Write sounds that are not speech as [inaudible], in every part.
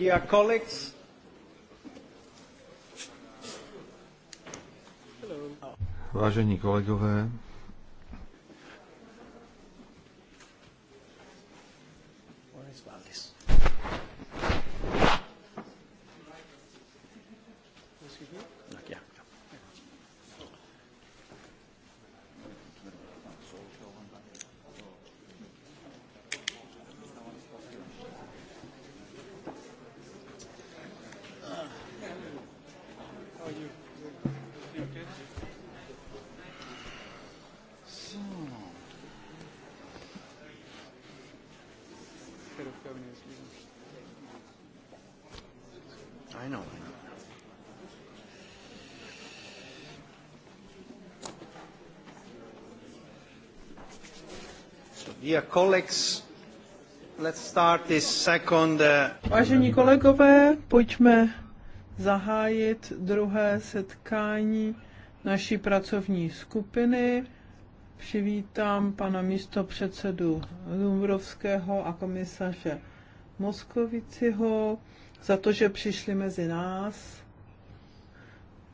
dear colleagues. Vážení kolegové, Uh, Vážení kolegové, pojďme zahájit druhé setkání naší pracovní skupiny. Přivítám pana místopředsedu Dumbrovského a komisaře Moskoviciho za to, že přišli mezi nás.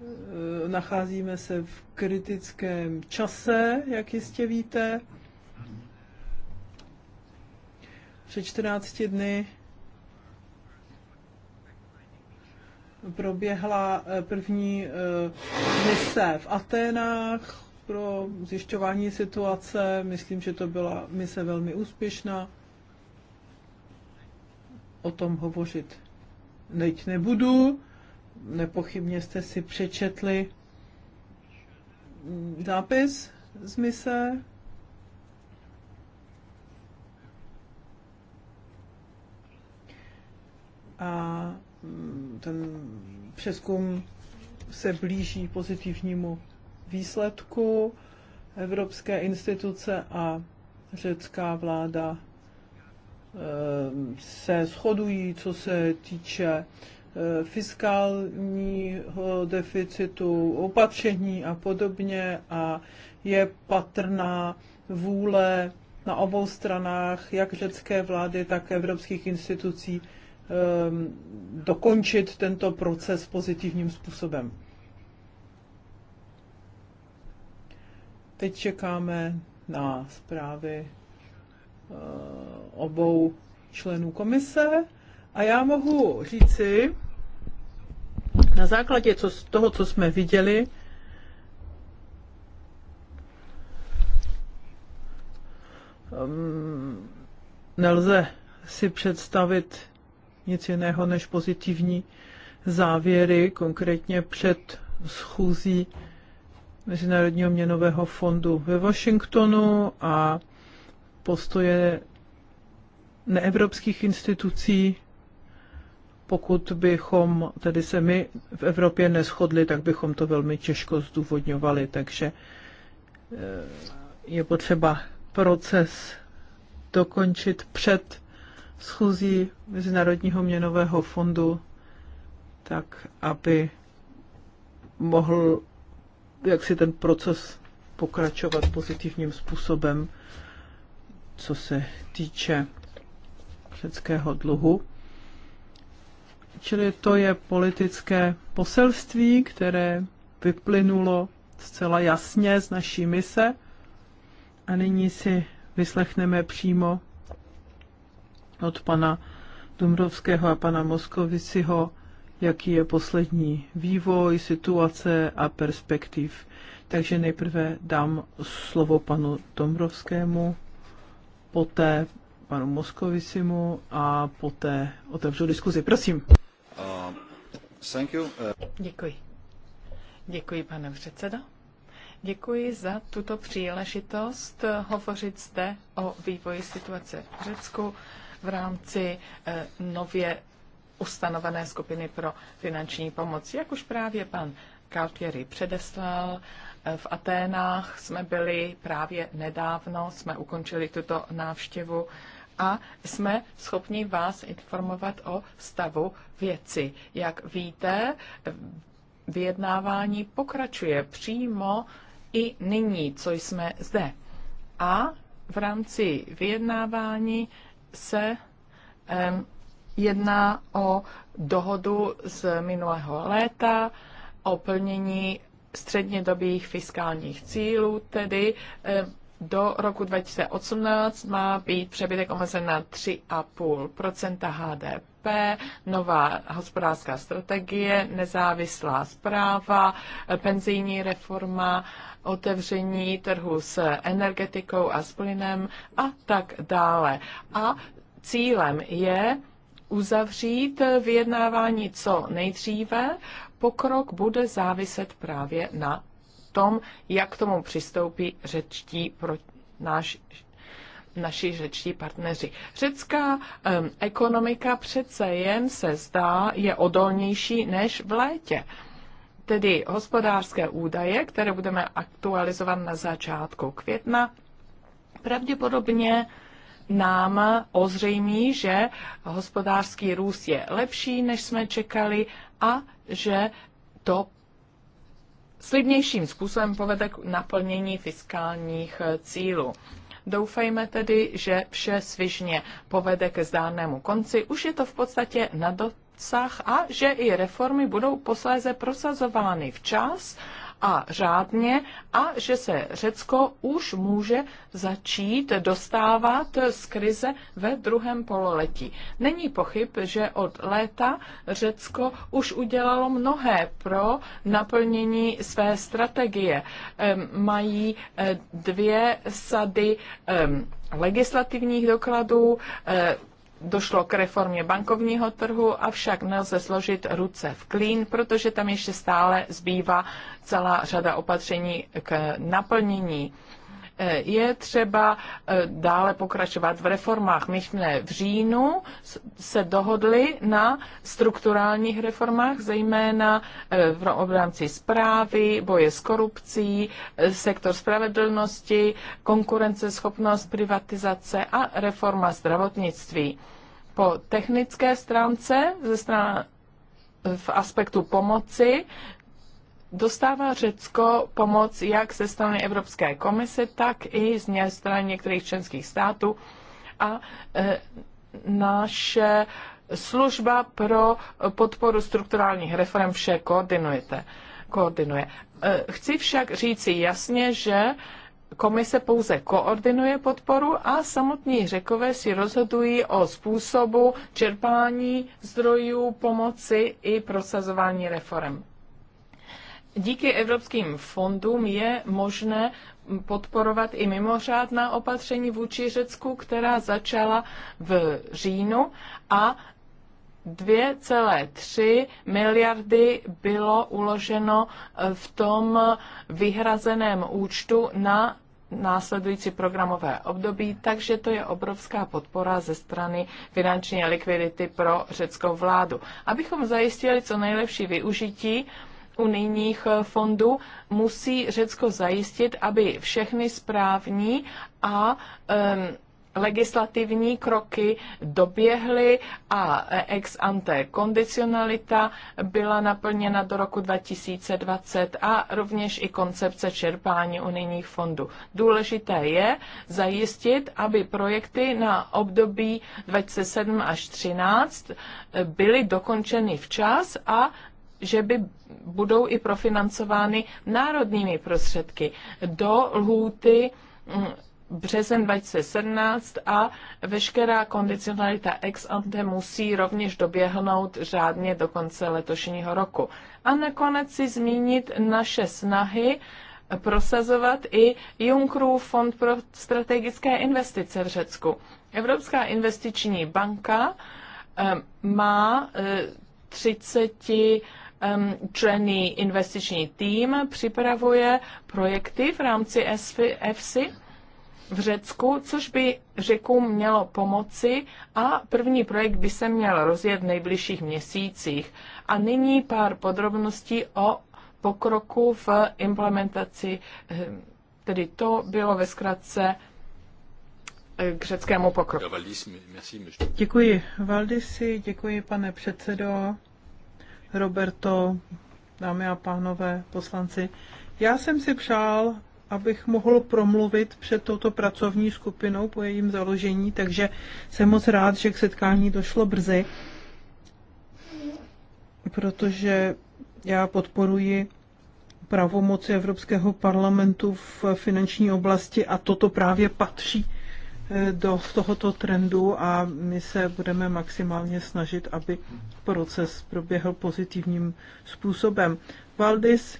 Eh, nacházíme se v kritickém čase, jak jistě víte. před 14 dny proběhla eh, první eh, mise v Aténách pro zjišťování situace. Myslím, že to byla mise velmi úspěšná. O tom hovořit neď nebudu. Nepochybně jste si přečetli zápis z mise a mm, ten přeskum se blíží pozitivnímu výsledku. Evropské instituce a řecká vláda e, se shodují, co se týče e, fiskálního deficitu, opatření a podobně a je patrná vůle na obou stranách, jak řecké vlády, tak evropských institucí, Ehm, dokončit tento proces pozitivním způsobem. Teď čekáme na zprávy eh, obou členů komise a já mohu říci, na základě toho, co jsme viděli, ehm, nelze si představit nic jiného než pozitivní závěry, konkrétně před schůzí Mezinárodního měnového fondu ve Washingtonu a postoje neevropských institucí. Pokud bychom tedy se my v Evropě neschodli, tak bychom to velmi těžko zdůvodňovali. Takže eh, je potřeba proces dokončit před schůzí Mezinárodního měnového fondu, tak aby mohl jak si ten proces pokračovat pozitivním způsobem, co se týče řeckého dluhu. Čili to je politické poselství, které vyplynulo zcela jasně z naší mise. A nyní si vyslechneme přímo od pana Dumrovského a pana Moskovicího, jaký je poslední vývoj, situace a perspektiv. Takže nejprve dám slovo panu Dumrovskému, poté panu Moskovicimu a poté otevřu diskuzi. Prosím. Uh, thank you. Uh... Děkuji. Děkuji, pane předsedo. Děkuji za tuto příležitost hovořit zde o vývoji situace v Řecku v rámci eh, nově ustanovené skupiny pro finanční pomoc. Jak už právě pan Kaltieri předeslal, eh, v Aténách jsme byli právě nedávno, jsme ukončili tuto návštěvu a jsme schopni vás informovat o stavu věci. Jak víte, eh, vyjednávání pokračuje přímo i nyní, co jsme zde. A v rámci vyjednávání se jedná o dohodu z minulého léta o plnění střednědobých fiskálních cílů, tedy do roku 2018 má být přebytek omezen na 3,5 HDP, nová hospodářská strategie, nezávislá zpráva, penzijní reforma, otevření trhu s energetikou a s plynem a tak dále. A cílem je uzavřít vyjednávání co nejdříve, pokrok bude záviset právě na tom, jak k tomu přistoupí řečtí pro náš naši řečtí partneři. Řecká um, ekonomika přece jen se zdá je odolnější než v létě. Tedy hospodářské údaje, které budeme aktualizovat na začátku května, pravděpodobně nám ozřejmí, že hospodářský růst je lepší, než jsme čekali a že to slibnějším způsobem povede k naplnění fiskálních eh, cílů. Doufejme tedy, že vše svižně povede ke zdárnému konci. Už je to v podstatě na dosah a že i reformy budou posléze prosazovány včas a řádně a že se Řecko už může začít dostávat z krize ve druhém pololetí. Není pochyb, že od léta Řecko už udělalo mnohé pro naplnění své strategie. Mají eh, dvě sady legislativních dokladů, eh, došlo k reformě bankovního trhu, avšak nelze složit ruce v klín, protože tam ještě stále zbývá celá řada opatření k naplnění Eh, je třeba eh, dále pokračovat v reformách. My jsme v říjnu se dohodli na strukturálních reformách, zejména eh, v obranci zprávy, boje s korupcí, sektor spravedlnosti, konkurenceschopnost, privatizace a reforma zdravotnictví. Po technické stránce ze strany v aspektu pomoci Dostává Řecko pomoc jak ze strany Evropské komise, tak i z strany některých členských států a e, naše služba pro podporu strukturálních reform vše koordinujete, koordinuje. E, chci však říci jasně, že Komise pouze koordinuje podporu a samotní řekové si rozhodují o způsobu čerpání zdrojů pomoci i prosazování reform díky evropským fondům je možné podporovat i mimořádná opatření vůči Řecku, která začala v říjnu a 2,3 miliardy bylo uloženo v tom vyhrazeném účtu na následující programové období, takže to je obrovská podpora ze strany finanční likvidity pro řeckou vládu. Abychom zajistili co nejlepší využití, unijních eh, fondů, musí Řecko zajistit, aby všechny správní a um, legislativní kroky doběhly a eh, ex ante kondicionalita byla naplněna do roku 2020 a rovněž i koncepce čerpání unijních fondů. Důležité je zajistit, aby projekty na období 2007 až 2013 eh, byly dokončeny včas a že by budou i profinancovány národními prostředky do lhůty mm, březen 2017 a veškerá kondicionalita ex ante musí rovněž doběhnout řádně do konce letošního roku. A nakonec si zmínit naše snahy prosazovat i Junckerův fond pro strategické investice v Řecku. Evropská investiční banka eh, má 30 eh, členný investiční tým připravuje projekty v rámci EFSI v Řecku, což by Řekům mělo pomoci a první projekt by se měl rozjet v nejbližších měsících. A nyní pár podrobností o pokroku v implementaci, tedy to bylo ve zkratce e, k řeckému pokroku. Děkuji Valdisi, děkuji pane předsedo. Roberto, dámy a pánové, poslanci. Já jsem si přál, abych mohl promluvit před touto pracovní skupinou po jejím založení, takže jsem moc rád, že k setkání došlo brzy, protože já podporuji pravomoci Evropského parlamentu v finanční oblasti a toto právě patří do tohoto trendu a my se budeme maximálně snažit, aby proces proběhl pozitivním způsobem. Valdis eh,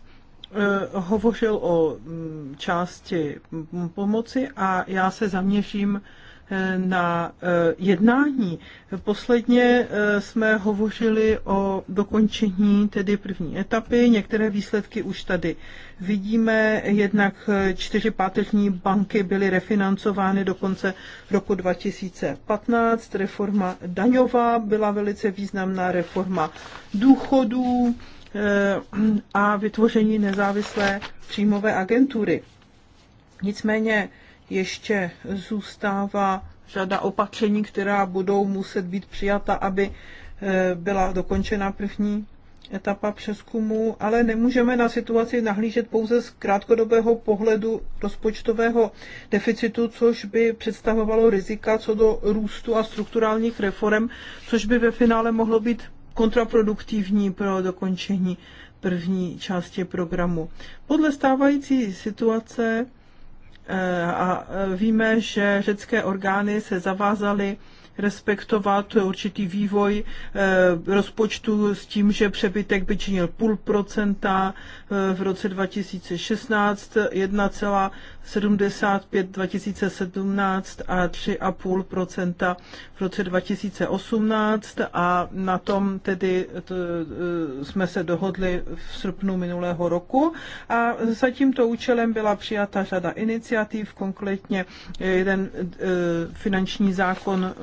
hovořil o mm, části mm, pomoci a já se zaměřím Eh, na eh, jednání. Posledně eh, jsme hovořili o dokončení tedy první etapy. Některé výsledky už tady vidíme. Jednak čtyři páteřní banky byly refinancovány do konce roku 2015. Reforma daňová byla velice významná reforma důchodů a vytvoření nezávislé příjmové agentury. Nicméně ještě zůstává řada opatření, která budou muset být přijata, aby eh, byla dokončena první etapa přeskumu, ale nemůžeme na situaci nahlížet pouze z krátkodobého pohledu rozpočtového deficitu, což by představovalo rizika co do růstu a strukturálních reform, což by ve finále mohlo být kontraproduktivní pro dokončení první části programu. Podle stávající situace Eh, a eh, víme, že řecké orgány se zavázaly respektovat určitý vývoj eh, rozpočtu s tím, že přebytek by činil půl procenta eh, v roce 2016, 1,75 2017 a 3,5 procenta v roce 2018 a na tom tedy eh, jsme se dohodli v srpnu minulého roku a za tímto účelem byla přijata řada iniciativ, konkrétně jeden finanční zákon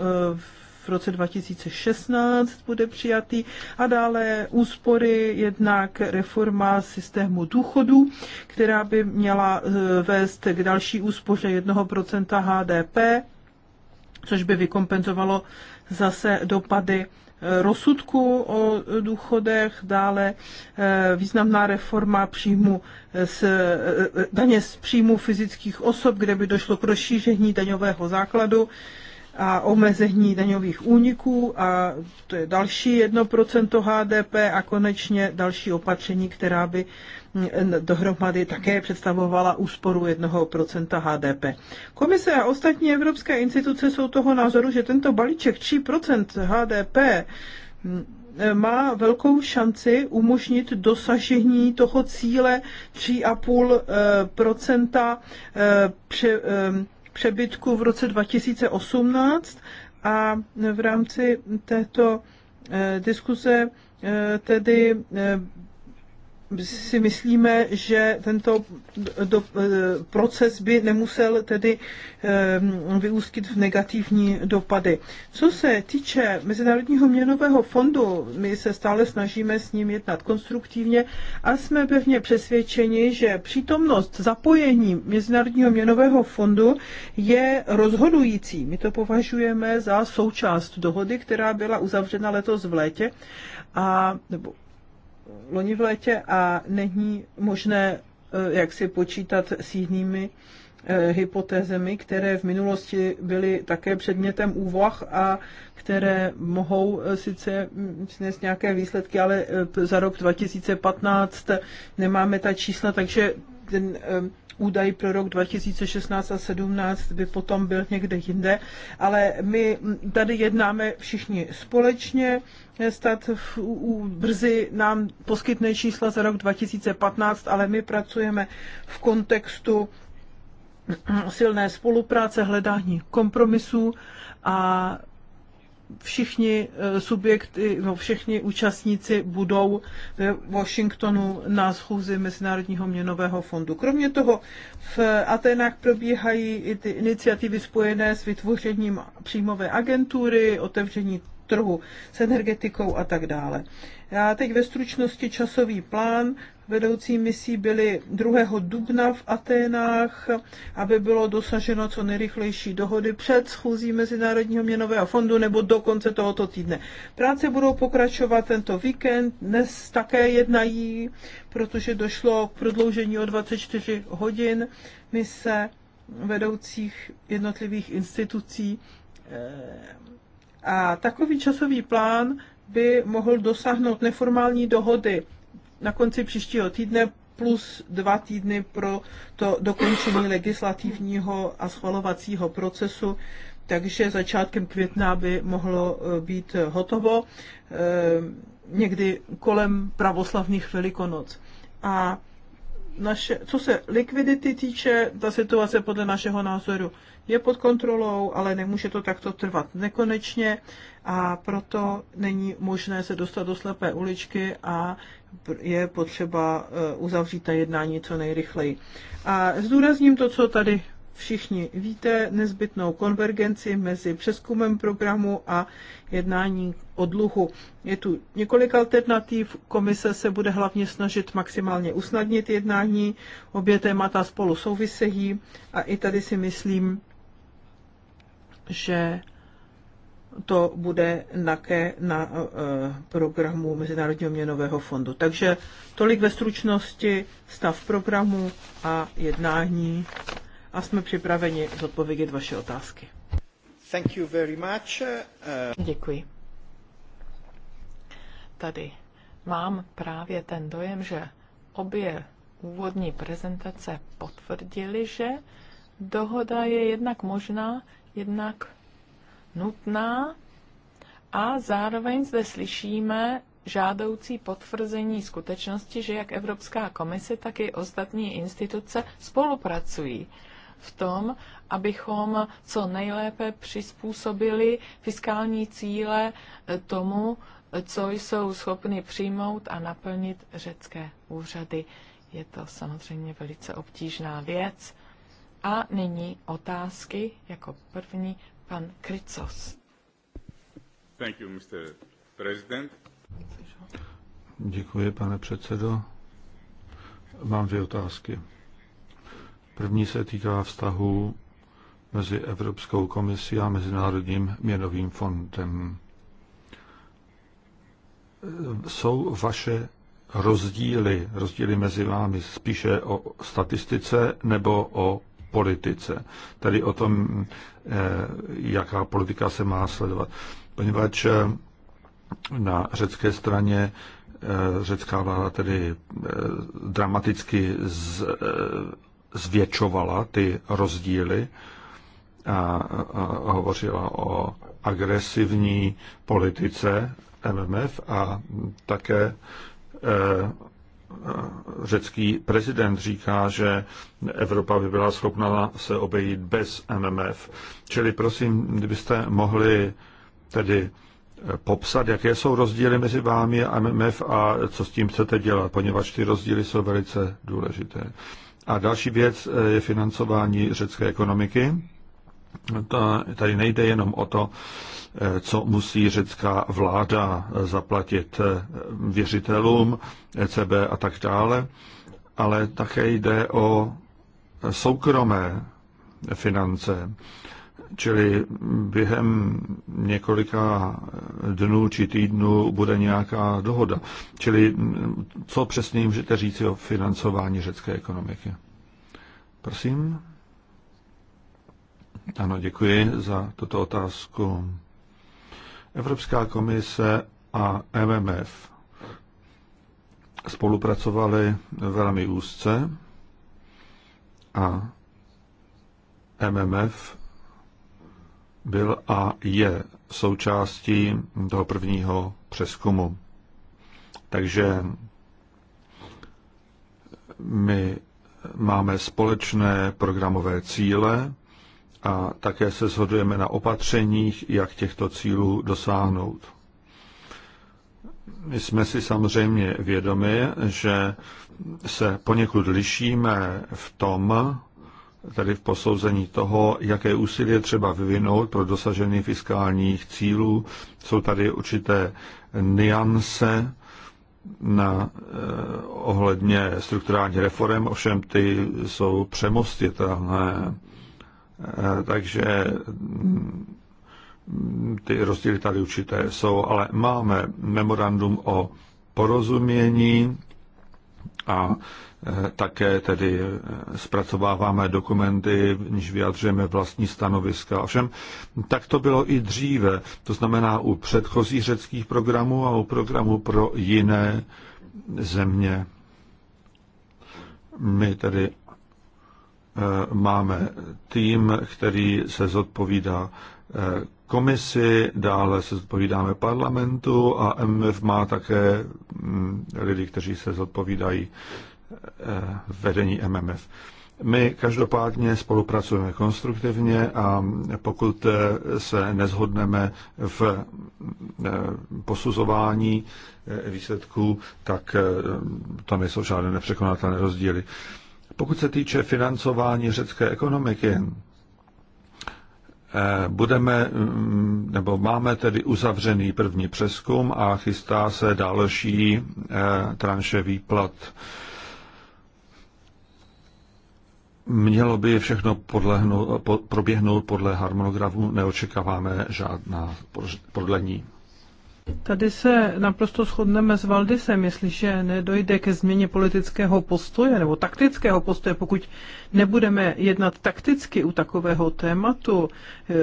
v roce 2016 bude přijatý a dále úspory jednak reforma systému důchodu, která by měla eh, vést k další úspoře 1% HDP, což by vykompenzovalo zase dopady eh, rozsudku o důchodech, dále eh, významná reforma příjmu z, daně z příjmu fyzických osob, kde by došlo k rozšíření daňového základu a omezení daňových úniků a to je další 1% HDP a konečně další opatření, která by dohromady také představovala úsporu 1% HDP. Komise a ostatní evropské instituce jsou toho názoru, že tento balíček 3% HDP má velkou šanci umožnit dosažení toho cíle 3,5 přebytku v roce 2018 a v rámci této eh, diskuze eh, tedy eh, si myslíme, že tento do, eh, proces by nemusel tedy eh, vyústit v negativní dopady. Co se týče Mezinárodního měnového fondu, my se stále snažíme s ním jednat konstruktivně a jsme pevně přesvědčeni, že přítomnost zapojení Mezinárodního měnového fondu je rozhodující. My to považujeme za součást dohody, která byla uzavřena letos v létě a nebo loni v létě a není možné eh, jak si počítat s jinými eh, hypotézemi, které v minulosti byly také předmětem úvah a které mohou eh, sice mm, přinést nějaké výsledky, ale za rok 2015 nemáme ta čísla, takže ten údaj pro rok 2016 a 17 by potom byl někde jinde, ale my mm, tady jednáme všichni společně Eh, stát v, u, brzy nám poskytne čísla za rok 2015, ale my pracujeme v kontextu [clears throat] silné spolupráce, hledání kompromisů a všichni eh, subjekty, no všichni účastníci budou v Washingtonu na schůzi Mezinárodního měnového fondu. Kromě toho v Atenách probíhají i ty iniciativy spojené s vytvořením příjmové agentury, otevření trhu s energetikou a tak dále. Já teď ve stručnosti časový plán. Vedoucí misí byly 2. dubna v Aténách, aby bylo dosaženo co nejrychlejší dohody před schůzí Mezinárodního měnového fondu nebo do konce tohoto týdne. Práce budou pokračovat tento víkend, dnes také jednají, protože došlo k prodloužení o 24 hodin mise vedoucích jednotlivých institucí eh, a takový časový plán by mohl dosáhnout neformální dohody na konci příštího týdne plus dva týdny pro to dokončení legislativního a schvalovacího procesu, takže začátkem května by mohlo eh, být hotovo eh, někdy kolem pravoslavných velikonoc. A naše, co se likvidity týče, ta situace podle našeho názoru je pod kontrolou, ale nemůže to takto trvat nekonečně a proto není možné se dostat do slepé uličky a je potřeba eh, uzavřít ta jednání co nejrychleji. A zdůrazním to, co tady všichni víte, nezbytnou konvergenci mezi přeskumem programu a jednání o dluhu. Je tu několik alternativ. Komise se bude hlavně snažit maximálně usnadnit jednání. Obě témata spolu souvisejí a i tady si myslím, že to bude také na eh, programu Mezinárodního měnového fondu. Takže tolik ve stručnosti stav programu a jednání a jsme připraveni zodpovědět vaše otázky. Thank you very much. Uh... Děkuji. Tady mám právě ten dojem, že obě úvodní prezentace potvrdily, že dohoda je jednak možná, jednak nutná a zároveň zde slyšíme žádoucí potvrzení skutečnosti, že jak Evropská komise, tak i ostatní instituce spolupracují v tom, abychom co nejlépe přizpůsobili fiskální cíle eh, tomu, eh, co jsou schopny přijmout a naplnit řecké úřady. Je to samozřejmě velice obtížná věc a nyní otázky jako první pan Krycos. Thank you, Mr. President. Děkuji, pane předsedo. Mám dvě otázky. První se týká vztahu mezi Evropskou komisí a Mezinárodním měnovým fondem. Jsou vaše rozdíly, rozdíly mezi vámi spíše o statistice nebo o politice, tedy o tom, eh, jaká politika se má sledovat. Poněvadž eh, na řecké straně eh, řecká vláda tedy dramaticky z, zvětšovala ty rozdíly a, a hovořila o agresivní politice MMF a také řecký prezident říká, že Evropa by byla schopna se obejít bez MMF. Čili prosím, kdybyste mohli tedy popsat, jaké jsou rozdíly mezi vámi a MMF a co s tím chcete dělat, poněvadž ty rozdíly jsou velice důležité. A další věc je financování řecké ekonomiky. To, tady nejde jenom o to, eh, co musí řecká vláda zaplatit eh, věřitelům, ECB a tak dále, ale také jde o soukromé finance. Čili během několika dnů či týdnů bude nějaká dohoda. Čili mm, co přesně můžete říct o financování řecké ekonomiky? Prosím. Ano, děkuji za tuto otázku. Evropská komise a MMF spolupracovali velmi úzce a MMF byl a je součástí toho prvního přeskumu. Takže my máme společné programové cíle a také se shodujeme na opatřeních, jak těchto cílů dosáhnout. My jsme si samozřejmě vědomi, že se poněkud lišíme v tom, tedy v posouzení toho, jaké úsilí je třeba vyvinout pro dosažení fiskálních cílů. Jsou tady určité niance na eh, ohledně strukturálních reform, ovšem ty jsou přemostitelné. Eh, Eh, takže mm, ty rozdíly tady určité jsou, ale máme memorandum o porozumění a eh, také tedy eh, zpracováváme dokumenty, v níž vyjadřujeme vlastní stanoviska. Ovšem, tak to bylo i dříve, to znamená u předchozích řeckých programů a u programů pro jiné země. My tedy Eh, máme tým, který se zodpovídá eh, komisi, dále se zodpovídáme parlamentu a MF má také hm, lidi, kteří se zodpovídají eh, vedení MMF. My každopádně spolupracujeme konstruktivně a pokud se nezhodneme v posuzování výsledků, tak tam jsou žádné nepřekonatelné rozdíly. Pokud se týče financování řecké ekonomiky, eh, budeme, mm, nebo máme tedy uzavřený první přeskum a chystá se další eh, tranše výplat. Mělo by všechno podlehnout, proběhnout podle harmonogramu, neočekáváme žádná prodlení. Tady se naprosto shodneme s Valdisem, jestliže nedojde ke změně politického postoje nebo taktického postoje, pokud nebudeme jednat takticky u takového tématu, eh,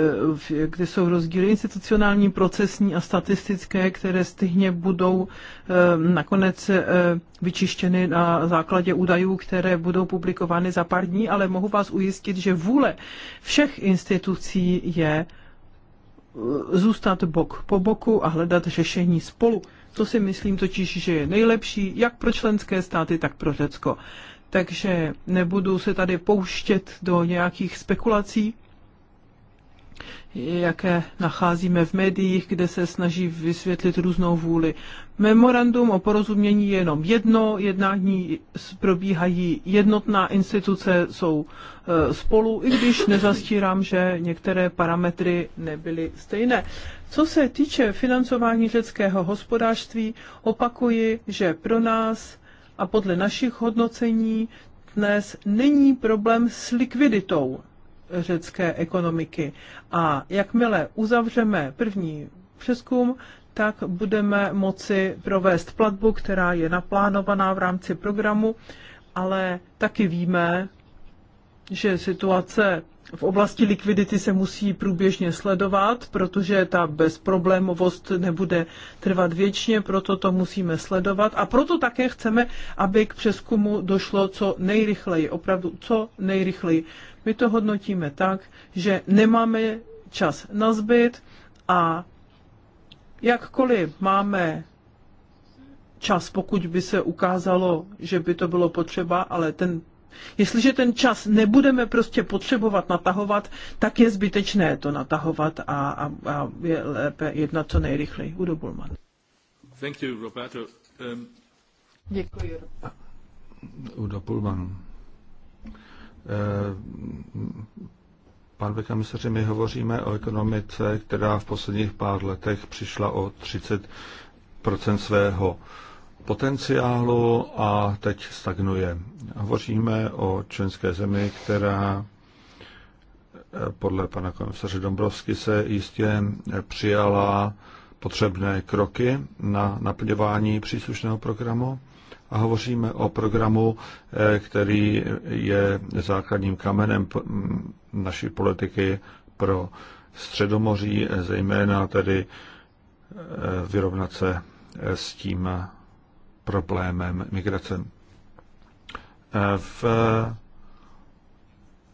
kde jsou rozdíly institucionální, procesní a statistické, které stejně budou eh, nakonec eh, vyčištěny na základě údajů, které budou publikovány za pár dní, ale mohu vás ujistit, že vůle všech institucí je zůstat bok po boku a hledat řešení spolu. To si myslím totiž, že je nejlepší jak pro členské státy, tak pro Řecko. Takže nebudu se tady pouštět do nějakých spekulací jaké nacházíme v médiích, kde se snaží vysvětlit různou vůli. Memorandum o porozumění je jenom jedno, jednání probíhají jednotná instituce, jsou e, spolu, i když nezastírám, že některé parametry nebyly stejné. Co se týče financování řeckého hospodářství, opakuji, že pro nás a podle našich hodnocení dnes není problém s likviditou řecké ekonomiky. A jakmile uzavřeme první přeskum, tak budeme moci provést platbu, která je naplánovaná v rámci programu, ale taky víme, že situace v oblasti likvidity se musí průběžně sledovat, protože ta bezproblémovost nebude trvat věčně, proto to musíme sledovat a proto také chceme, aby k přeskumu došlo co nejrychleji, opravdu co nejrychleji. My to hodnotíme tak, že nemáme čas na zbyt a jakkoliv máme čas, pokud by se ukázalo, že by to bylo potřeba, ale ten Jestliže ten čas nebudeme prostě potřebovat natahovat, tak je zbytečné to natahovat a, a, a je lépe jednat co nejrychleji. Udo Bulman. Thank you, Roberto. Um... Děkuji. Udo Bulman. Eh, Pan komisaři, my hovoříme o ekonomice, která v posledních pár letech přišla o 30 svého potenciálu a teď stagnuje. Hovoříme o členské zemi, která eh, podle pana komisaře Dombrovsky se jistě přijala potřebné kroky na naplňování příslušného programu, a hovoříme o programu, eh, který je základním kamenem naší politiky pro Středomoří, zejména tedy eh, vyrovnat se eh, s tím problémem migrace. V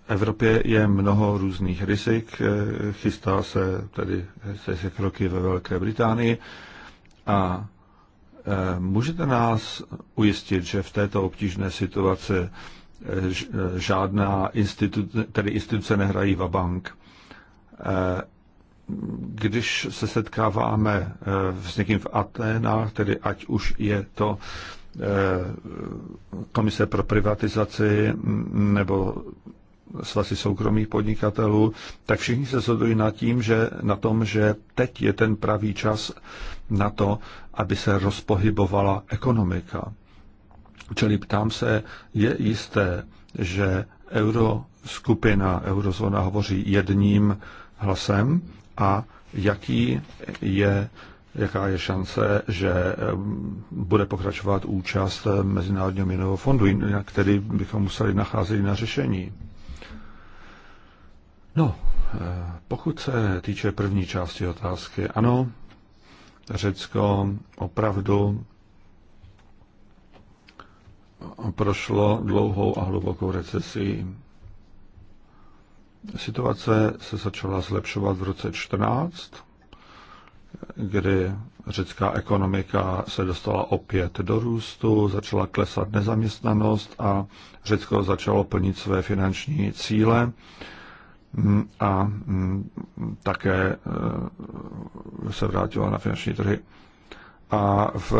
Evropě je mnoho různých rizik, chystá se tedy se, kroky ve Velké Británii a Eh, můžete nás ujistit, že v této obtížné situaci eh, eh, žádná instituce, tedy instituce nehrají va bank. Když se setkáváme s někým v Aténách, tedy ať už je to komise pro privatizaci nebo svazy soukromých podnikatelů, tak všichni se shodují na, tím, že, na tom, že teď je ten pravý čas na to, aby se rozpohybovala ekonomika. Čili ptám se, je jisté, že euroskupina, eurozóna hovoří jedním hlasem a jaký je, jaká je šance, že um, bude pokračovat účast Mezinárodního měnového fondu, jinak tedy bychom museli nacházet na řešení. No, eh, pokud se týče první části otázky, ano, Řecko opravdu prošlo dlouhou a hlubokou recesí. Situace se začala zlepšovat v roce 14, kdy řecká ekonomika se dostala opět do růstu, začala klesat nezaměstnanost a Řecko začalo plnit své finanční cíle Mm, a mm, také eh, se vrátila na finanční trhy. A v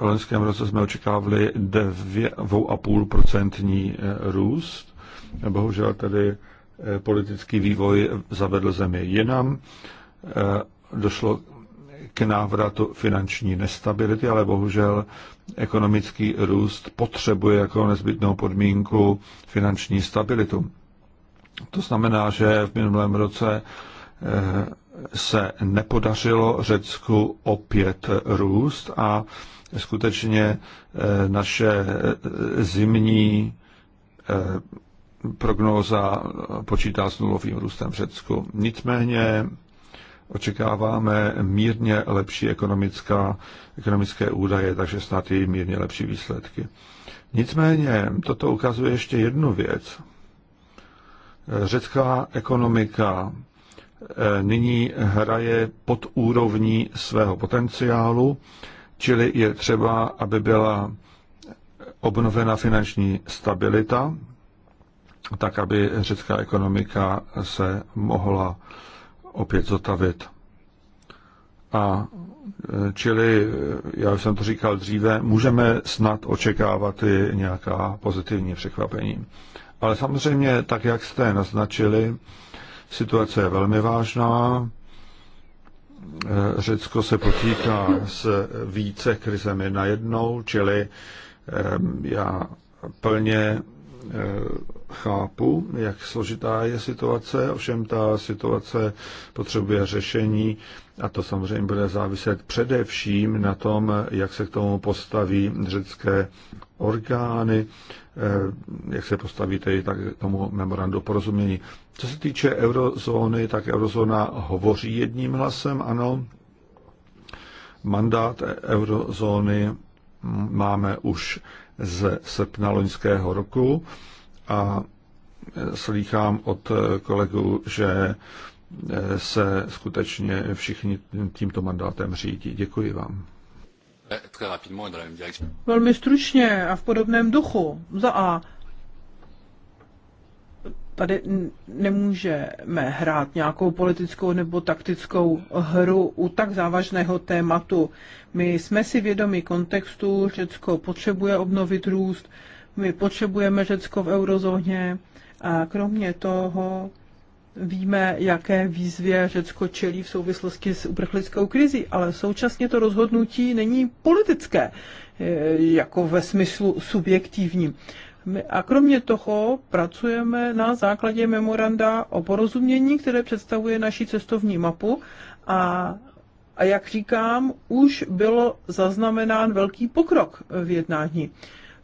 loňském roce jsme očekávali 2,5% eh, růst. Bohužel tedy eh, politický vývoj zavedl zemi jinam. Došlo k návratu finanční nestability, ale bohužel ekonomický růst potřebuje jako nezbytnou podmínku finanční stabilitu. To znamená, že v minulém roce eh, se nepodařilo Řecku opět růst a skutečně eh, naše eh, zimní prognóza počítá s nulovým růstem v Řecku. Nicméně očekáváme mírně lepší ekonomická, ekonomické údaje, takže snad i mírně lepší výsledky. Nicméně toto ukazuje ještě jednu věc. Řecká ekonomika eh, nyní hraje pod úrovní svého potenciálu, čili je třeba, aby byla obnovena finanční stabilita, tak aby řecká ekonomika se mohla opět zotavit. A eh, čili, eh, já už jsem to říkal dříve, můžeme snad očekávat i nějaká pozitivní překvapení. Ale samozřejmě, tak jak jste naznačili, situace je velmi vážná. Eh, Řecko se potýká s více krizemi najednou, čili ehm, já plně eh, chápu, jak složitá je situace, ovšem ta situace potřebuje řešení a to samozřejmě bude záviset především na tom, jak se k tomu postaví řecké orgány, eh, jak se postavíte i tak tomu memorandu porozumění. Co se týče eurozóny, tak eurozóna hovoří jedním hlasem, ano. Mandát eurozóny hm, máme už z srpna loňského roku a eh, slýchám od eh, kolegu, že se skutečně všichni tímto mandátem řídí. Děkuji vám. Eh, Velmi stručně a v podobném duchu. Za A. Tady nemůžeme hrát nějakou politickou nebo taktickou hru u tak závažného tématu. My jsme si vědomi kontextu, Řecko potřebuje obnovit růst, my potřebujeme Řecko v eurozóně a kromě toho Víme, jaké výzvě Řecko čelí v souvislosti s uprchlickou krizí, ale současně to rozhodnutí není politické, e, jako ve smyslu subjektivním. My a kromě toho pracujeme na základě memoranda o porozumění, které představuje naši cestovní mapu a, a jak říkám, už bylo zaznamenán velký pokrok v jednání.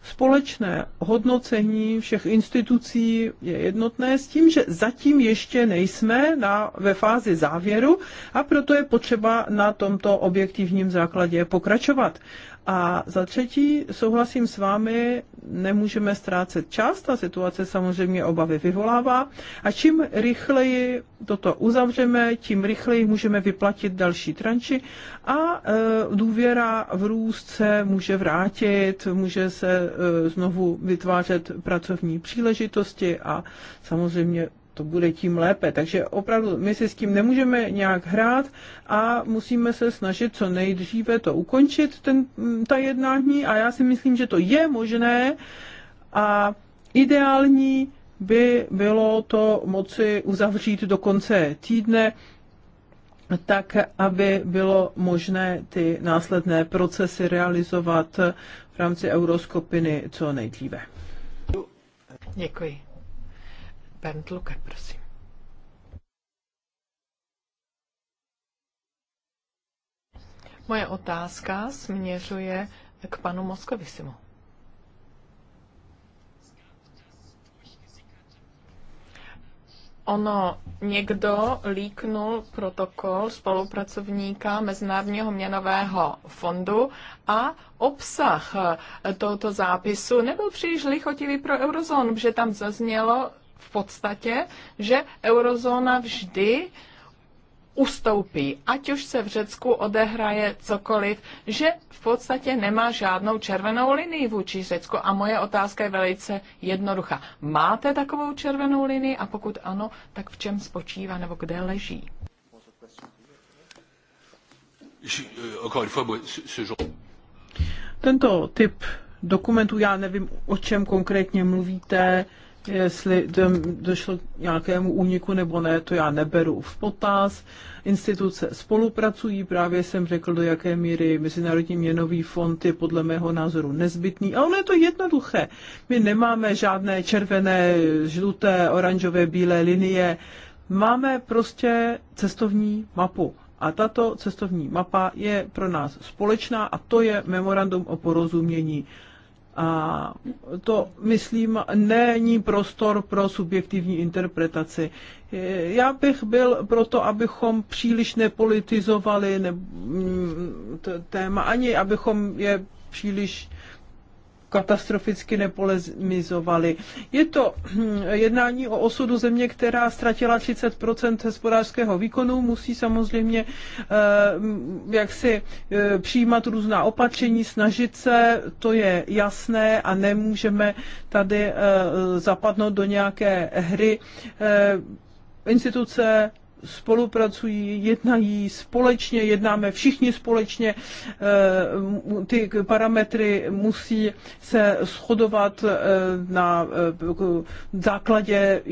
Společné hodnocení všech institucí je jednotné s tím, že zatím ještě nejsme na, ve fázi závěru a proto je potřeba na tomto objektivním základě pokračovat. A za třetí, souhlasím s vámi, nemůžeme ztrácet čas, ta situace samozřejmě obavy vyvolává a čím rychleji toto uzavřeme, tím rychleji můžeme vyplatit další tranči a e, důvěra v růst se může vrátit, může se e, znovu vytvářet pracovní příležitosti a samozřejmě to bude tím lépe. Takže opravdu my si s tím nemůžeme nějak hrát a musíme se snažit co nejdříve to ukončit, ten, mm, ta jednání a já si myslím, že to je možné a ideální by bylo to moci uzavřít do konce týdne, tak, aby bylo možné ty následné procesy realizovat v rámci euroskopiny co nejdříve. Děkuji. Bernd Luke, prosím. Moje otázka směřuje k panu Moskovisimu. Ono někdo líknul protokol spolupracovníka Mezinárodního měnového fondu a obsah tohoto zápisu nebyl příliš lichotivý pro eurozónu, protože tam zaznělo, v podstatě, že eurozóna vždy ustoupí, ať už se v Řecku odehraje cokoliv, že v podstatě nemá žádnou červenou linii vůči Řecku. A moje otázka je velice jednoduchá. Máte takovou červenou linii a pokud ano, tak v čem spočívá nebo kde leží? Tento typ dokumentů, já nevím, o čem konkrétně mluvíte, Jestli došlo k nějakému úniku nebo ne, to já neberu v potaz. Instituce spolupracují, právě jsem řekl, do jaké míry Mezinárodní měnový fond je podle mého názoru nezbytný. A ono je to jednoduché. My nemáme žádné červené, žluté, oranžové, bílé linie. Máme prostě cestovní mapu. A tato cestovní mapa je pro nás společná a to je memorandum o porozumění. A to, myslím, není prostor pro subjektivní interpretaci. Já bych byl proto, abychom příliš nepolitizovali téma, ani abychom je příliš katastroficky nepolemizovali. Je to hm, jednání o osudu země, která ztratila 30 hospodářského výkonu, musí samozřejmě eh, hm, jak si eh, přijímat různá opatření, snažit se, to je jasné a nemůžeme tady eh, zapadnout do nějaké hry instituce spolupracují, jednají společně, jednáme všichni společně, eh, ty parametry musí se shodovat eh, na eh, základě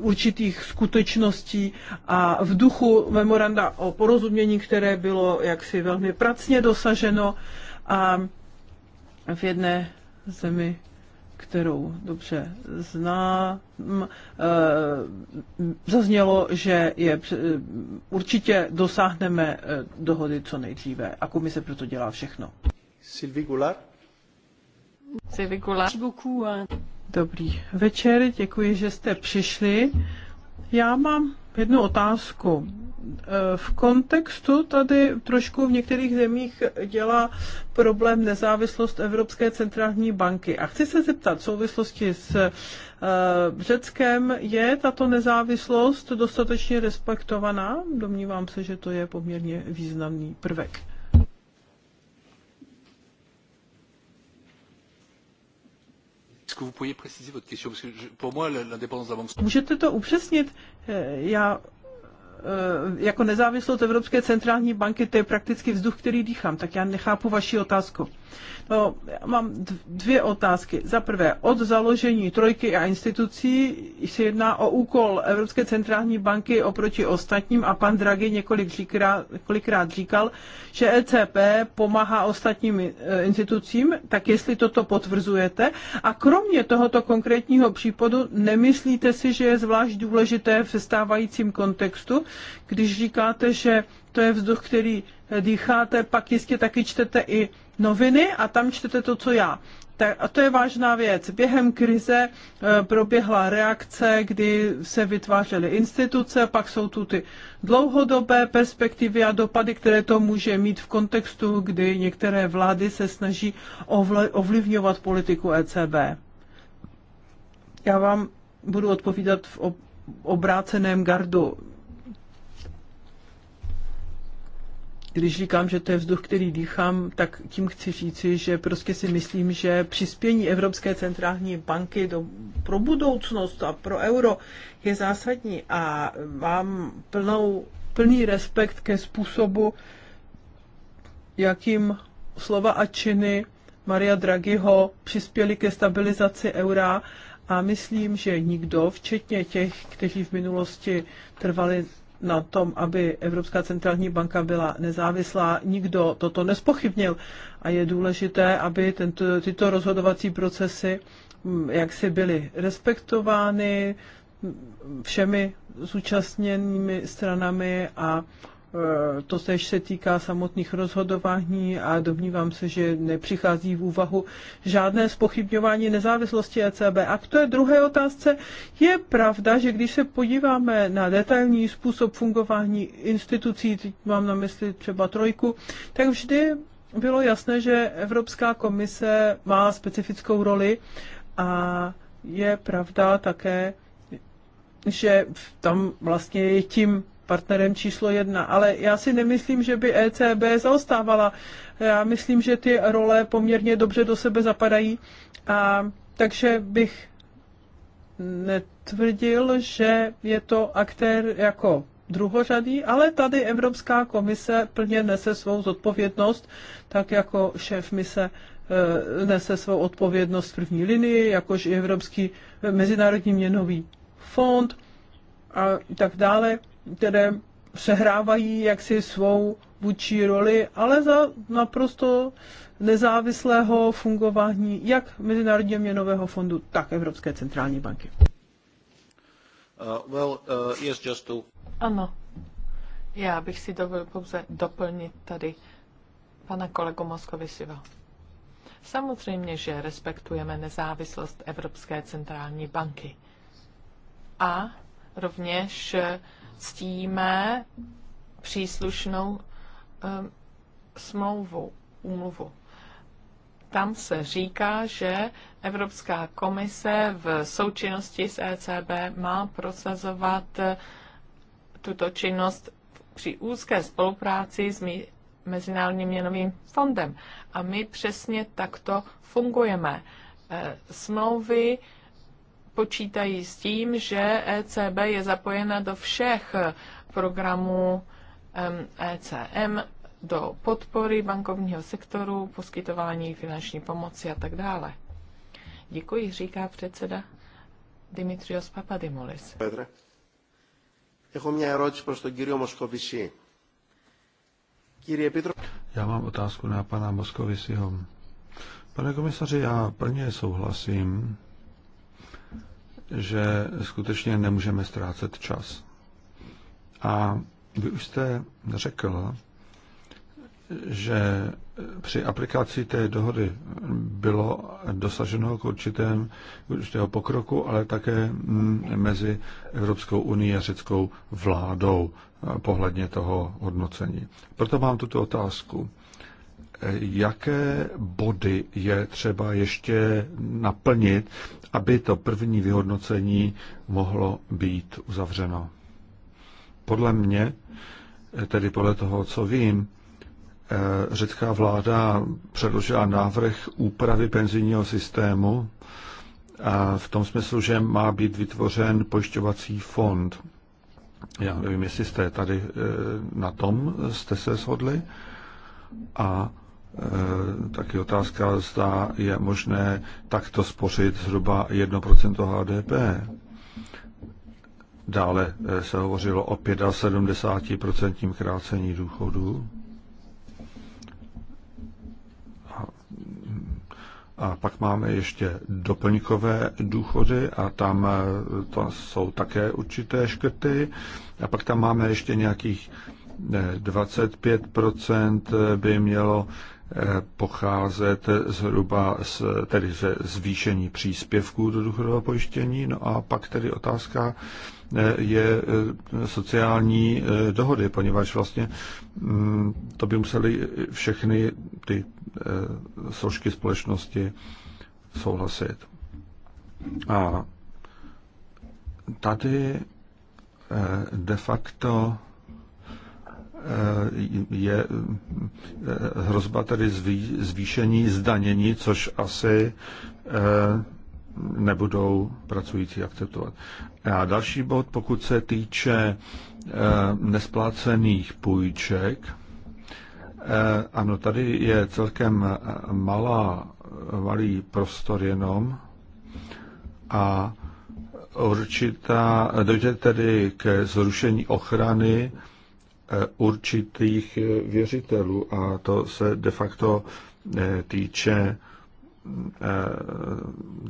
určitých skutečností a v duchu memoranda o porozumění, které bylo jaksi velmi pracně dosaženo a v jedné zemi kterou dobře znám. Eh, zaznělo, že je, eh, určitě dosáhneme eh, dohody co nejdříve a komise proto dělá všechno. Sylvie Goulart. Sylvie Goulart. Dobrý večer, děkuji, že jste přišli. Já mám jednu otázku. E, v kontextu tady trošku v některých zemích dělá problém nezávislost Evropské centrální banky. A chci se zeptat v souvislosti s e, Řeckem, je tato nezávislost dostatečně respektovaná? Domnívám se, že to je poměrně významný prvek. Můžete to upřesnit? Eh, já eh, jako nezávislost Evropské centrální banky, to je prakticky vzduch, který dýchám, tak já nechápu vaši otázku. No, mám dvě otázky. Za prvé, od založení trojky a institucí se jedná o úkol Evropské centrální banky oproti ostatním a pan Draghi několik několikrát říkal, že ECB pomáhá ostatním eh, institucím, tak jestli toto potvrzujete. A kromě tohoto konkrétního případu, nemyslíte si, že je zvlášť důležité v stávajícím kontextu, když říkáte, že to je vzduch, který eh, dýcháte, pak jistě taky čtete i noviny a tam čtete to, co já. Tak, a to je vážná věc. Během krize eh, proběhla reakce, kdy se vytvářely instituce, pak jsou tu ty dlouhodobé perspektivy a dopady, které to může mít v kontextu, kdy některé vlády se snaží ovlivňovat politiku ECB. Já vám budu odpovídat v obráceném gardu Když říkám, že to je vzduch, který dýchám, tak tím chci říci, že prostě si myslím, že přispění Evropské centrální banky do, pro budoucnost a pro euro je zásadní a mám plnou, plný respekt ke způsobu, jakým slova a činy Maria Draghiho přispěly ke stabilizaci eura a myslím, že nikdo, včetně těch, kteří v minulosti trvali na tom, aby Evropská centrální banka byla nezávislá. Nikdo toto nespochybnil a je důležité, aby tento, tyto rozhodovací procesy mm, jak si byly respektovány mm, všemi zúčastněnými stranami a Eh, to tež se týká samotných rozhodování a domnívám se, že nepřichází v úvahu žádné spochybňování nezávislosti ECB. A k té druhé otázce je pravda, že když se podíváme na detailní způsob fungování institucí, teď mám na mysli třeba trojku, tak vždy bylo jasné, že Evropská komise má specifickou roli a je pravda také, že tam vlastně je tím partnerem číslo jedna, ale já si nemyslím, že by ECB zaostávala. Já myslím, že ty role poměrně dobře do sebe zapadají a takže bych netvrdil, že je to aktér jako druhořadý, ale tady Evropská komise plně nese svou zodpovědnost, tak jako šéf mise e, nese svou odpovědnost v první linii, jakož i Evropský mezinárodní měnový fond a tak dále které přehrávají jaksi svou vůči roli, ale za naprosto nezávislého fungování jak Mezinárodního měnového fondu, tak Evropské centrální banky. Uh, well, uh, yes, just to... Ano, já bych si dovolil pouze doplnit tady pana kolegu Moskovisiva. Samozřejmě, že respektujeme nezávislost Evropské centrální banky. A rovněž ctíme příslušnou ehm, smlouvu, úmluvu. Tam se říká, že Evropská komise v součinnosti s ECB má prosazovat eh, tuto činnost při úzké spolupráci s Mezinárodním měnovým fondem. A my přesně takto fungujeme. Eh, smlouvy počítají s tím, že ECB je zapojena do všech programů ECM, e do podpory bankovního sektoru, poskytování finanční pomoci a tak dále. Děkuji, říká předseda Dimitrios Papadimoulis. Petře, έχω μια ερώτηση προς τον κύριο Μοσκοβισή. Κύριε Επίτροπε... Já mám otázku na pana Moskovisiho. Pane komisaři, já plně souhlasím že skutečně nemůžeme ztrácet čas. A vy už jste řekl, že při aplikaci té dohody bylo dosaženo k určitém, určitého pokroku, ale také mezi Evropskou unii a řeckou vládou eh, pohledně toho hodnocení. Proto mám tuto otázku jaké body je třeba ještě naplnit, aby to první vyhodnocení mohlo být uzavřeno. Podle mě, tedy podle toho, co vím, eh, řecká vláda předložila návrh úpravy penzijního systému v tom smyslu, že má být vytvořen pojišťovací fond. Já nevím, jestli jste tady eh, na tom jste se shodli. A Eh, taky otázka, zda je možné takto spořit zhruba 1% HDP. Dále eh, se hovořilo o 75% krácení důchodu. A pak máme ještě doplňkové důchody a tam eh, to jsou také určité škrty. A pak tam máme ještě nějakých 25% by mělo pocházet zhruba z, tedy ze zvýšení příspěvků do důchodového pojištění. No a pak tedy otázka eh, je eh, sociální eh, dohody, poněvadž vlastně mm, to by museli všechny ty složky společnosti souhlasit. A tady de facto Eh, je eh, hrozba tedy zvýšení zdanění, což asi eh, nebudou pracující akceptovat. A další bod, pokud se týče nesplácených půjček, ano, tady je celkem malá, malý prostor jenom a určitá, dojde tedy ke zrušení ochrany Eh, určitých eh, věřitelů a to se de facto eh, týče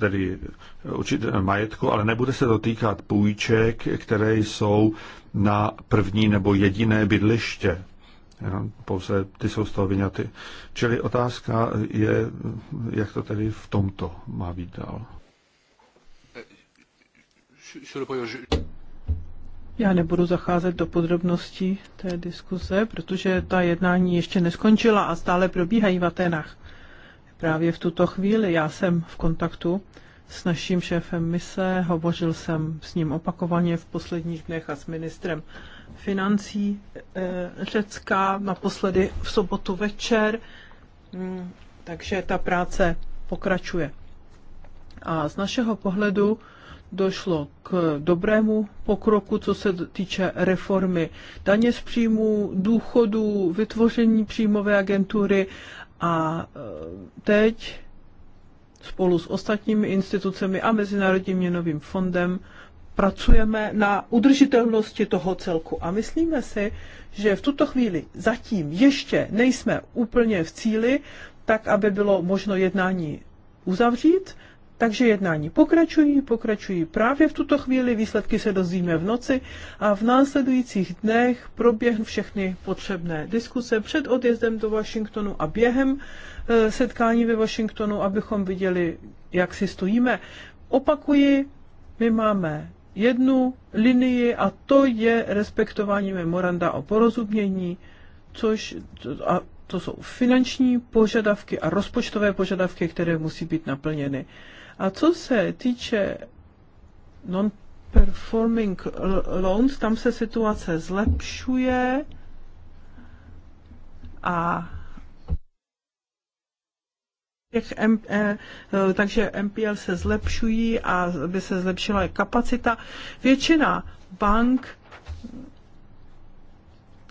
tedy určitě majetku, ale nebude se to týkat půjček, které jsou na první nebo jediné bydliště. Pouze ty jsou z toho vyňaty. Čili otázka je, jak to tedy v tomto má být dál. Já nebudu zacházet do podrobností té diskuse, protože ta jednání ještě neskončila a stále probíhají v Atenách. Právě v tuto chvíli já jsem v kontaktu s naším šéfem mise, hovořil jsem s ním opakovaně v posledních dnech a s ministrem financí eh, Řecka, naposledy v sobotu večer, mm, takže ta práce pokračuje. A z našeho pohledu došlo k dobrému pokroku, co se týče reformy daně z příjmu, důchodu, vytvoření příjmové agentury a e, teď spolu s ostatními institucemi a Mezinárodním měnovým fondem pracujeme na udržitelnosti toho celku. A myslíme si, že v tuto chvíli zatím ještě nejsme úplně v cíli, tak aby bylo možno jednání uzavřít takže jednání pokračují, pokračují právě v tuto chvíli, výsledky se dozvíme v noci a v následujících dnech proběhnou všechny potřebné diskuse před odjezdem do Washingtonu a během eh, setkání ve Washingtonu, abychom viděli, jak si stojíme. Opakuji, my máme jednu linii a to je respektování memoranda o porozumění, což a to jsou finanční požadavky a rozpočtové požadavky, které musí být naplněny. A co se týče non-performing loans, tam se situace zlepšuje a těch M, e, e, takže MPL se zlepšují a by se zlepšila i kapacita. Většina bank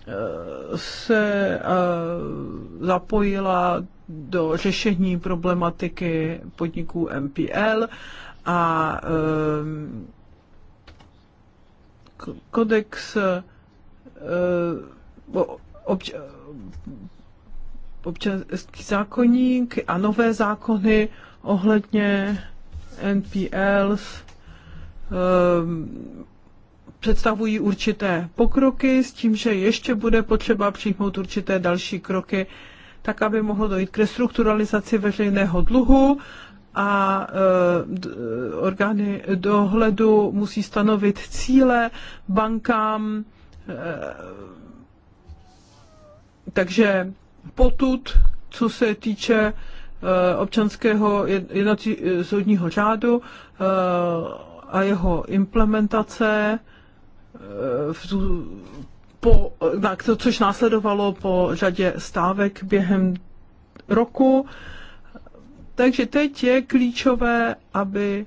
e, se zapojila do řešení problematiky podniků MPL a ehm, kodex eh, občanský zákonník a nové zákony ohledně NPL ehm, představují určité pokroky s tím, že ještě bude potřeba přijmout určité další kroky tak aby mohlo dojít k restrukturalizaci veřejného dluhu a e, orgány dohledu musí stanovit cíle bankám. E, takže potud, co se týče e, občanského jednotí, e, soudního řádu e, a jeho implementace, e, v po, na, to, což následovalo po řadě stávek během roku. Takže teď je klíčové, aby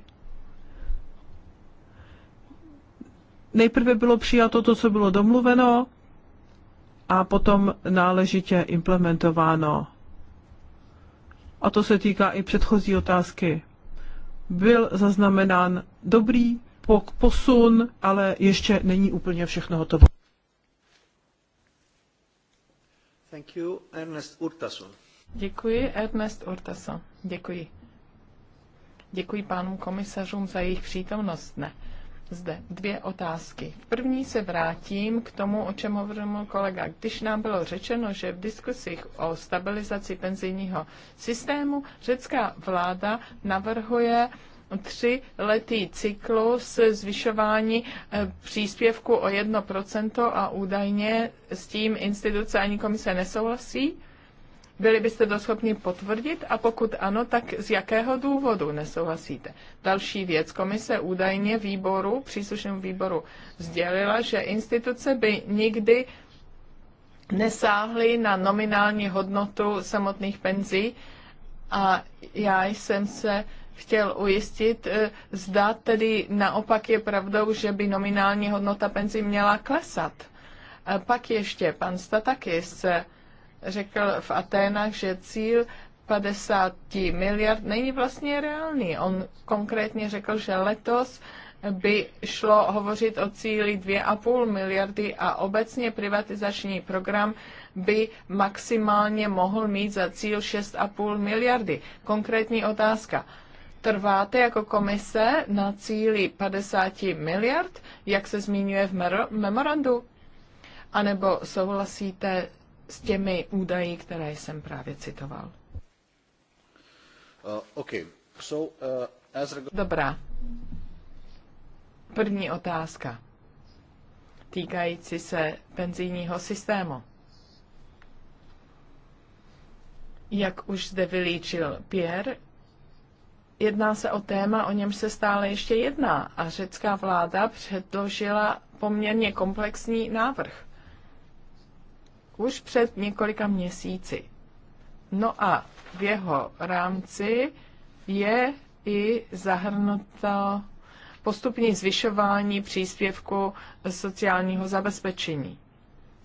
nejprve bylo přijato to, co bylo domluveno, a potom náležitě implementováno. A to se týká i předchozí otázky. Byl zaznamenán dobrý posun, ale ještě není úplně všechno hotovo. Thank you. Ernest Děkuji, Ernest Urtason. Děkuji. Děkuji pánům komisařům za jejich přítomnost. Ne. Zde dvě otázky. V první se vrátím k tomu, o čem hovořil můj kolega. Když nám bylo řečeno, že v diskusích o stabilizaci penzijního systému řecká vláda navrhuje Tři letý cyklus zvyšování eh, příspěvku o 1% a údajně s tím instituce ani komise nesouhlasí? Byli byste to schopni potvrdit a pokud ano, tak z jakého důvodu nesouhlasíte? Další věc. Komise údajně výboru, příslušnému výboru, sdělila, že instituce by nikdy nesáhly na nominální hodnotu samotných penzí a já jsem se chtěl ujistit, e, zda tedy naopak je pravdou, že by nominální hodnota penzí měla klesat. A e, pak ještě pan Statakis e, řekl v Aténách, že cíl 50 miliard není vlastně reálný. On konkrétně řekl, že letos by šlo hovořit o cíli 2,5 miliardy a obecně privatizační program by maximálně mohl mít za cíl 6,5 miliardy. Konkrétní otázka trváte jako komise na cíli 50 miliard, jak se zmiňuje v memorandu? A nebo souhlasíte s těmi údaji, které jsem právě citoval? Uh, okay. so, uh, as... Dobrá. První otázka týkající se penzijního systému. Jak už zde vylíčil Pierre, Jedná se o téma, o něm se stále ještě jedná a řecká vláda předložila poměrně komplexní návrh. Už před několika měsíci. No a v jeho rámci je i zahrnuto postupní zvyšování příspěvku sociálního zabezpečení.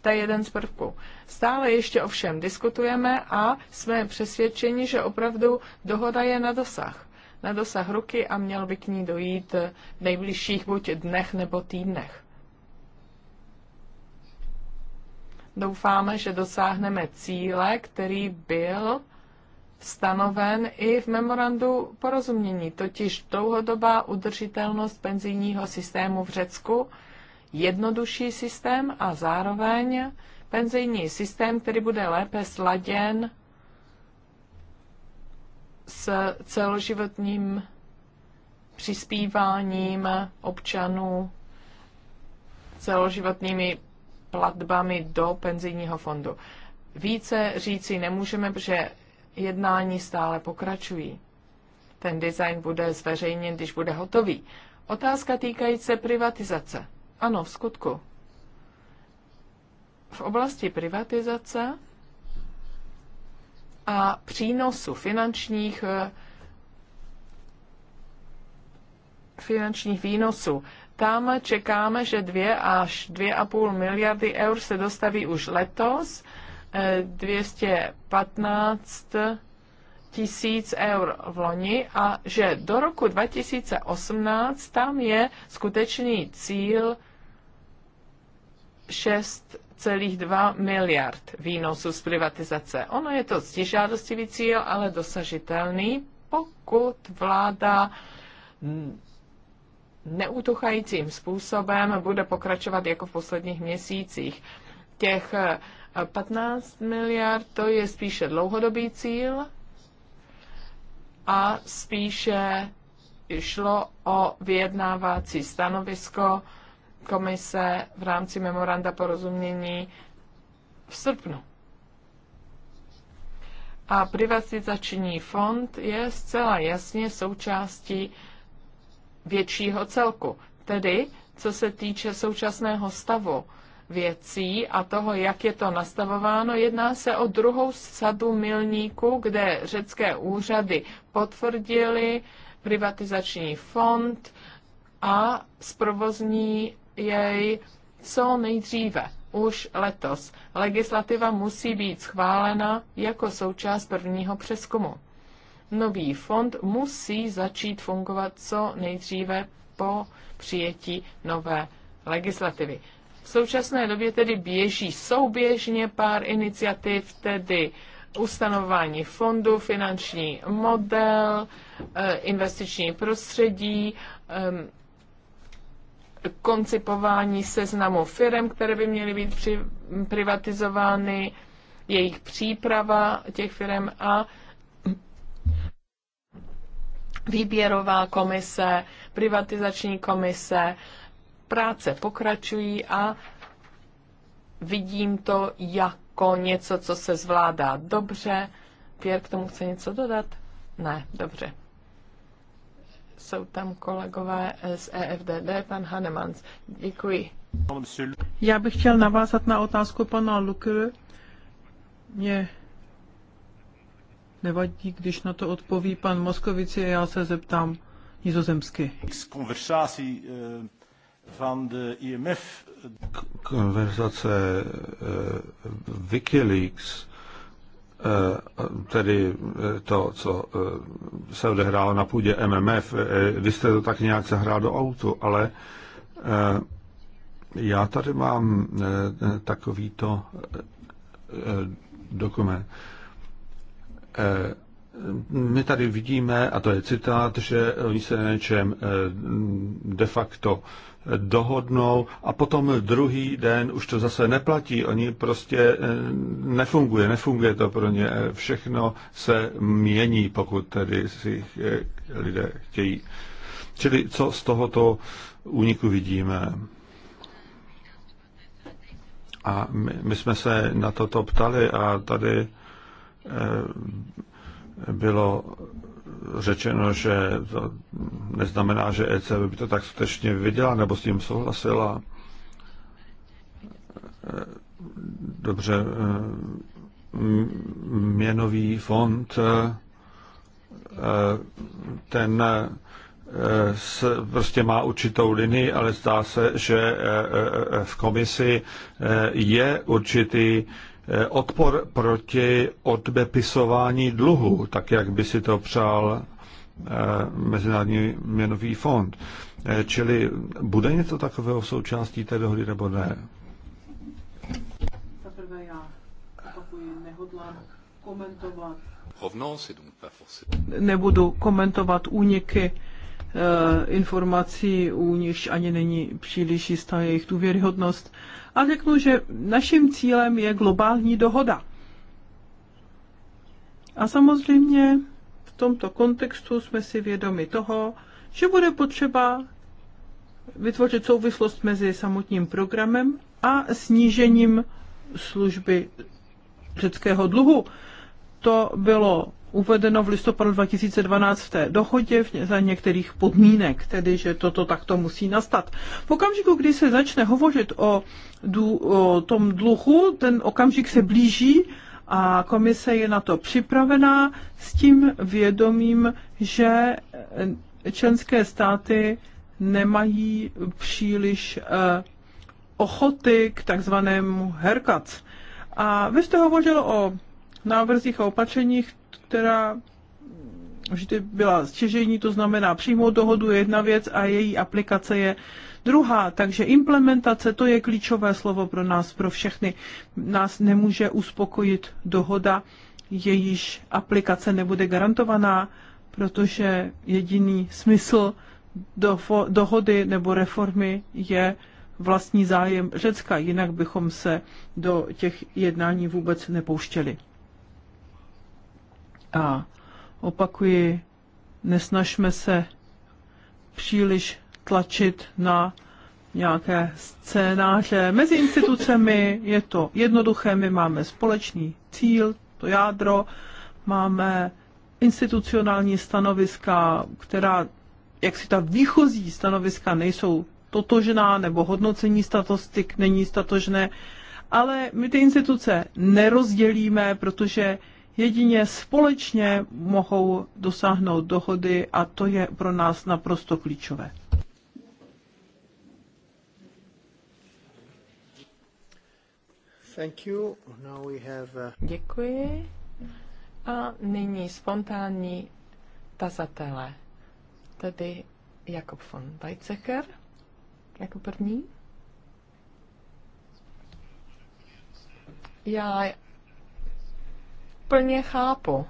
To je jeden z prvků. Stále ještě ovšem diskutujeme a jsme přesvědčeni, že opravdu dohoda je na dosah na dosah ruky a měl by k ní dojít v nejbližších buď dnech nebo týdnech. Doufáme, že dosáhneme cíle, který byl stanoven i v memorandu porozumění, totiž dlouhodobá udržitelnost penzijního systému v Řecku, jednodušší systém a zároveň penzijní systém, který bude lépe sladěn s celoživotním přispíváním občanů celoživotními platbami do penzijního fondu. Více říci nemůžeme, protože jednání stále pokračují. Ten design bude zveřejněn, když bude hotový. Otázka týkající se privatizace. Ano, v skutku. V oblasti privatizace a přínosu finančních eh, finančních výnosů. Tam čekáme, že 2 až 2,5 miliardy eur se dostaví už letos, 215 eh, tisíc eur v loni a že do roku 2018 tam je skutečný cíl 6 2,2 miliard výnosů z privatizace. Ono je to stěžádostivý cíl, ale dosažitelný, pokud vláda neutuchajícím způsobem bude pokračovat jako v posledních měsících. Těch 15 eh, miliard to je spíše dlouhodobý cíl a spíše šlo o vyjednávací stanovisko komise v rámci memoranda porozumění v srpnu. A privatizační fond je zcela jasně součástí většího celku. Tedy, co se týče současného stavu věcí a toho, jak je to nastavováno, jedná se o druhou sadu milníků, kde řecké úřady potvrdili privatizační fond a zprovozní jej co nejdříve, už letos. Legislativa musí být schválena jako součást prvního přeskumu. Nový fond musí začít fungovat co nejdříve po přijetí nové legislativy. V současné době tedy běží souběžně pár iniciativ, tedy ustanovování fondu, finanční model, eh, investiční prostředí, koncipování seznamu firm, které by měly být při, privatizovány, jejich příprava těch firm a výběrová komise, privatizační komise, práce pokračují a vidím to jako něco, co se zvládá dobře. Pěr k tomu chce něco dodat? Ne, dobře jsou tam kolegové z EFDD, pan Hanemans. Děkuji. Já bych chtěl navázat na otázku pana Lukr. Mě nevadí, když na to odpoví pan Moskovici a já se zeptám nizozemsky. Eh, konverzace eh, Wikileaks Eh, tedy eh, to, co eh, se odehrálo na půdě MMF, vy jste to tak nějak zahrál do autu, ale já tady mám takovýto dokument. My tady vidíme, a to je citát, že oni se na něčem de facto dohodnou a potom druhý den už to zase neplatí. Oni prostě eh, nefunguje, nefunguje to pro ně. Eh, všechno se mění, pokud tedy si eh, lidé chtějí. Čili co z tohoto úniku vidíme? A my, my jsme se na toto ptali a tady bylo řečeno, že to neznamená, že ECB by to tak skutečně viděla nebo s tím souhlasila. E, dobře, e, měnový fond, e, ten prostě má určitou linii, ale zdá se, že v komisi je určitý Eh, odpor proti odbepisování dluhu, tak jak by si to přál eh, Mezinárodní měnový fond. Eh, čili bude něco takového součástí té dohody nebo ne? Za prvé já opakuji, nehodlám komentovat. Nebudu komentovat úniky informací, u nich ani není příliš jistá jejich důvěryhodnost a řeknu, že naším cílem je globální dohoda. A samozřejmě v tomto kontextu jsme si vědomi toho, že bude potřeba vytvořit souvislost mezi samotným programem a snížením služby řeckého dluhu. To bylo uvedeno v listopadu 2012 v té dohodě za některých podmínek, tedy že toto takto musí nastat. V okamžiku, kdy se začne hovořit o, dů, o tom dluhu, ten okamžik se blíží a komise je na to připravená s tím vědomím, že eh, členské státy nemají příliš eh, ochoty k takzvanému herkac. A vy jste hovořil o návrzích a opatřeních, která vždy byla stěžení, to znamená přijmout dohodu je jedna věc a její aplikace je druhá. Takže implementace, to je klíčové slovo pro nás, pro všechny. Nás nemůže uspokojit dohoda, jejíž aplikace nebude garantovaná, protože jediný smysl do, dohody nebo reformy je vlastní zájem Řecka, jinak bychom se do těch jednání vůbec nepouštěli. A opakuji, nesnažme se příliš tlačit na nějaké scénáře. Mezi institucemi je to jednoduché, my máme společný cíl, to jádro, máme institucionální stanoviska, která, jak si ta výchozí stanoviska nejsou totožná, nebo hodnocení statistik není statožné, ale my ty instituce nerozdělíme, protože Jedině společně mohou dosáhnout dohody a to je pro nás naprosto klíčové. Thank you. Now we have a... Uh, Děkuji. A nyní spontánní tazatele, tedy Jakob von Weizsäcker jako první. Já plně chápu.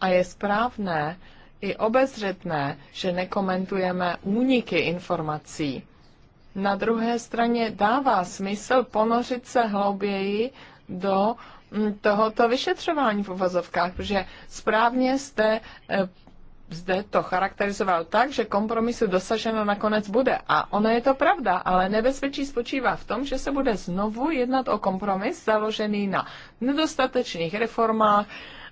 A je správné i obezřetné, že nekomentujeme úniky informací. Na druhé straně dává smysl ponořit se hlouběji do mm, tohoto vyšetřování v uvozovkách, protože správně jste eh, zde to charakterizoval tak, že kompromisu dosaženo nakonec bude. A ono je to pravda, ale nebezpečí spočívá v tom, že se bude znovu jednat o kompromis založený na nedostatečných reformách,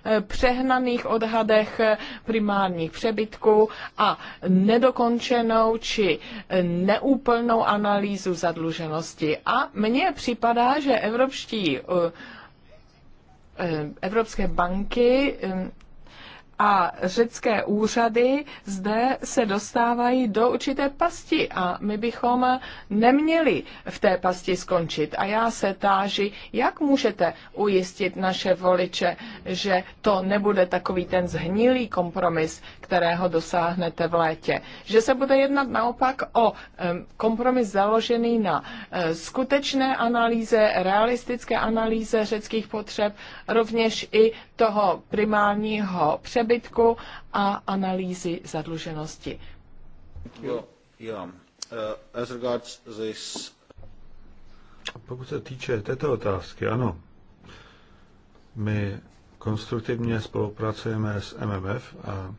eh, přehnaných odhadech eh, primárních přebytků a nedokončenou či eh, neúplnou analýzu zadluženosti. A mně připadá, že evropští evropské banky a řecké úřady zde se dostávají do určité pasti a my bychom neměli v té pasti skončit. A já se táži, jak můžete ujistit naše voliče, že to nebude takový ten zhnilý kompromis, kterého dosáhnete v létě. Že se bude jednat naopak o kompromis založený na eh, skutečné analýze, realistické analýze řeckých potřeb, rovněž i toho primárního přebytku přebytku a analýzy zadluženosti. Jo, jo. Eh, as regards this... Pokud se týče této otázky, ano, my konstruktivně spolupracujeme s MMF a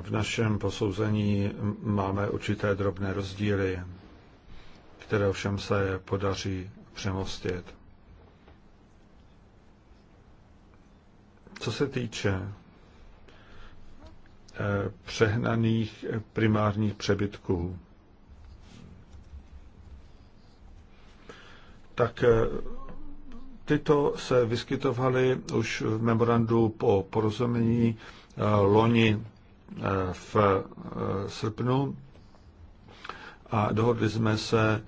v našem posouzení máme určité drobné rozdíly, které ovšem se podaří přemostit. Co se týče Eh, přehnaných primárních přebytků. Tak eh, tyto se vyskytovaly už v memorandu po porozumění eh, loni v srpnu a dohodli jsme se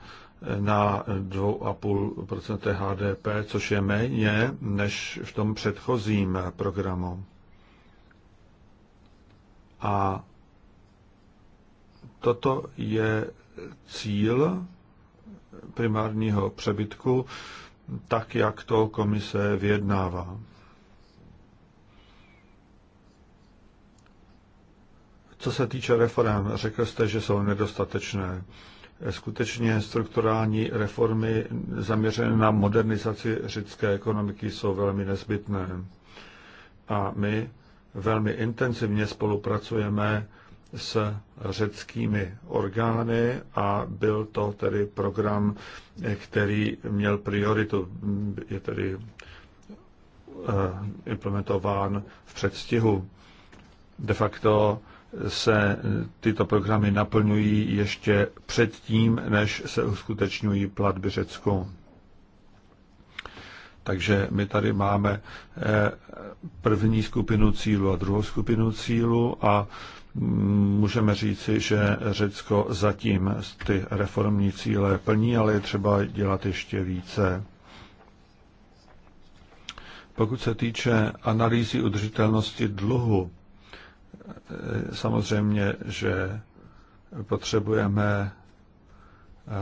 na 2,5 HDP, což je méně než v tom předchozím programu. A toto je cíl primárního přebytku, tak jak to komise vyjednává. Co se týče reform, řekl jste, že jsou nedostatečné. Skutečně strukturální reformy zaměřené na modernizaci řecké ekonomiky jsou velmi nezbytné. A my velmi intenzivně spolupracujeme s řeckými orgány a byl to tedy program, který měl prioritu, je tedy eh, implementován v předstihu. De facto se tyto programy naplňují ještě předtím, než se uskutečňují platby Řecku. Takže my tady máme eh, první skupinu cílu a druhou skupinu cílu a mm, můžeme říci, že Řecko zatím ty reformní cíle plní, ale je třeba dělat ještě více. Pokud se týče analýzy udržitelnosti dluhu, eh, samozřejmě, že potřebujeme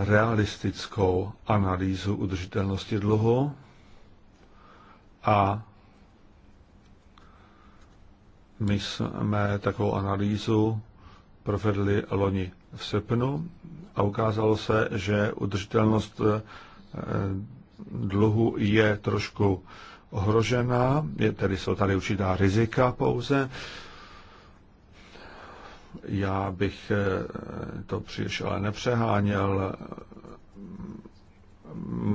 realistickou analýzu udržitelnosti dluhu, a my jsme takovou analýzu provedli loni v srpnu a ukázalo se, že udržitelnost eh, dluhu je trošku ohrožená, je, tedy jsou tady určitá rizika pouze. Já bych eh, to příliš ale nepřeháněl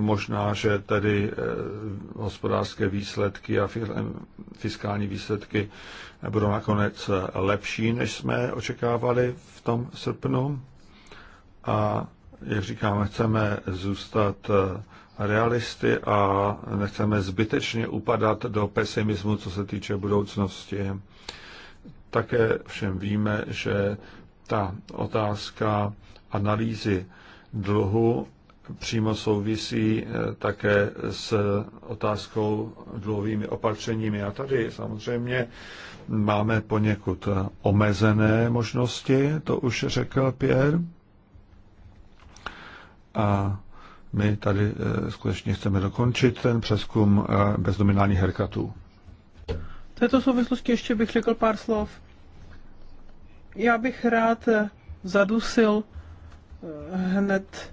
možná, že tedy eh, hospodářské výsledky a eh, fiskální výsledky budou nakonec eh, lepší, než jsme očekávali v tom srpnu. A jak říkáme, chceme zůstat realisty a nechceme zbytečně upadat do pesimismu, co se týče budoucnosti. Také všem víme, že ta otázka analýzy dluhu přímo souvisí eh, také s otázkou dluhovými opatřeními. A tady samozřejmě máme poněkud eh, omezené možnosti, to už řekl Pierre. A my tady eh, skutečně chceme dokončit ten přeskum bez herkatů. V této souvislosti ještě bych řekl pár slov. Já bych rád zadusil hned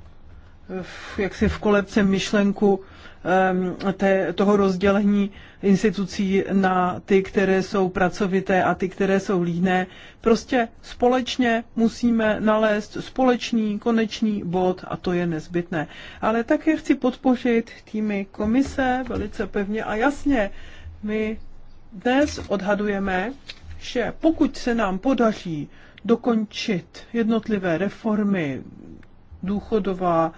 v, jaksi v kolebce myšlenku té, toho rozdělení institucí na ty, které jsou pracovité a ty, které jsou líné. Prostě společně musíme nalézt společný konečný bod a to je nezbytné. Ale také chci podpořit týmy komise velice pevně a jasně. My dnes odhadujeme, že pokud se nám podaří dokončit jednotlivé reformy, důchodová,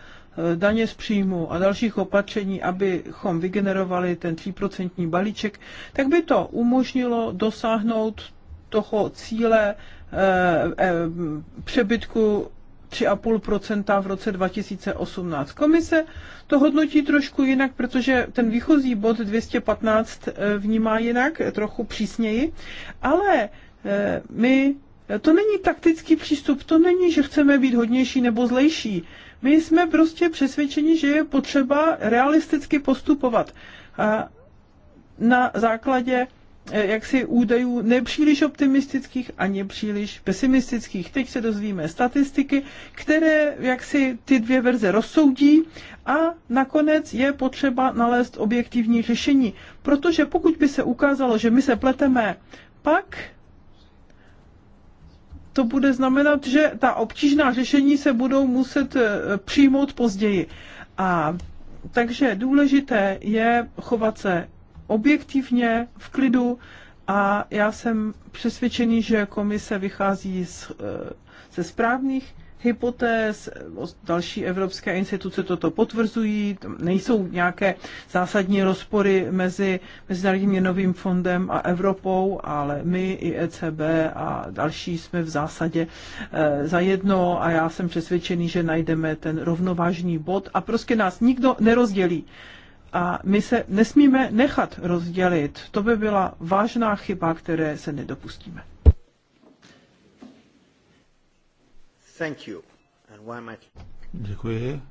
daně z příjmu a dalších opatření, abychom vygenerovali ten 3% balíček, tak by to umožnilo dosáhnout toho cíle eh, eh, přebytku 3,5 v roce 2018. Komise to hodnotí trošku jinak, protože ten výchozí bod 215 eh, vnímá jinak, trochu přísněji, ale my to není taktický přístup, to není, že chceme být hodnější nebo zlejší. My jsme prostě přesvědčeni, že je potřeba realisticky postupovat na základě e, jaksi údajů nepříliš optimistických a nepříliš pesimistických. Teď se dozvíme statistiky, které jaksi ty dvě verze rozsoudí a nakonec je potřeba nalézt objektivní řešení. Protože pokud by se ukázalo, že my se pleteme, pak to bude znamenat, že ta obtížná řešení se budou muset eh, přijmout později. A takže důležité je chovat se objektivně, v klidu a já jsem přesvědčený, že komise vychází z, eh, ze správných hypotéz, další evropské instituce toto potvrzují, nejsou nějaké zásadní rozpory mezi Mezinárodním měnovým fondem a Evropou, ale my i ECB a další jsme v zásadě e, za zajedno a já jsem přesvědčený, že najdeme ten rovnovážný bod a prostě nás nikdo nerozdělí. A my se nesmíme nechat rozdělit. To by byla vážná chyba, které se nedopustíme. Thank you. And why am I... Děkuji.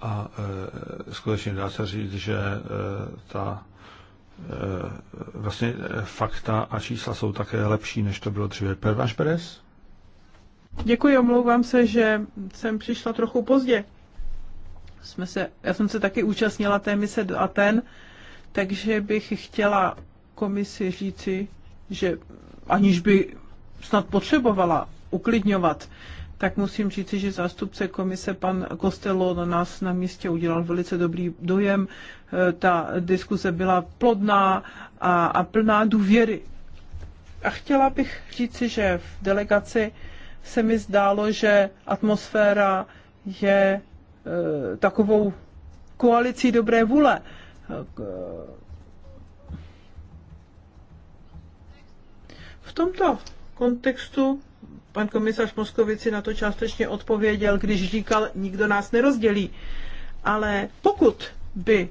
A e, skutečně dá se říct, že e, ta e, vlastně e, fakta a čísla jsou také lepší, než to bylo dříve. Pervaš Beres? Děkuji, omlouvám se, že jsem přišla trochu pozdě. Jsme se, já jsem se taky účastnila té mise do Aten, takže bych chtěla komisi říci, že aniž by snad potřebovala uklidňovat, tak musím říci, že zástupce komise pan Kostelo na nás na místě udělal velice dobrý dojem. E, ta diskuse byla plodná a, a plná důvěry. A chtěla bych říci, že v delegaci se mi zdálo, že atmosféra je e, takovou koalicí dobré vůle. E, e, v tomto kontextu. Pan komisař Moskovici na to částečně odpověděl, když říkal, nikdo nás nerozdělí. Ale pokud by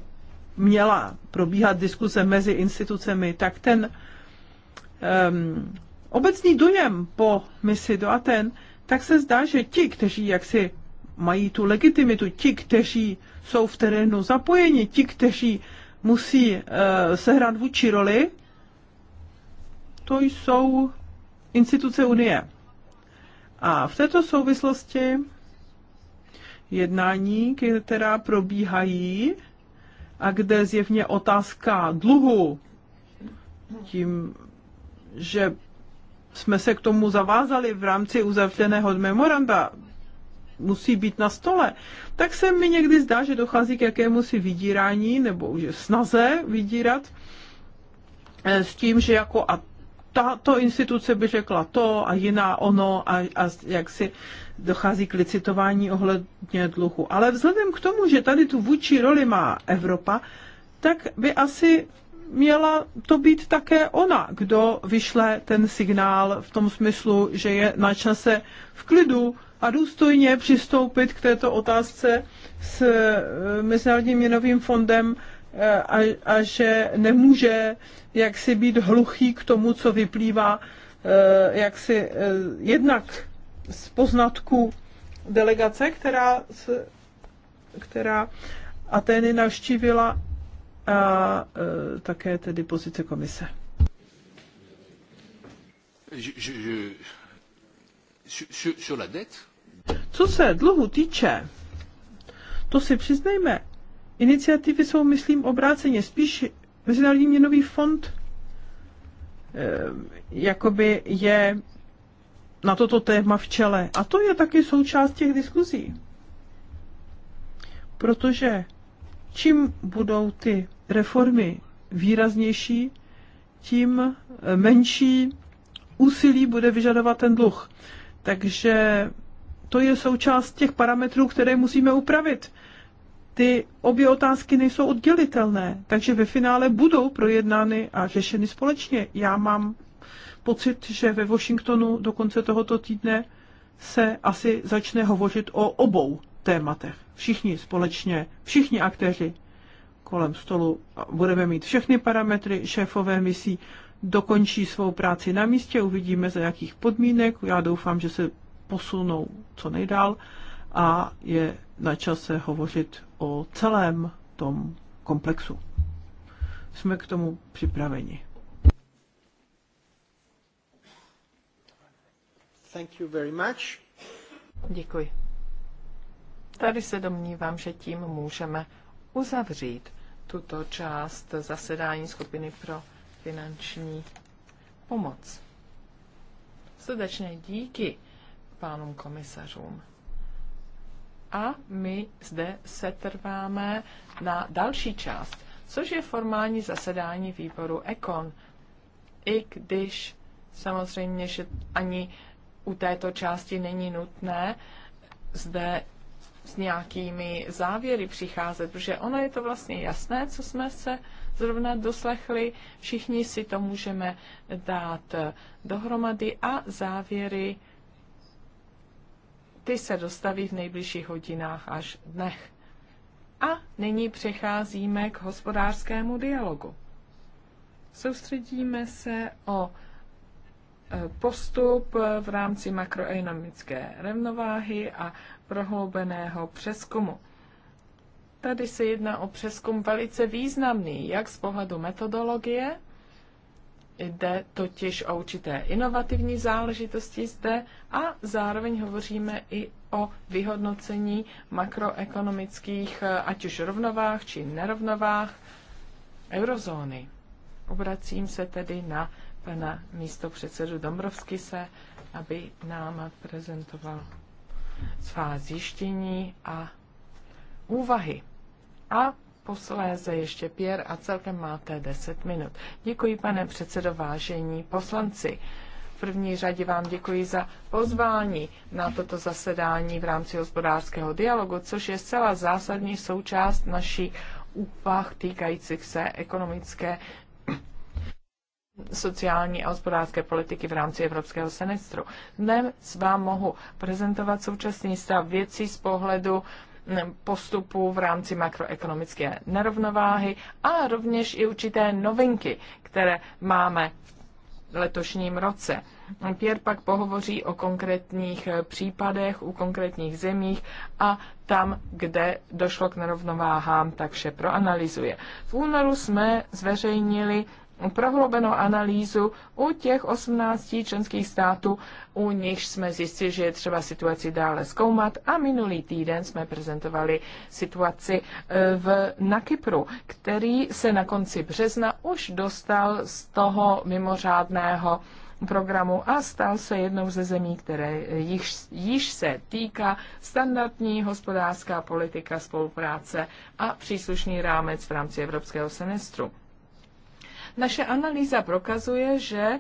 měla probíhat diskuse mezi institucemi, tak ten um, obecný dojem po misi do Aten, tak se zdá, že ti, kteří jaksi mají tu legitimitu, ti, kteří jsou v terénu zapojeni, ti, kteří musí uh, sehrát vůči roli, to jsou instituce Unie. A v této souvislosti jednání, která probíhají a kde zjevně otázka dluhu tím, že jsme se k tomu zavázali v rámci uzavřeného memoranda, musí být na stole, tak se mi někdy zdá, že dochází k jakému si vydírání nebo že snaze vydírat eh, s tím, že jako a tato instituce by řekla to a jiná ono a, a jak si dochází k licitování ohledně dluhu. Ale vzhledem k tomu, že tady tu vůči roli má Evropa, tak by asi měla to být také ona, kdo vyšle ten signál v tom smyslu, že je na čase v klidu a důstojně přistoupit k této otázce s e, Mezinárodním měnovým fondem Eh, a, a že nemůže jaksi být hluchý k tomu, co vyplývá eh, jaksi eh, jednak z poznatku delegace, která, která Atény navštívila a také tedy pozice komise. Co se dluhu týče, to si přiznejme, iniciativy jsou, myslím, obráceně. Spíš Mezinárodní měnový fond eh, jakoby je na toto téma v čele. A to je taky součást těch diskuzí. Protože čím budou ty reformy výraznější, tím eh, menší úsilí bude vyžadovat ten dluh. Takže to je součást těch parametrů, které musíme upravit ty obě otázky nejsou oddělitelné, takže ve finále budou projednány a řešeny společně. Já mám pocit, že ve Washingtonu do konce tohoto týdne se asi začne hovořit o obou tématech. Všichni společně, všichni aktéři kolem stolu budeme mít všechny parametry, šéfové misí dokončí svou práci na místě, uvidíme za jakých podmínek, já doufám, že se posunou co nejdál a je na čase hovořit o celém tom komplexu. Jsme k tomu připraveni. Thank you very much. Děkuji. Tady se domnívám, že tím můžeme uzavřít tuto část zasedání skupiny pro finanční pomoc. Srdečně díky pánům komisařům. A my zde setrváme na další část, což je formální zasedání výboru ECON. I když samozřejmě, že ani u této části není nutné zde s nějakými závěry přicházet, protože ono je to vlastně jasné, co jsme se zrovna doslechli. Všichni si to můžeme dát dohromady a závěry ty se dostaví v nejbližších hodinách až dnech. A nyní přecházíme k hospodářskému dialogu. Soustředíme se o e, postup v rámci makroekonomické rovnováhy a prohloubeného přeskumu. Tady se jedná o přeskum velice významný, jak z pohledu metodologie, Jde totiž o určité inovativní záležitosti zde a zároveň hovoříme i o vyhodnocení makroekonomických, ať už rovnovách či nerovnovách eurozóny. Obracím se tedy na pana místopředsedu Dombrovskise, aby nám prezentoval svá zjištění a úvahy. A posléze ještě Pěr a celkem máte 10 minut. Děkuji, pane předsedo, vážení poslanci. V první řadě vám děkuji za pozvání na toto zasedání v rámci hospodářského dialogu, což je zcela zásadní součást naší úvah týkajících se ekonomické sociální a hospodářské politiky v rámci Evropského semestru. Dnes vám mohu prezentovat současný stav věcí z pohledu postupů v rámci makroekonomické nerovnováhy a rovněž i určité novinky, které máme v letošním roce. Pierre pak pohovoří o konkrétních případech u konkrétních zemích a tam, kde došlo k nerovnováhám, tak vše proanalizuje. V únoru jsme zveřejnili prohloubenou analýzu u těch 18 členských států, u nichž jsme zjistili, že je třeba situaci dále zkoumat a minulý týden jsme prezentovali situaci e, v, na Kypru, který se na konci března už dostal z toho mimořádného programu a stal se jednou ze zemí, které již, již se týká standardní hospodářská politika spolupráce a příslušný rámec v rámci evropského semestru. Naše analýza prokazuje, že e,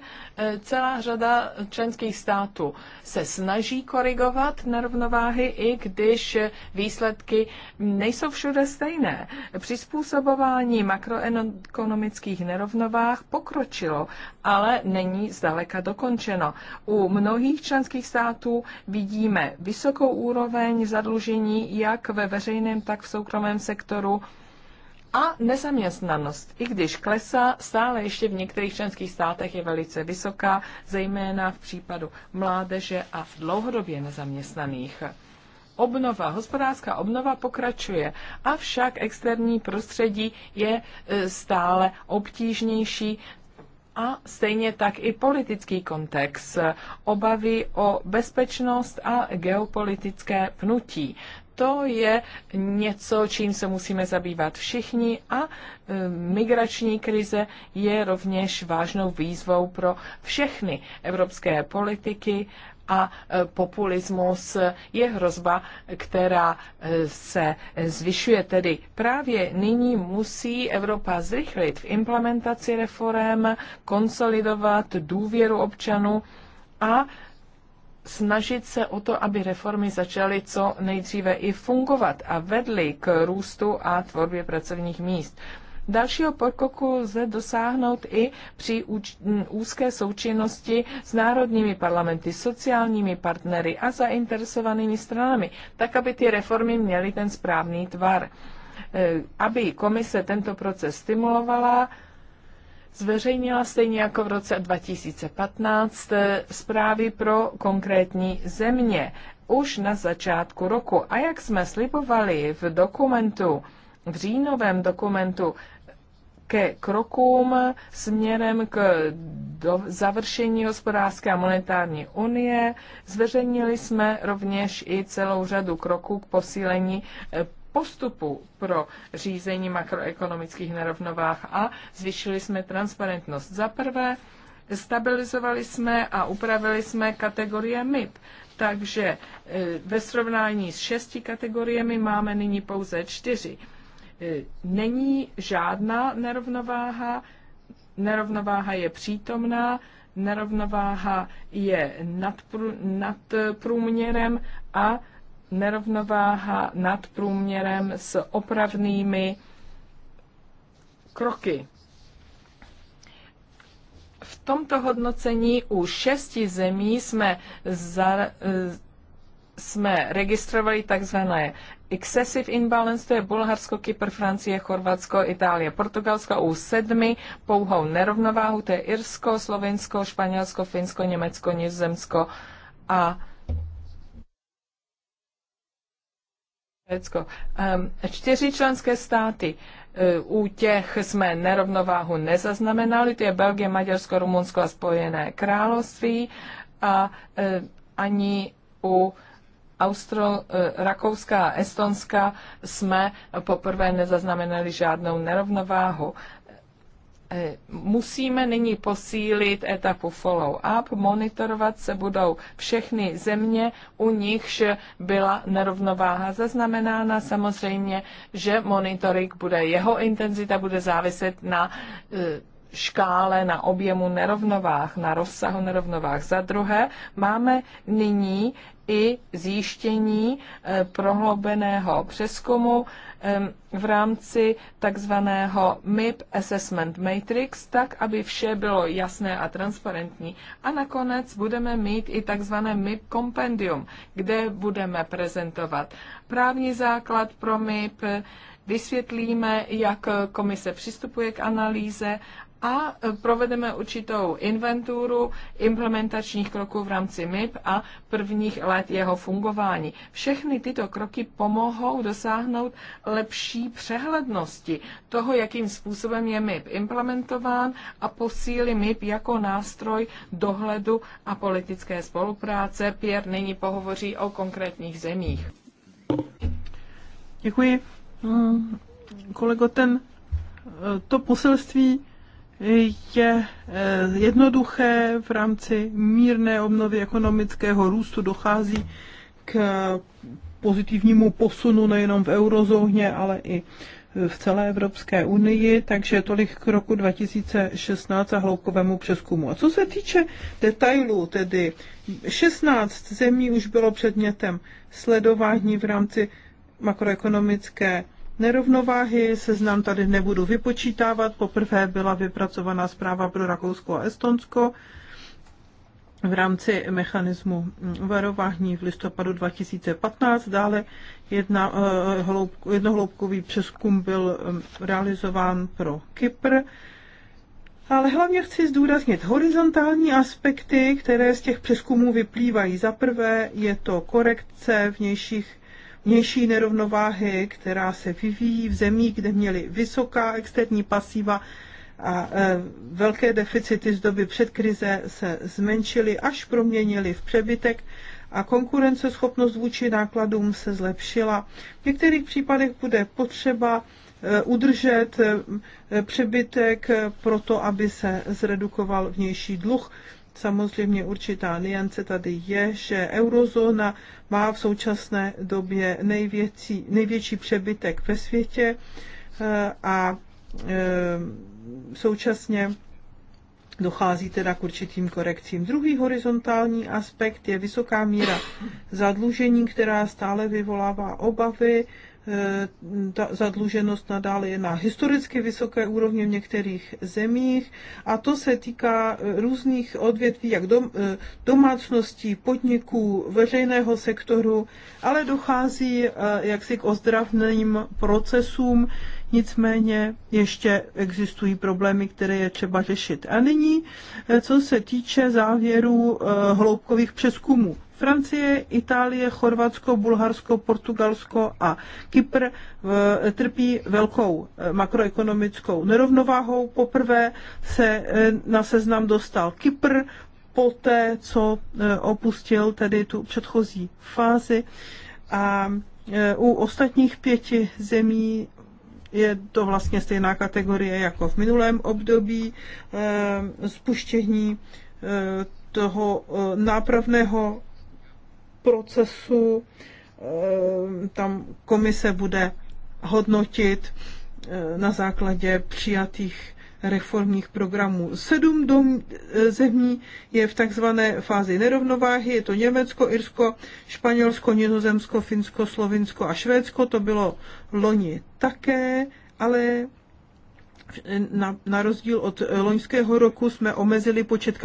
celá řada členských států se snaží korigovat nerovnováhy, i když výsledky nejsou všude stejné. Přizpůsobování makroekonomických nerovnovách pokročilo, ale není zdaleka dokončeno. U mnohých členských států vidíme vysokou úroveň zadlužení jak ve veřejném, tak v soukromém sektoru a nezaměstnanost, i když klesá, stále ještě v některých členských státech je velice vysoká, zejména v případu mládeže a v dlouhodobě nezaměstnaných. Obnova, hospodářská obnova pokračuje, avšak externí prostředí je e, stále obtížnější, a stejně tak i politický kontext, e, obavy o bezpečnost a geopolitické pnutí to je něco, čím se musíme zabývat všichni a e, migrační krize je rovněž vážnou výzvou pro všechny evropské politiky a e, populismus je hrozba, která e, se zvyšuje. Tedy právě nyní musí Evropa zrychlit v implementaci reform, konsolidovat důvěru občanů a snažit se o to, aby reformy začaly co nejdříve i fungovat a vedly k růstu a tvorbě pracovních míst. Dalšího pokroku lze dosáhnout i při úzké součinnosti s národními parlamenty, sociálními partnery a zainteresovanými stranami, tak aby ty reformy měly ten správný tvar. E, aby komise tento proces stimulovala, zveřejnila stejně jako v roce 2015 eh, zprávy pro konkrétní země už na začátku roku. A jak jsme slibovali v dokumentu, v říjnovém dokumentu, ke krokům směrem k do završení hospodářské a monetární unie. Zveřejnili jsme rovněž i celou řadu kroků k posílení eh, postupu pro řízení makroekonomických nerovnovách a zvýšili jsme transparentnost. Za prvé, stabilizovali jsme a upravili jsme kategorie MIP. Takže e, ve srovnání s šesti kategoriemi máme nyní pouze čtyři. E, není žádná nerovnováha, nerovnováha je přítomná, nerovnováha je nad, nad průměrem a nerovnováha nad průměrem s opravnými kroky. V tomto hodnocení u šesti zemí jsme, za, eh, jsme registrovali takzvané excessive imbalance, to je Bulharsko, Kypr, Francie, Chorvatsko, Itálie, Portugalsko u sedmi, pouhou nerovnováhu, to je Irsko, Slovensko, Španělsko, Finsko, Německo, Nizozemsko a Řecko. Ehm, čtyři členské státy. Eh, u těch jsme nerovnováhu nezaznamenali, to je Belgie, Maďarsko, Rumunsko a Spojené království a eh, ani u Austro, eh, Rakouska a Estonska jsme poprvé nezaznamenali žádnou nerovnováhu. Eh, musíme nyní posílit etapu follow-up, monitorovat se budou všechny země, u nichž byla nerovnováha zaznamenána. Samozřejmě, že monitoring bude, jeho intenzita bude záviset na eh, škále na objemu nerovnovách, na rozsahu nerovnovách. Za druhé, máme nyní i zjištění eh, prohloubeného přeskumu v rámci takzvaného MIP Assessment Matrix, tak, aby vše bylo jasné a transparentní. A nakonec budeme mít i takzvané MIP Compendium, kde budeme prezentovat právní základ pro MIP, vysvětlíme, jak komise přistupuje k analýze a provedeme určitou inventuru implementačních kroků v rámci MIP a prvních let jeho fungování. Všechny tyto kroky pomohou dosáhnout lepší přehlednosti toho, jakým způsobem je MIP implementován a posílí MIP jako nástroj dohledu a politické spolupráce. Pierre nyní pohovoří o konkrétních zemích. Děkuji. Mm, kolego, ten, eh, to poselství je eh, jednoduché v rámci mírné obnovy ekonomického růstu dochází k pozitivnímu posunu nejenom v eurozóně, ale i v celé Evropské unii, takže tolik k roku 2016 a hloukovému přeskumu. A co se týče detailů, tedy 16 zemí už bylo předmětem sledování v rámci makroekonomické nerovnováhy. Seznam tady nebudu vypočítávat. Poprvé byla vypracovaná zpráva pro Rakousko a Estonsko v rámci mechanismu varování v listopadu 2015. Dále jedna, eh, hloub, jednohloubkový přeskum byl eh, realizován pro Kypr. Ale hlavně chci zdůraznit horizontální aspekty, které z těch přeskumů vyplývají. Za prvé je to korekce vnějších vnější nerovnováhy, která se vyvíjí v zemích, kde měli vysoká externí pasiva a e, velké deficity z doby před krize se zmenšily až proměnily v přebytek a konkurenceschopnost vůči nákladům se zlepšila. V některých případech bude potřeba e, udržet e, přebytek proto, aby se zredukoval vnější dluh. Samozřejmě určitá niance tady je, že eurozóna má v současné době největší, největší přebytek ve světě eh, a eh, současně dochází teda k určitým korekcím. Druhý horizontální aspekt je vysoká míra zadlužení, která stále vyvolává obavy Eh, ta zadluženost nadále je na historicky vysoké úrovni v některých zemích a to se týká eh, různých odvětví, jak dom, eh, domácností, podniků, veřejného sektoru, ale dochází jaksi k ozdravným procesům, nicméně ještě existují problémy, které je třeba řešit. A nyní, co se týče závěrů hloubkových přeskumů. Francie, Itálie, Chorvatsko, Bulharsko, Portugalsko a Kypr eh, trpí velkou eh, makroekonomickou nerovnováhou. Poprvé se eh, na seznam dostal Kypr, té, co opustil tedy tu předchozí fázi. A u ostatních pěti zemí je to vlastně stejná kategorie jako v minulém období spuštění toho nápravného procesu. Eh, tam komise bude hodnotit eh, na základě přijatých reformních programů. Sedm dom, eh, zemí je v takzvané fázi nerovnováhy, je to Německo, Irsko, Španělsko, Nizozemsko, Finsko, Slovinsko a Švédsko, to bylo loni také, ale na, na rozdíl od eh, loňského roku jsme omezili počet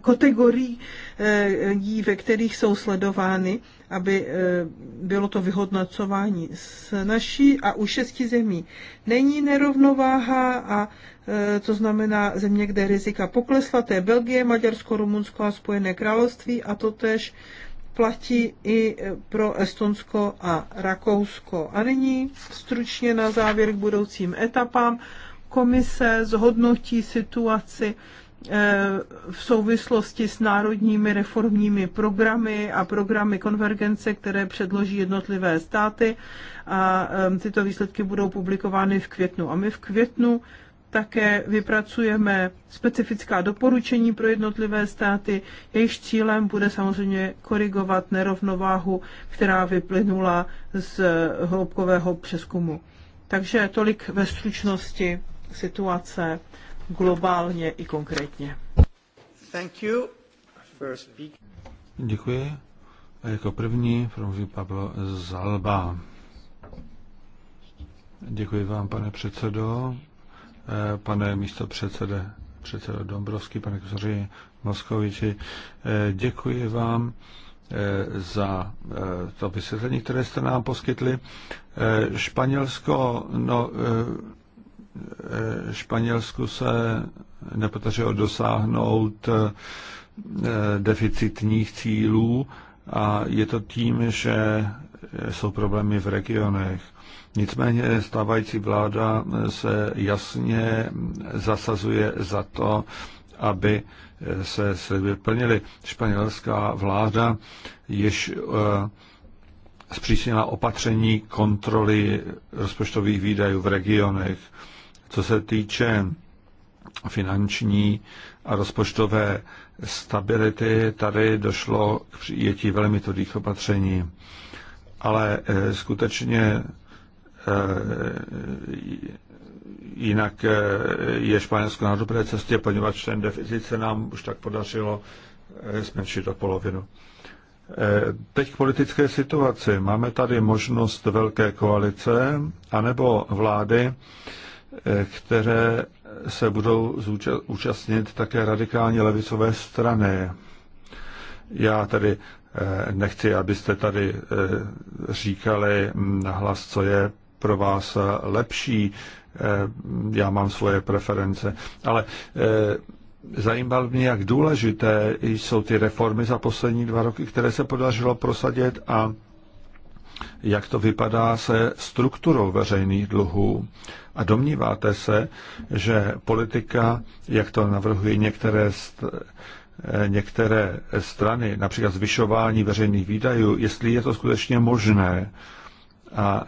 kategorií, eh, ve kterých jsou sledovány, aby eh, bylo to vyhodnocování s naší a u šesti zemí. Není nerovnováha a to znamená země, kde rizika poklesla, to je Belgie, Maďarsko, Rumunsko a Spojené království a to tež platí i pro Estonsko a Rakousko. A nyní stručně na závěr k budoucím etapám komise zhodnotí situaci eh, v souvislosti s národními reformními programy a programy konvergence, které předloží jednotlivé státy. A ehm, tyto výsledky budou publikovány v květnu. A my v květnu také vypracujeme specifická doporučení pro jednotlivé státy. Jejich cílem bude samozřejmě korigovat nerovnováhu, která vyplynula z hloubkového přeskumu. Takže tolik ve stručnosti situace globálně i konkrétně. Thank you. First speak. Děkuji. A jako první promluví Pablo Zalba. Děkuji vám, pane předsedo, eh, pane místo předsede, předsedo Dombrovský, pane kusaři Moskoviči. Eh, děkuji vám eh, za to vysvětlení, které jste nám poskytli. Španělsko, no, Eh, Španělsku se nepodařilo dosáhnout eh, deficitních cílů a je to tím, že eh, jsou problémy v regionech. Nicméně stávající vláda se jasně zasazuje za to, aby se sliby plnily. Španělská vláda již zpřísnila opatření kontroly rozpočtových výdajů v regionech. Co se týče finanční a rozpočtové stability, tady došlo k přijetí velmi tvrdých opatření. Ale eh, skutečně eh, jinak eh, je Španělsko na dobré cestě, poněvadž ten deficit se nám už tak podařilo zmenšit o polovinu. Teď k politické situaci. Máme tady možnost velké koalice anebo vlády, které se budou účastnit také radikálně levicové strany. Já tady eh, nechci, abyste tady eh, říkali nahlas, co je pro vás lepší. Eh, já mám svoje preference. Ale zajímal mě, jak důležité jsou ty reformy za poslední dva roky, které se podařilo prosadit a jak to vypadá se strukturou veřejných dluhů. A domníváte se, že politika, jak to navrhují některé, některé strany, například zvyšování veřejných výdajů, jestli je to skutečně možné, a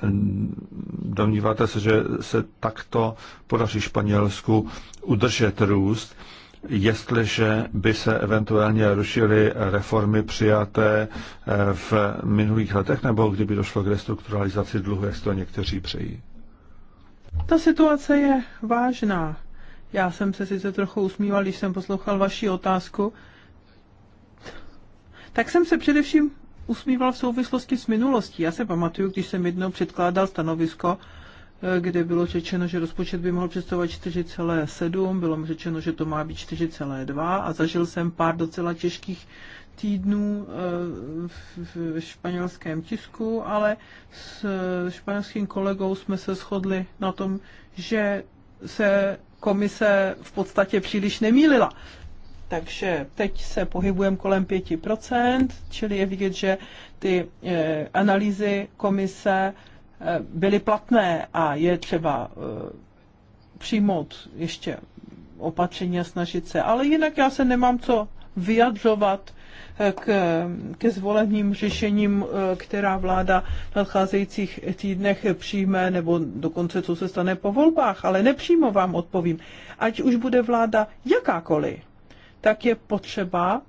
domníváte se, že se takto podaří Španělsku udržet růst, jestliže by se eventuálně rušily reformy přijaté eh, v minulých letech, nebo kdyby došlo k restrukturalizaci dluhu, jak to někteří přejí? Ta situace je vážná. Já jsem se sice trochu usmíval, když jsem poslouchal vaši otázku, tak jsem se především usmíval v souvislosti s minulostí. Já se pamatuju, když jsem jednou předkládal stanovisko, eh, kde bylo řečeno, že rozpočet by mohl představovat 4,7, bylo mi řečeno, že to má být 4,2 a zažil jsem pár docela těžkých týdnů eh, v španělském tisku, ale s španělským kolegou jsme se shodli na tom, že se komise v podstatě příliš nemýlila. Takže teď se pohybujeme kolem 5%, čili je vidět, že ty eh, analýzy komise eh, byly platné a je třeba přijmout ještě opatření a snažit se. Ale jinak já se nemám co vyjadřovat k, ke zvoleným řešením, eh, která vláda v nadcházejících týdnech přijme, nebo dokonce co se stane po volbách, ale nepřímo vám odpovím. Ať už bude vláda jakákoliv, tak je potřeba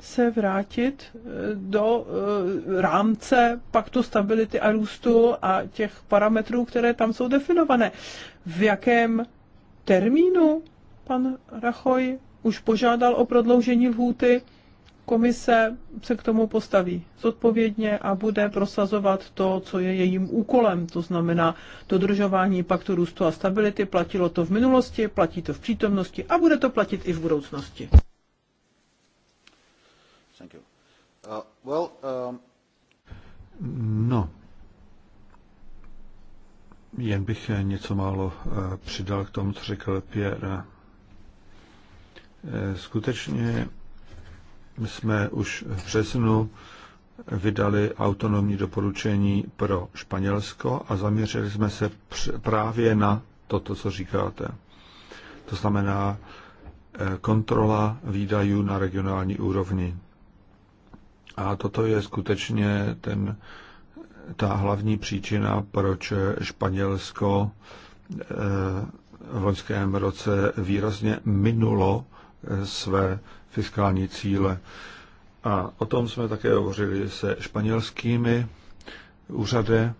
se vrátit eh, do eh, rámce paktu stability a růstu a těch parametrů, které tam jsou definované. V jakém termínu pan Rachoj už požádal o prodloužení lhůty? komise se k tomu postaví zodpovědně a bude prosazovat to, co je jejím úkolem, to znamená dodržování paktu růstu a stability. Platilo to v minulosti, platí to v přítomnosti a bude to platit i v budoucnosti. Thank you. Uh, well, um... No, jen bych něco málo uh, přidal k tomu, co řekl Pierre. Uh, skutečně my jsme už v březnu vydali autonomní doporučení pro Španělsko a zaměřili jsme se právě na toto, co říkáte. To znamená eh, kontrola výdajů na regionální úrovni. A toto je skutečně ten, ta hlavní příčina, proč Španělsko eh, v loňském roce výrazně minulo eh, své fiskální cíle. A o tom jsme také hovořili se španělskými úřady,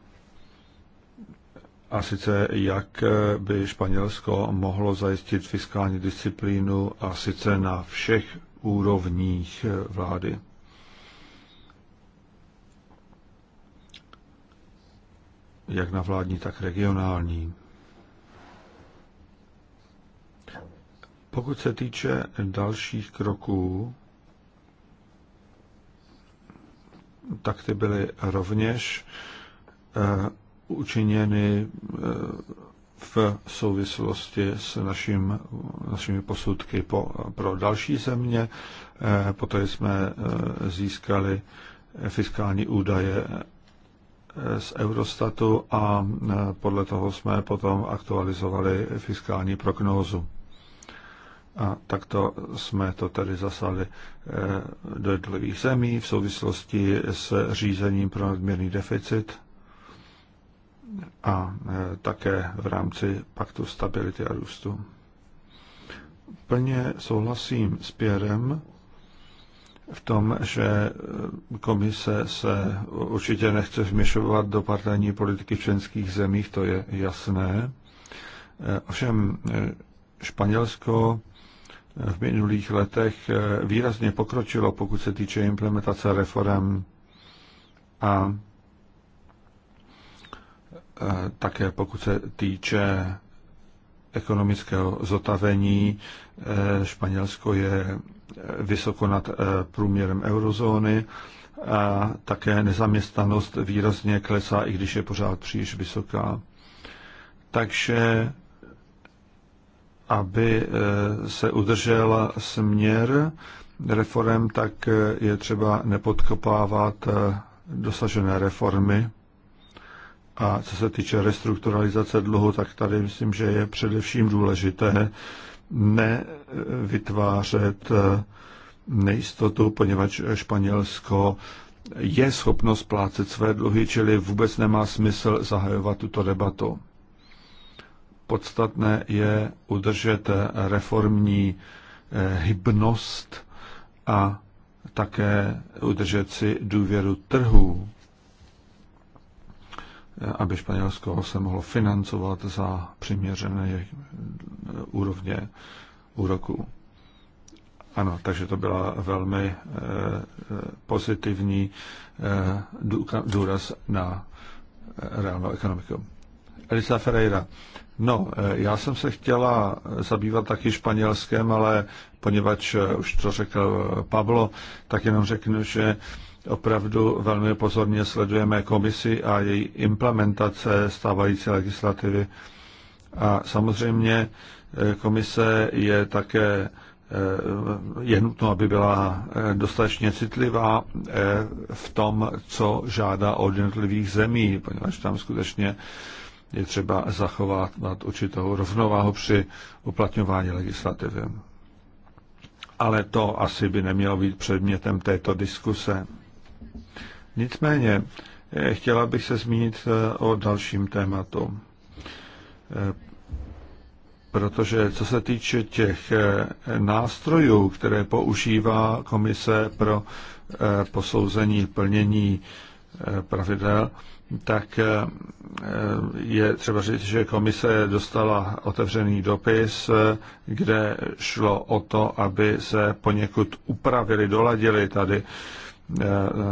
a sice jak by Španělsko mohlo zajistit fiskální disciplínu a sice na všech úrovních vlády. Jak na vládní, tak regionální. Pokud se týče dalších kroků, tak ty byly rovněž eh, učiněny eh, v souvislosti s našim, našimi posudky po, pro další země. Eh, poté jsme získali fiskální údaje z Eurostatu a podle toho jsme potom aktualizovali fiskální prognózu. A takto jsme to tedy zasali eh, do jednotlivých zemí v souvislosti s řízením pro nadměrný deficit a eh, také v rámci paktu stability a růstu. Plně souhlasím s Pěrem v tom, že eh, komise se určitě nechce vměšovat do partajní politiky v členských zemích, to je jasné. Ovšem Španělsko v minulých letech eh, výrazně pokročilo, pokud se týče implementace reform a eh, také pokud se týče ekonomického zotavení, eh, Španělsko je vysoko nad průměrem eurozóny a také nezaměstnanost výrazně klesá, i když je pořád příliš vysoká. Takže aby eh, se udržel směr reform, tak eh, je třeba nepodkopávat eh, dosažené reformy. A co se týče restrukturalizace dluhu, tak tady myslím, že je především důležité nevytvářet nejistotu, poněvadž Španělsko je schopno splácet své dluhy, čili vůbec nemá smysl zahajovat tuto debatu. Podstatné je udržet reformní eh, hybnost a také udržet si důvěru trhů, eh, aby Španělsko se mohlo financovat za přiměřené eh, úrovně úroků. Ano, takže to byla velmi pozitivní důraz na reálnou ekonomiku. Elisa Ferreira, No, eh, já jsem se chtěla zabývat taky španělském, ale poněvadž eh, už to řekl eh, Pablo, tak jenom řeknu, že opravdu velmi pozorně sledujeme komisi a její implementace stávající legislativy. A samozřejmě komise je také je nutno, aby byla dostatečně citlivá v tom, co žádá od jednotlivých zemí, poněvadž tam skutečně je třeba zachovat nad určitou rovnováhu při uplatňování legislativy. Ale to asi by nemělo být předmětem této diskuse. Nicméně, eh, chtěla bych se zmínit eh, o dalším tématu. Eh, protože co se týče těch nástrojů, které používá Komise pro posouzení plnění Eh, pravidel, tak eh, je třeba říct, že komise dostala otevřený dopis, eh, kde šlo o to, aby se poněkud upravili, doladili tady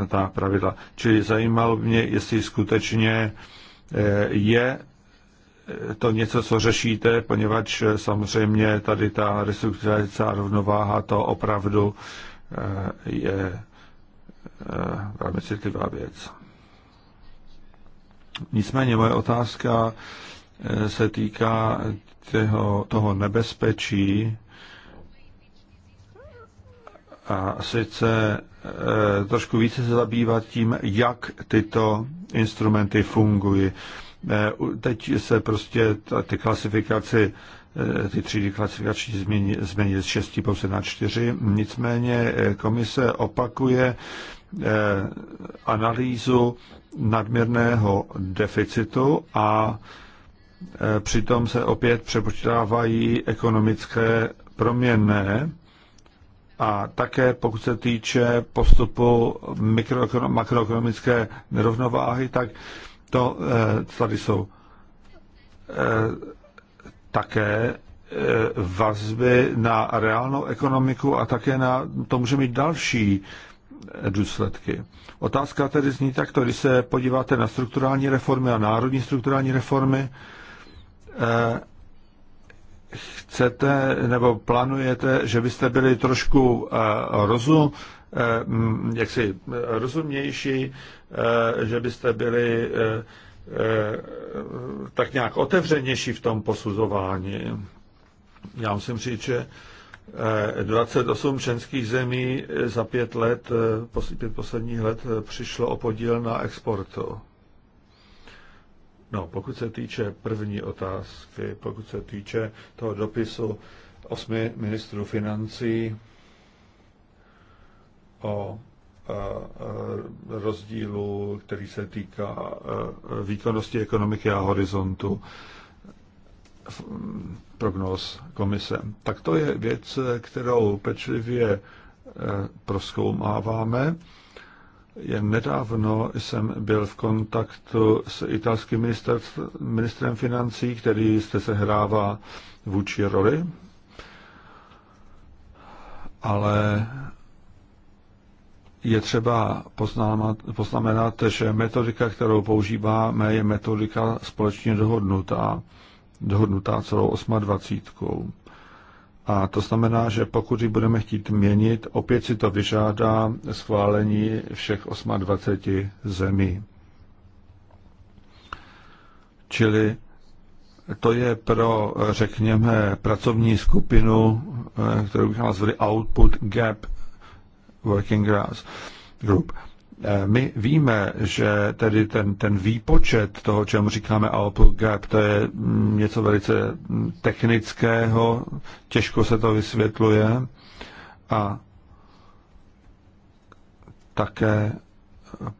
ta pravidla. Čili zajímalo mě, jestli skutečně je to něco, co řešíte, poněvadž samozřejmě tady ta restrukturalizace a rovnováha to opravdu je Eh, velmi citlivá věc. Nicméně moje otázka eh, se týká těho, toho nebezpečí, a sice eh, trošku více se zabývat tím, jak tyto instrumenty fungují. teď se prostě ta, ty klasifikaci, ty třídy klasifikační změní, změní z 6 pouze na 4, nicméně komise opakuje Eh, analýzu nadměrného deficitu a eh, přitom se opět přepočítávají ekonomické proměnné a také pokud se týče postupu makroekonomické nerovnováhy, tak to eh, tady jsou také vazby na reálnou ekonomiku a také na, to může mít další důsledky. Otázka tedy zní takto, když se podíváte na strukturální reformy a národní strukturální reformy, eh, chcete nebo plánujete, že byste byli trošku eh, rozum, eh, jaksi rozumnější, že byste byli tak nějak otevřenější v tom posuzování. Já musím říct, že 28 eh, členských zemí eh, za pět let, eh, pět posledních let přišlo o podíl na exportu. No, pokud se týče první otázky, pokud se týče toho dopisu osmi ministrů financí o rozdílu, který se týká výkonnosti ekonomiky a horizontu, prognóz komise. Tak to je věc, kterou pečlivě eh, proskoumáváme. Jen nedávno jsem byl v kontaktu s italským ministrem financí, který se sehrává vůči roli, ale je třeba poznamenat, že metodika, kterou používáme, je metodika společně dohodnutá dohodnutá celou 28. A to znamená, že pokud ji budeme chtít měnit, opět si to vyžádá schválení všech 28 zemí. Čili to je pro, řekněme, pracovní skupinu, eh, kterou bychom nazvali Output Gap Working Group. Eh, my víme, že tedy ten, ten výpočet toho, čemu říkáme output gap, to je mm, něco velice mm, technického, těžko se to vysvětluje a také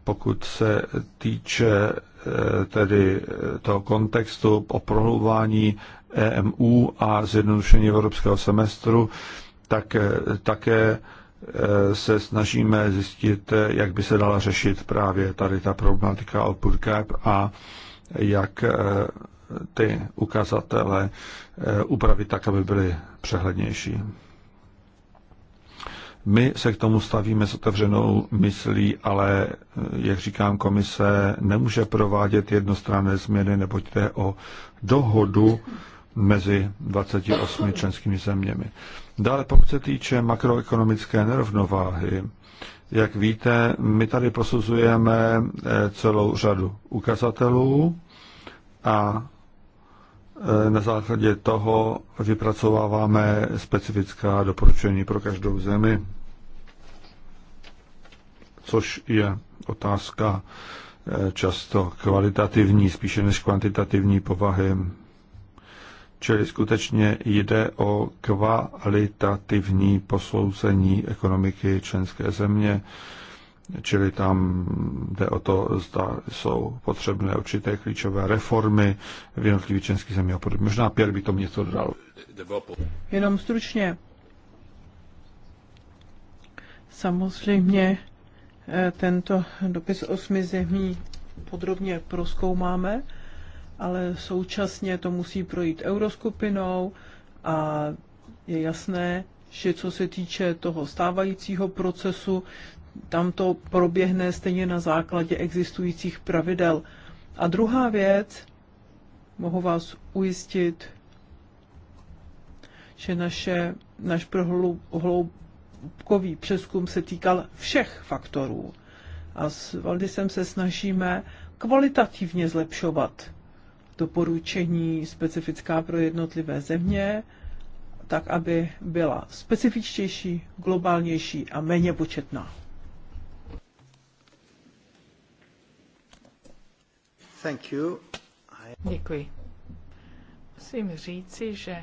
pokud se týče eh, tedy eh, toho kontextu o prohlubování EMU a zjednodušení evropského semestru, tak také Eh, se snažíme zjistit, eh, jak by se dala řešit právě tady ta problematika output gap a jak eh, ty ukazatele upravit tak, aby byly přehlednější. My se k tomu stavíme s otevřenou myslí, ale, jak říkám, komise nemůže provádět jednostranné změny, neboť jde o dohodu mezi 28 členskými zeměmi. Dále pokud se týče makroekonomické nerovnováhy, jak víte, my tady posuzujeme eh, celou řadu ukazatelů a eh, na základě toho vypracováváme specifická doporučení pro každou zemi, což je otázka eh, často kvalitativní, spíše než kvantitativní povahy. Čili skutečně jde o kvalitativní posouzení ekonomiky členské země, čili tam jde o to, zda jsou potřebné určité klíčové reformy v jednotlivých členských zemích a podobně. Možná Pěr by to něco dodal. Jenom stručně. Samozřejmě eh, tento dopis osmi zemí podrobně proskoumáme ale současně to musí projít euroskupinou a je jasné, že co se týče toho stávajícího procesu, tam to proběhne stejně na základě existujících pravidel. A druhá věc, mohu vás ujistit, že naše, naš prohloubkový přeskum se týkal všech faktorů. A s Valdisem se snažíme kvalitativně zlepšovat doporučení specifická pro jednotlivé země, tak aby byla specifičtější, globálnější a méně početná. Thank you. Děkuji. Musím říci, že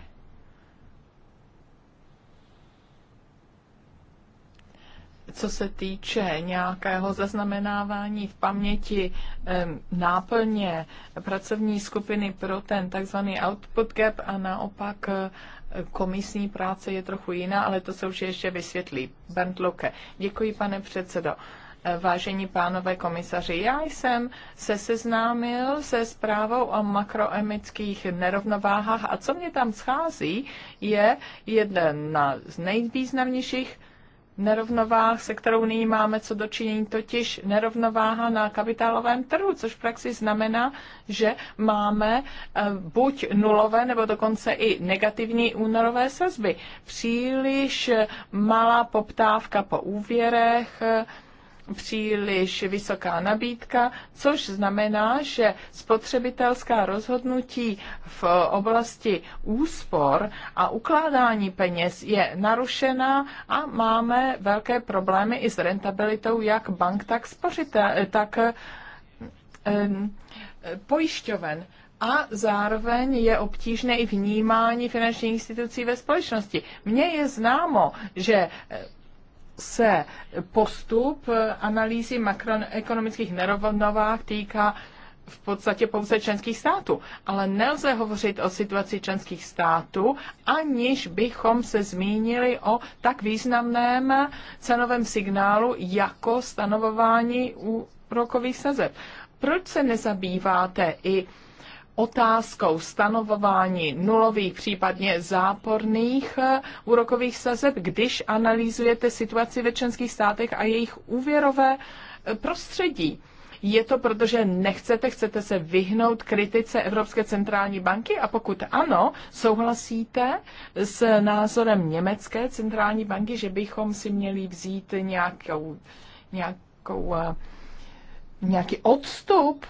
co se týče nějakého zaznamenávání v paměti náplně pracovní skupiny pro ten takzvaný output gap a naopak eh, komisní práce je trochu jiná, ale to se už ještě vysvětlí. Bernd Luke. Děkuji, pane předsedo. Eh, vážení pánové komisaři, já jsem se seznámil se zprávou o makroemických nerovnováhách a co mě tam schází, je jedna z nejvýznamnějších nerovnováh, se kterou nyní máme co dočinění, totiž nerovnováha na kapitálovém trhu, což v praxi znamená, že máme eh, buď nulové nebo dokonce i negativní únorové sazby. Příliš malá poptávka po úvěrech, příliš vysoká nabídka, což znamená, že spotřebitelská rozhodnutí v oblasti úspor a ukládání peněz je narušená a máme velké problémy i s rentabilitou jak bank, tak, spořitel, tak pojišťoven a zároveň je obtížné i vnímání finančních institucí ve společnosti. Mně je známo, že se postup analýzy makroekonomických nerovnovách týká v podstatě pouze členských států. Ale nelze hovořit o situaci členských států, aniž bychom se zmínili o tak významném cenovém signálu jako stanovování úrokových sazeb. Proč se nezabýváte i otázkou stanovování nulových, případně záporných eh, úrokových sazeb, když analýzujete situaci ve členských státech a jejich úvěrové eh, prostředí. Je to proto, že nechcete, chcete se vyhnout kritice Evropské centrální banky? A pokud ano, souhlasíte s názorem Německé centrální banky, že bychom si měli vzít nějakou, nějakou, eh, nějaký odstup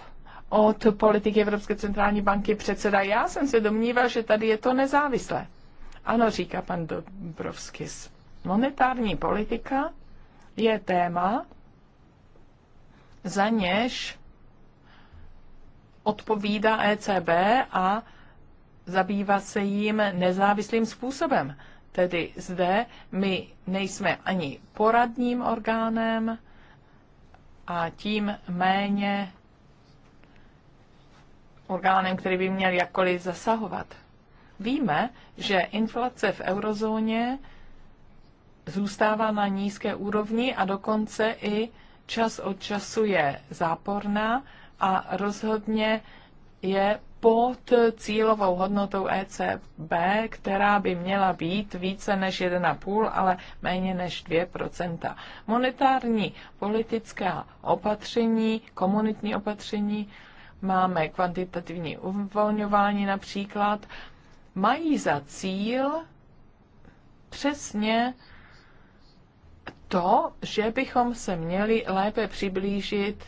od politiky Evropské centrální banky předseda. Já jsem se domníval, že tady je to nezávislé. Ano, říká pan Dobrovskis. Monetární politika je téma, za něž odpovídá ECB a zabývá se jím nezávislým způsobem. Tedy zde my nejsme ani poradním orgánem a tím méně orgánem, který by měl jakkoliv zasahovat. Víme, že inflace v eurozóně zůstává na nízké úrovni a dokonce i čas od času je záporná a rozhodně je pod cílovou hodnotou ECB, která by měla být více než 1,5, ale méně než 2 Monetární politická opatření, komunitní opatření máme kvantitativní uvolňování například, mají za cíl přesně to, že bychom se měli lépe přiblížit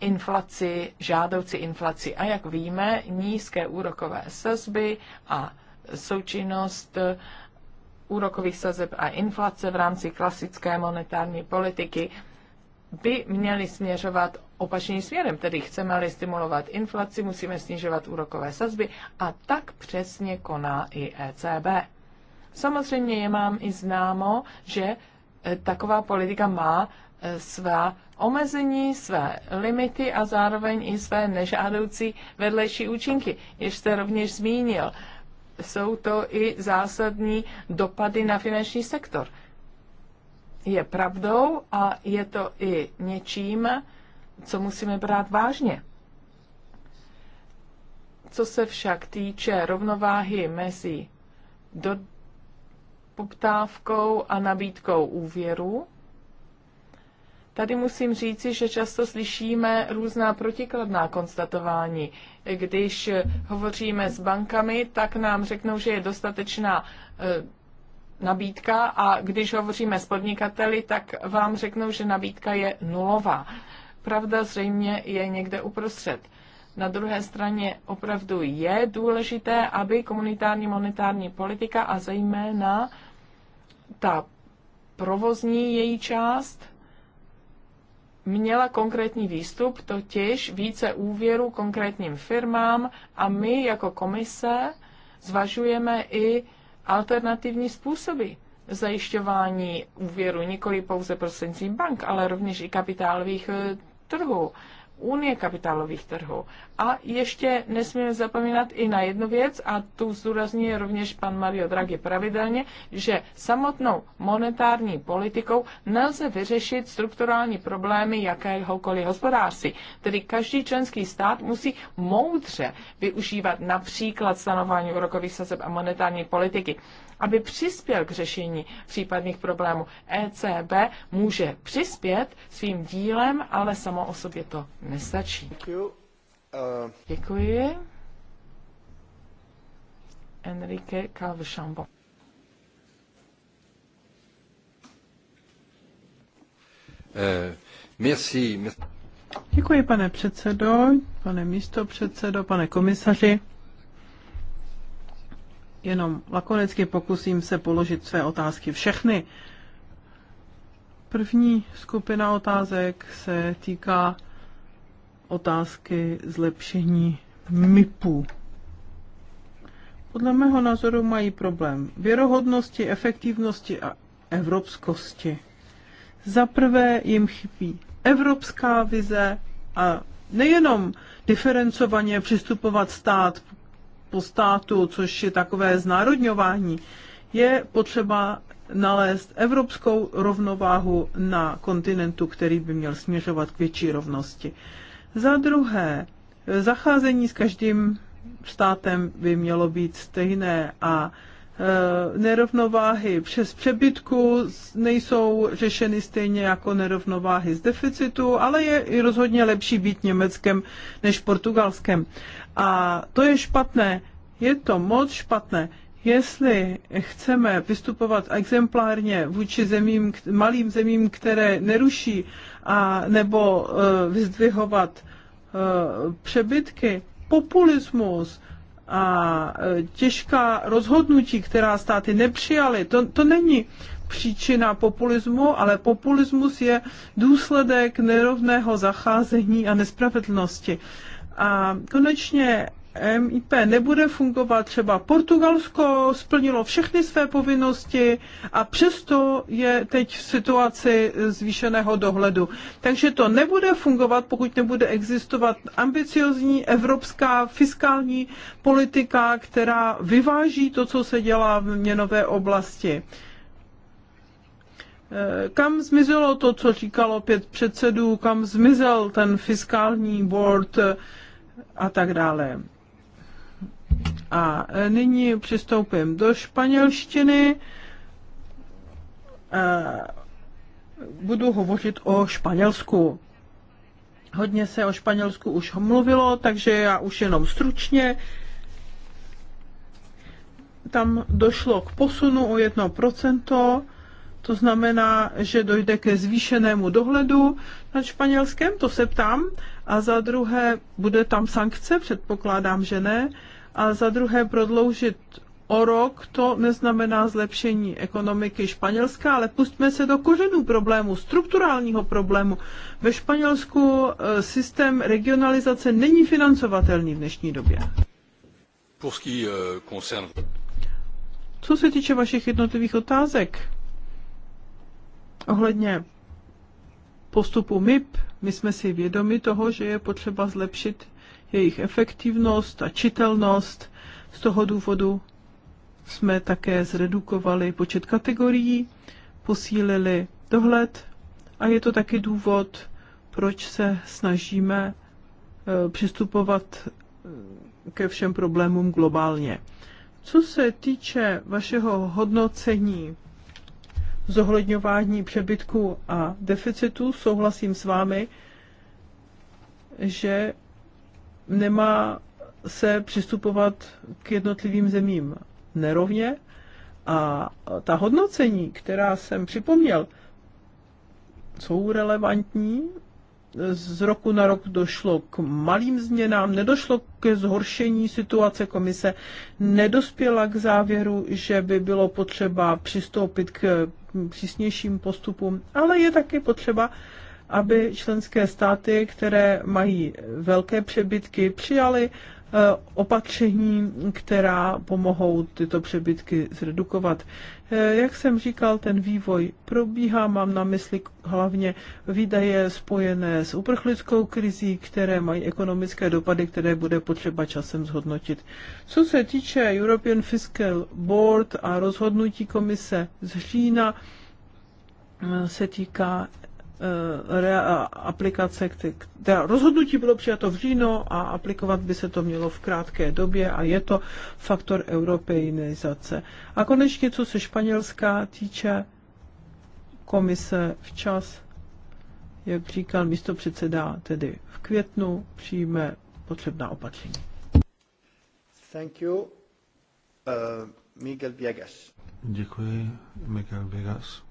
inflaci, žádoucí inflaci. A jak víme, nízké úrokové sazby a součinnost úrokových sazeb a inflace v rámci klasické monetární politiky by měly směřovat opačným směrem, tedy chceme-li stimulovat inflaci, musíme snižovat úrokové sazby a tak přesně koná i ECB. Samozřejmě je mám i známo, že e, taková politika má e, svá omezení, své limity a zároveň i své nežádoucí vedlejší účinky, jež jste rovněž zmínil. Jsou to i zásadní dopady na finanční sektor. Je pravdou a je to i něčím, co musíme brát vážně. Co se však týče rovnováhy mezi do, poptávkou a nabídkou úvěru, Tady musím říci, že často slyšíme různá protikladná konstatování. Když hovoříme s bankami, tak nám řeknou, že je dostatečná e, nabídka a když hovoříme s podnikateli, tak vám řeknou, že nabídka je nulová pravda zřejmě je někde uprostřed. Na druhé straně opravdu je důležité, aby komunitární monetární politika a zejména ta provozní její část měla konkrétní výstup, totiž více úvěru konkrétním firmám a my jako komise zvažujeme i alternativní způsoby zajišťování úvěru, nikoli pouze prostřednictvím bank, ale rovněž i kapitálových eh, trhu, unie kapitálových trhů. A ještě nesmíme zapomínat i na jednu věc, a tu zdůrazňuje rovněž pan Mario Draghi pravidelně, že samotnou monetární politikou nelze vyřešit strukturální problémy jakéhokoliv hospodářství. Tedy každý členský stát musí moudře využívat například stanování úrokových sazeb a monetární politiky aby přispěl k řešení případných problémů. ECB může přispět svým dílem, ale samo o sobě to nestačí. Uh, Děkuji. Enrique Calvichambo. Eh, Děkuji, pane předsedo, pane místo předsedo, pane komisaři jenom lakonicky pokusím se položit své otázky všechny. První skupina otázek se týká otázky zlepšení MIPu. Podle mého názoru mají problém věrohodnosti, efektivnosti a evropskosti. Za prvé jim chybí evropská vize a nejenom diferencovaně přistupovat stát po státu, což je takové znárodňování, je potřeba nalézt evropskou rovnováhu na kontinentu, který by měl směřovat k větší rovnosti. Za druhé, zacházení s každým státem by mělo být stejné a Eh, nerovnováhy přes přebytku nejsou řešeny stejně jako nerovnováhy z deficitu, ale je i rozhodně lepší být německém než portugalském. A to je špatné. Je to moc špatné. Jestli chceme vystupovat exemplárně vůči zemím, malým zemím, které neruší, a nebo eh, vyzdvihovat eh, přebytky, populismus, a e, těžká rozhodnutí, která státy nepřijaly, to, to není příčina populismu, ale populismus je důsledek nerovného zacházení a nespravedlnosti. A konečně MIP nebude fungovat. Třeba Portugalsko splnilo všechny své povinnosti a přesto je teď v situaci zvýšeného dohledu. Takže to nebude fungovat, pokud nebude existovat ambiciozní evropská fiskální politika, která vyváží to, co se dělá v měnové oblasti. Eh, kam zmizelo to, co říkalo pět předsedů, kam zmizel ten fiskální board eh, a tak dále. A e, nyní přistoupím do španělštiny. E, budu hovořit o Španělsku. Hodně se o Španělsku už mluvilo, takže já už jenom stručně. Tam došlo k posunu o 1%, to znamená, že dojde ke zvýšenému dohledu nad Španělskem, to se ptám. A za druhé, bude tam sankce? Předpokládám, že ne a za druhé prodloužit o rok, to neznamená zlepšení ekonomiky Španělska, ale pustme se do kořenů problému, strukturálního problému. Ve Španělsku e, systém regionalizace není financovatelný v dnešní době. E, Co se týče vašich jednotlivých otázek ohledně postupu MIP, my jsme si vědomi toho, že je potřeba zlepšit jejich efektivnost a čitelnost. Z toho důvodu jsme také zredukovali počet kategorií, posílili dohled a je to taky důvod, proč se snažíme e, přistupovat e, ke všem problémům globálně. Co se týče vašeho hodnocení zohledňování přebytku a deficitu, souhlasím s vámi, že nemá se přistupovat k jednotlivým zemím nerovně a ta hodnocení, která jsem připomněl, jsou relevantní. Z roku na rok došlo k malým změnám, nedošlo ke zhoršení situace komise, nedospěla k závěru, že by bylo potřeba přistoupit k přísnějším postupům, ale je taky potřeba aby členské státy, které mají velké přebytky, přijaly eh, opatření, která pomohou tyto přebytky zredukovat. Eh, jak jsem říkal, ten vývoj probíhá, mám na mysli hlavně výdaje spojené s uprchlickou krizí, které mají ekonomické dopady, které bude potřeba časem zhodnotit. Co se týče European Fiscal Board a rozhodnutí komise z října, eh, se týká Eh, aplikace, která rozhodnutí bylo přijato v říjnu a aplikovat by se to mělo v krátké době a je to faktor europeinizace. A konečně, co se Španělská týče, komise včas, jak říkal místo předseda, tedy v květnu přijme potřebná opatření. Thank you. Uh, Miguel Viegas. Děkuji, Miguel Viegas.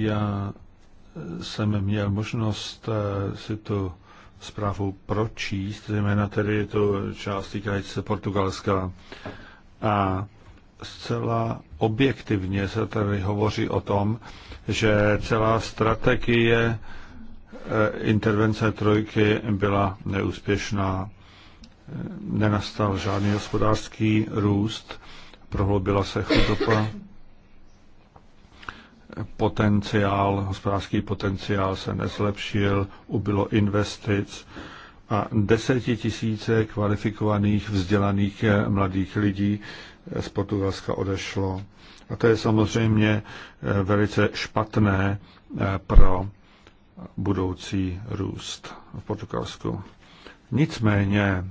Já jsem měl možnost eh, si tu zprávu pročíst, zejména tedy tu část týkající se Portugalska. A zcela objektivně se tady hovoří o tom, že celá strategie eh, intervence trojky byla neúspěšná. Eh, nenastal žádný hospodářský růst prohloubila se chudoba, potenciál, hospodářský potenciál se nezlepšil, ubylo investic a desetitisíce kvalifikovaných, vzdělaných eh, mladých lidí eh, z Portugalska odešlo. A to je samozřejmě eh, velice špatné pro budoucí růst v Portugalsku. Nicméně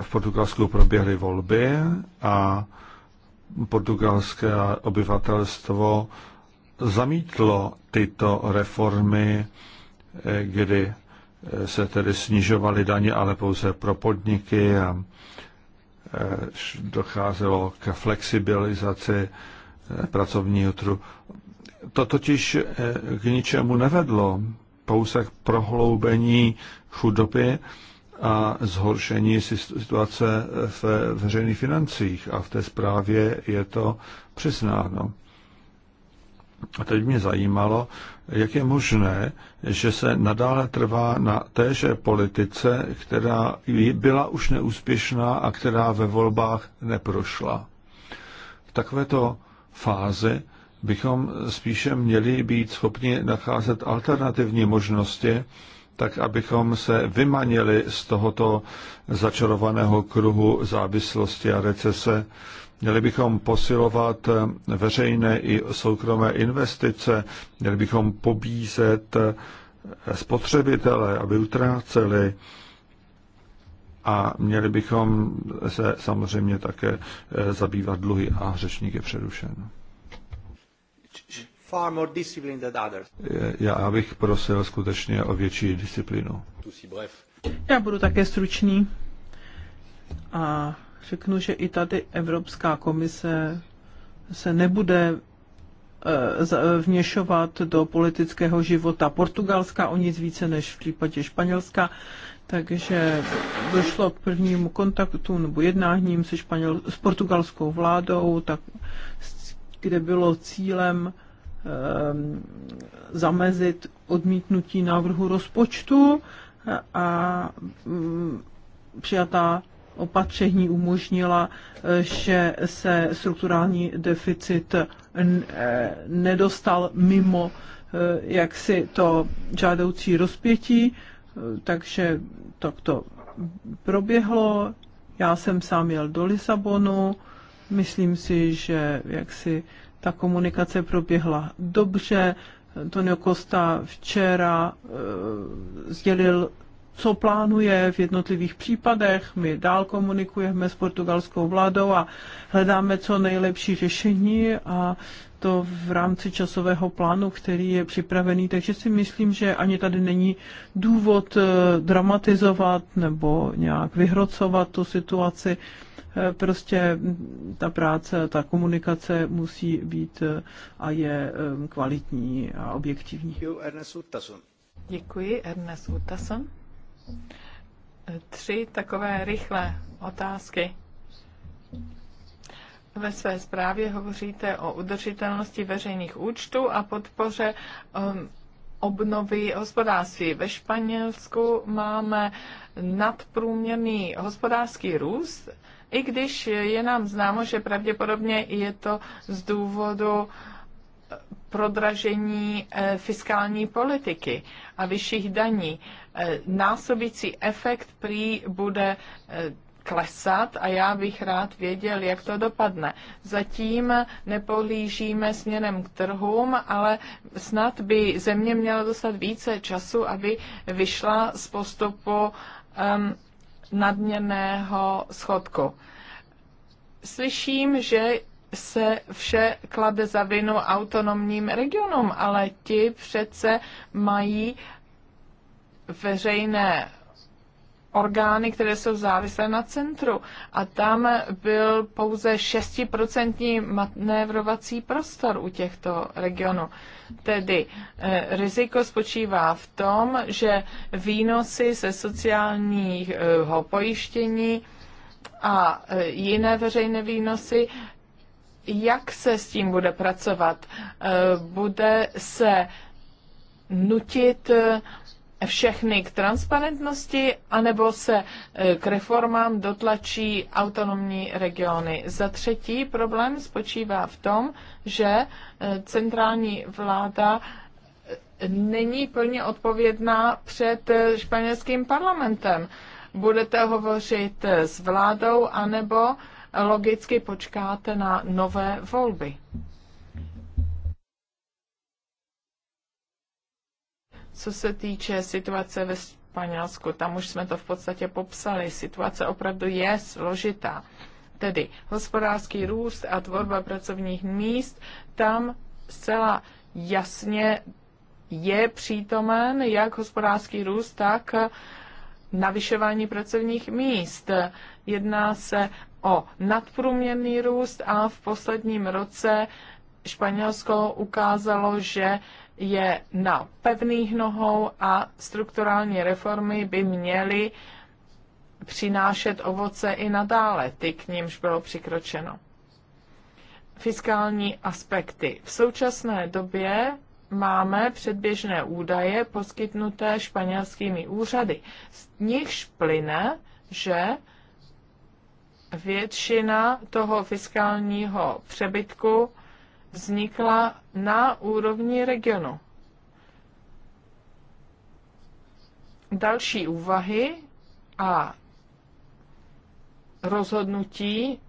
v Portugalsku proběhly volby a portugalské obyvatelstvo zamítlo tyto reformy, kdy se tedy snižovaly daně, ale pouze pro podniky a e, docházelo k flexibilizaci e, pracovního trhu. To totiž e, k ničemu nevedlo, pouze k prohloubení chudoby a zhoršení situace v veřejných financích. A v té zprávě je to přiznáno. A teď mě zajímalo, jak je možné, že se nadále trvá na téže politice, která byla už neúspěšná a která ve volbách neprošla. V takovéto fázi bychom spíše měli být schopni nacházet alternativní možnosti, tak abychom se vymanili z tohoto začarovaného kruhu závislosti a recese. Měli bychom posilovat veřejné i soukromé investice, měli bychom pobízet spotřebitele, aby utráceli a měli bychom se samozřejmě také zabývat dluhy a řečník je přerušen far more discipline than others. Já bych prosil skutečně o větší disciplínu. Já budu také stručný a řeknu, že i tady Evropská komise se nebude eh, vněšovat do politického života Portugalska o nic více než v případě Španělska. Takže došlo k prvnímu kontaktu nebo jednáním se španěl, s portugalskou vládou, tak, kde bylo cílem Ehm, zamezit odmítnutí návrhu rozpočtu a mm, přijatá opatření umožnila, eh, že se strukturální deficit eh, nedostal mimo eh, jaksi to žádoucí rozpětí, takže tak to proběhlo. Já jsem sám jel do Lisabonu, myslím si, že jaksi ta komunikace proběhla dobře. Antonio Costa včera e, sdělil, co plánuje v jednotlivých případech. My dál komunikujeme s portugalskou vládou a hledáme co nejlepší řešení a to v rámci časového plánu, který je připravený. Takže si myslím, že ani tady není důvod eh, dramatizovat nebo nějak vyhrocovat tu situaci. Eh, prostě ta práce, ta komunikace musí být eh, a je eh, kvalitní a objektivní. Děkuji, Ernest Utason. Tři takové rychlé otázky. Ve své zprávě hovoříte o udržitelnosti veřejných účtů a podpoře um, obnovy hospodářství. Ve Španělsku máme nadprůměrný hospodářský růst i když je nám známo, že pravděpodobně je to z důvodu eh, prodražení eh, fiskální politiky a vyšších daní. Eh, násobící efekt prý bude klesat a já bych rád věděl, jak to dopadne. Zatím nepohlížíme směrem k trhům, ale snad by země měla dostat více času, aby vyšla z postupu um, nadměrného schodku. Slyším, že se vše klade za vinu autonomním regionům, ale ti přece mají veřejné orgány, které jsou závislé na centru. A tam byl pouze 6% manévrovací prostor u těchto regionů. Tedy eh, riziko spočívá v tom, že výnosy ze sociálního pojištění a eh, jiné veřejné výnosy jak se s tím bude pracovat? Eh, bude se nutit eh, všechny k transparentnosti, anebo se e, k reformám dotlačí autonomní regiony. Za třetí problém spočívá v tom, že e, centrální vláda e, není plně odpovědná před španělským parlamentem. Budete hovořit s vládou, anebo logicky počkáte na nové volby. Co se týče situace ve Španělsku, tam už jsme to v podstatě popsali. Situace opravdu je složitá. Tedy hospodářský růst a tvorba pracovních míst, tam zcela jasně je přítomen jak hospodářský růst, tak navyšování pracovních míst. Jedná se o nadprůměrný růst a v posledním roce Španělsko ukázalo, že je na pevných nohou a strukturální reformy by měly přinášet ovoce i nadále, ty k nímž bylo přikročeno. Fiskální aspekty. V současné době máme předběžné údaje poskytnuté španělskými úřady. Z nichž plyne, že většina toho fiskálního přebytku vznikla na úrovni regionu. Další úvahy a rozhodnutí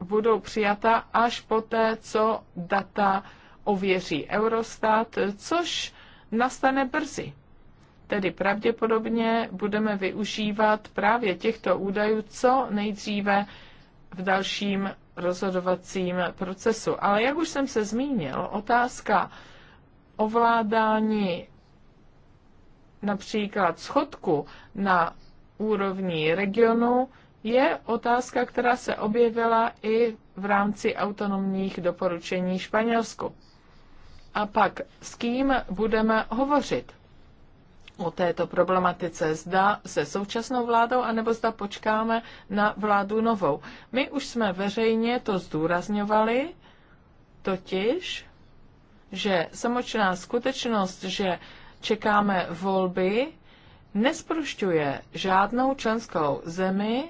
budou přijata až poté, co data ověří Eurostat, což nastane brzy. Tedy pravděpodobně budeme využívat právě těchto údajů co nejdříve v dalším rozhodovacím procesu. Ale jak už jsem se zmínil, otázka ovládání například schodku na úrovni regionu je otázka, která se objevila i v rámci autonomních doporučení Španělsku. A pak s kým budeme hovořit? o této problematice. Zda se současnou vládou, anebo zda počkáme na vládu novou. My už jsme veřejně to zdůrazňovali, totiž, že samočná skutečnost, že čekáme volby, nesprušťuje žádnou členskou zemi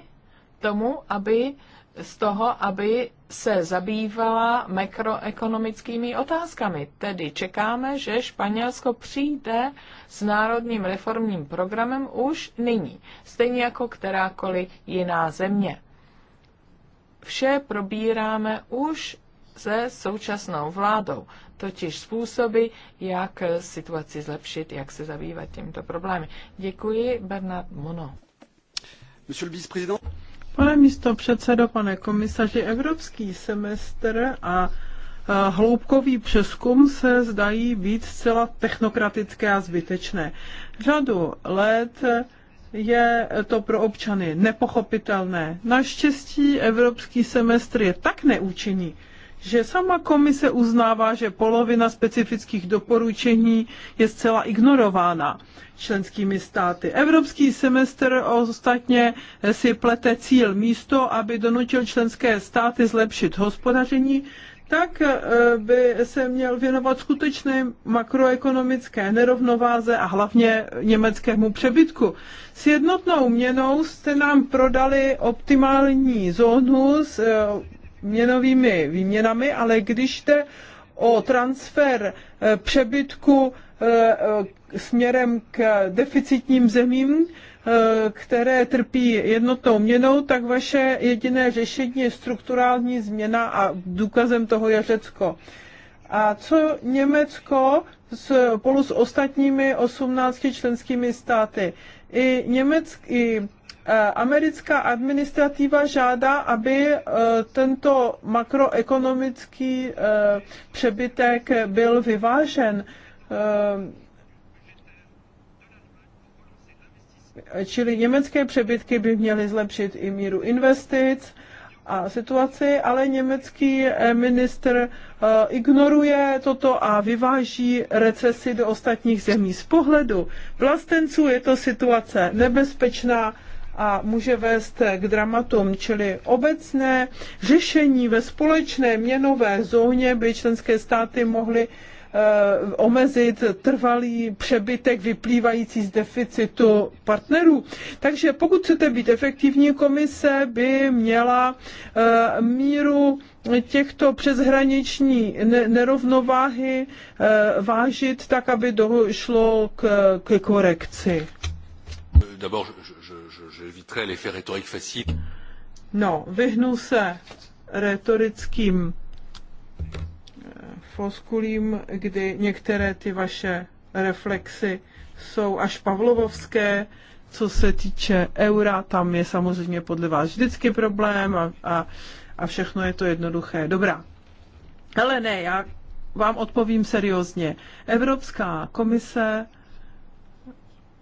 tomu, aby z toho, aby se zabývala makroekonomickými otázkami. Tedy čekáme, že Španělsko přijde s národním reformním programem už nyní, stejně jako kterákoliv jiná země. Vše probíráme už se současnou vládou, totiž způsoby, jak situaci zlepšit, jak se zabývat tímto problémy. Děkuji, Bernard Mono. Monsieur le vice-président. Pane místo předsedo, pane komisaři, evropský semestr a hloubkový přeskum se zdají být zcela technokratické a zbytečné. Řadu let je to pro občany nepochopitelné. Naštěstí evropský semestr je tak neúčinný, že sama komise uznává, že polovina specifických doporučení je zcela ignorována členskými státy. Evropský semestr ostatně si plete cíl místo, aby donutil členské státy zlepšit hospodaření, tak eh, by se měl věnovat skutečné makroekonomické nerovnováze a hlavně německému přebytku. S jednotnou měnou jste nám prodali optimální zónu s eh, měnovými výměnami, ale když jde o transfer eh, přebytku eh, eh, směrem k deficitním zemím, které trpí jednotnou měnou, tak vaše jediné řešení je strukturální změna a důkazem toho je Řecko. A co Německo spolu s ostatními 18 členskými státy? I Německ, i Eh, americká administrativa žádá, aby eh, tento makroekonomický eh, přebytek byl vyvážen. Čili německé přebytky by měly zlepšit i míru investic a situaci, ale německý minister ignoruje toto a vyváží recesi do ostatních zemí. Z pohledu vlastenců je to situace nebezpečná, a může vést k dramatům, čili obecné řešení ve společné měnové zóně by členské státy mohly eh, omezit trvalý přebytek vyplývající z deficitu partnerů. Takže pokud chcete být efektivní, komise by měla eh, míru těchto přeshraniční nerovnováhy eh, vážit tak, aby došlo k, k korekci. D'abord, je, très No, se retorickým eh, foskulím, kdy některé ty vaše reflexy jsou až pavlovovské, co se týče eura, tam je samozřejmě podle vás vždycky problém a, a, a všechno je to jednoduché. Dobrá. Ale ne, já vám odpovím seriózně. Evropská komise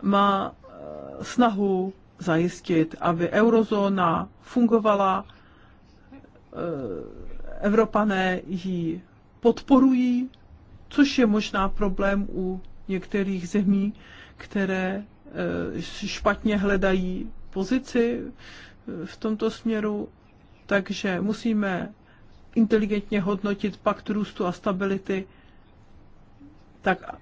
má eh, snahu zajistit, aby eurozóna fungovala, eh, Evropané ji podporují, což je možná problém u některých zemí, které eh, špatně hledají pozici eh, v tomto směru, takže musíme inteligentně hodnotit pakt růstu a stability, tak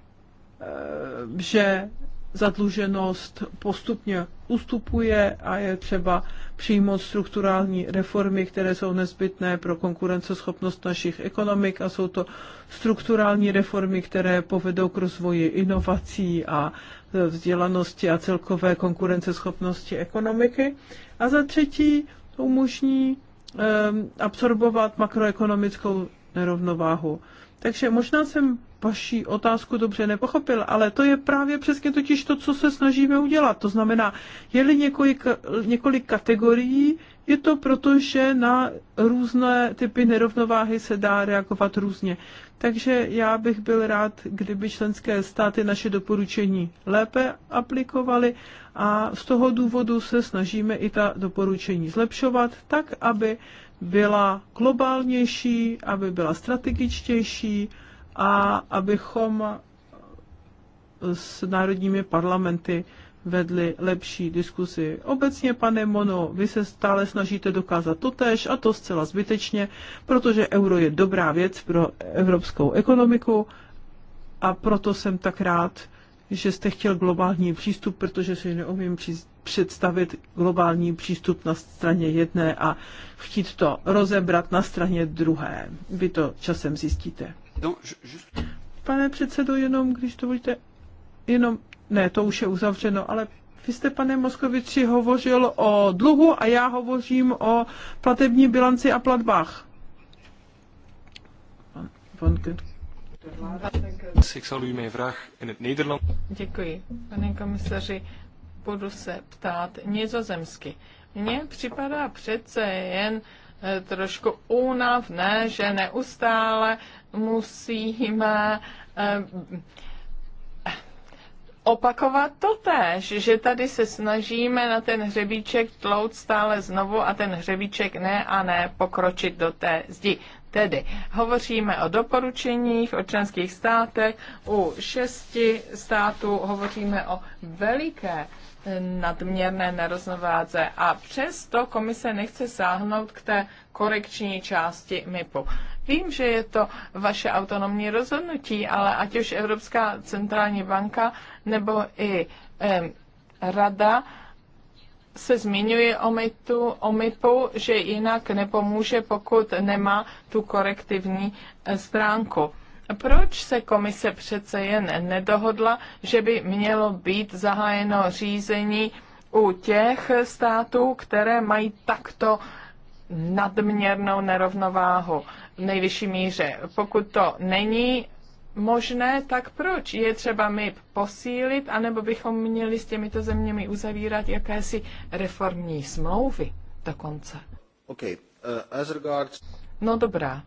že zadluženost postupně ustupuje a je třeba přijmout strukturální reformy, které jsou nezbytné pro konkurenceschopnost našich ekonomik a jsou to strukturální reformy, které povedou k rozvoji inovací a vzdělanosti a celkové konkurenceschopnosti ekonomiky. A za třetí umožní ehm, absorbovat makroekonomickou nerovnováhu. Takže možná jsem vaši otázku dobře nepochopil, ale to je právě přesně totiž to, co se snažíme udělat. To znamená, je-li několik, několik kategorií, je to proto, že na různé typy nerovnováhy se dá reagovat různě. Takže já bych byl rád, kdyby členské státy naše doporučení lépe aplikovaly a z toho důvodu se snažíme i ta doporučení zlepšovat tak, aby byla globálnější, aby byla strategičtější, a abychom s národními parlamenty vedli lepší diskuzi. Obecně, pane Mono, vy se stále snažíte dokázat tež a to zcela zbytečně, protože euro je dobrá věc pro evropskou ekonomiku a proto jsem tak rád, že jste chtěl globální přístup, protože si neumím představit globální přístup na straně jedné a chtít to rozebrat na straně druhé. Vy to časem zjistíte. Pane předsedo, jenom když to budete, jenom, ne, to už je uzavřeno, ale vy jste, pane Moskoviči, hovořil o dluhu a já hovořím o platební bilanci a platbách. Pan, pan, Děkuji, pane komisaři. Budu se ptát nizozemsky. Mně připadá přece jen trošku únavné, že neustále musíme eh, opakovat to též, že tady se snažíme na ten hřebíček tlout stále znovu a ten hřebíček ne a ne pokročit do té zdi. Tedy hovoříme o doporučeních, o členských státech, u šesti států hovoříme o veliké nadměrné nerozváze a přesto komise nechce sáhnout k té korekční části MIPu. Vím, že je to vaše autonomní rozhodnutí, ale ať už Evropská centrální banka nebo i eh, rada se zmiňuje o, mitu, o MIPu, že jinak nepomůže, pokud nemá tu korektivní eh, stránku. Proč se komise přece jen nedohodla, že by mělo být zahájeno řízení u těch států, které mají takto nadměrnou nerovnováhu v nejvyšší míře? Pokud to není možné, tak proč? Je třeba my posílit, anebo bychom měli s těmito zeměmi uzavírat jakési reformní smlouvy dokonce? Okay. Uh, as regards... No dobrá.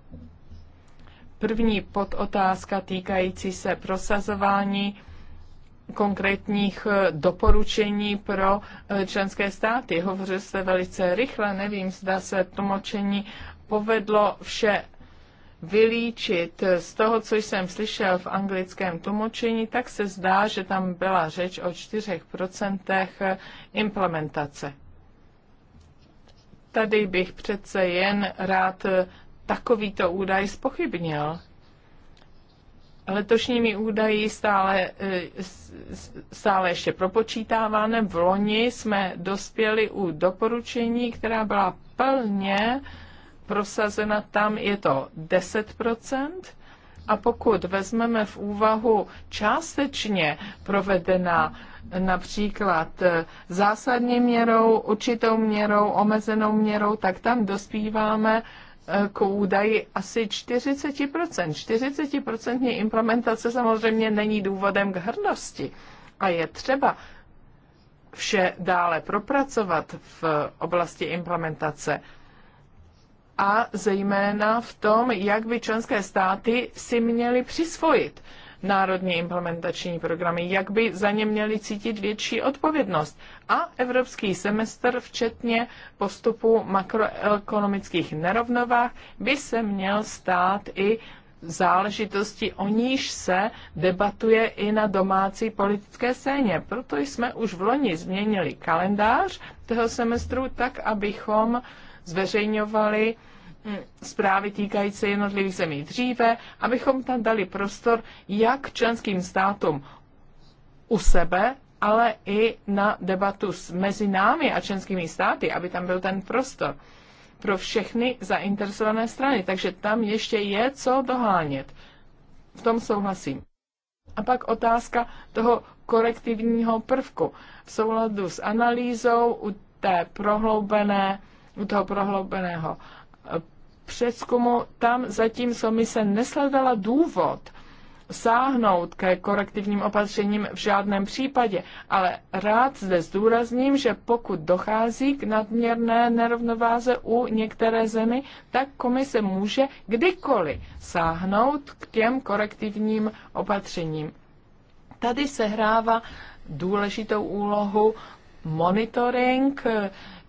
První podotázka týkající se prosazování konkrétních eh, doporučení pro eh, členské státy. Hovořil se velice rychle, nevím, zda se tlumočení povedlo vše vylíčit. Z toho, co jsem slyšel v anglickém tlumočení, tak se zdá, že tam byla řeč o 4% eh, implementace. Tady bych přece jen rád takovýto údaj spochybnil. Letošními údaji stále, e, stále ještě propočítáváme. V loni jsme dospěli u doporučení, která byla plně prosazena. Tam je to 10 a pokud vezmeme v úvahu částečně provedená například e, zásadní měrou, určitou měrou, omezenou měrou, tak tam dospíváme Kou údaji asi 40%. 40% implementace samozřejmě není důvodem k hrdosti. A je třeba vše dále propracovat v oblasti implementace a zejména v tom, jak by členské státy si měly přisvojit národní implementační programy, jak by za ně měli cítit větší odpovědnost. A evropský semestr, včetně postupu makroekonomických nerovnovách, by se měl stát i záležitosti, o níž se debatuje i na domácí politické scéně. Proto jsme už v loni změnili kalendář toho semestru tak, abychom zveřejňovali zprávy týkající se jednotlivých zemí dříve, abychom tam dali prostor jak členským státům u sebe, ale i na debatu mezi námi a členskými státy, aby tam byl ten prostor pro všechny zainteresované strany. Takže tam ještě je co dohánět. V tom souhlasím. A pak otázka toho korektivního prvku v souladu s analýzou u té prohloubené, u toho prohloubeného eh, přeskumu tam zatím komise nesledala důvod sáhnout ke korektivním opatřením v žádném případě, ale rád zde zdůrazním, že pokud dochází k nadměrné nerovnováze u některé zemi, tak komise může kdykoliv sáhnout k těm korektivním opatřením. Tady sehrává důležitou úlohu monitoring,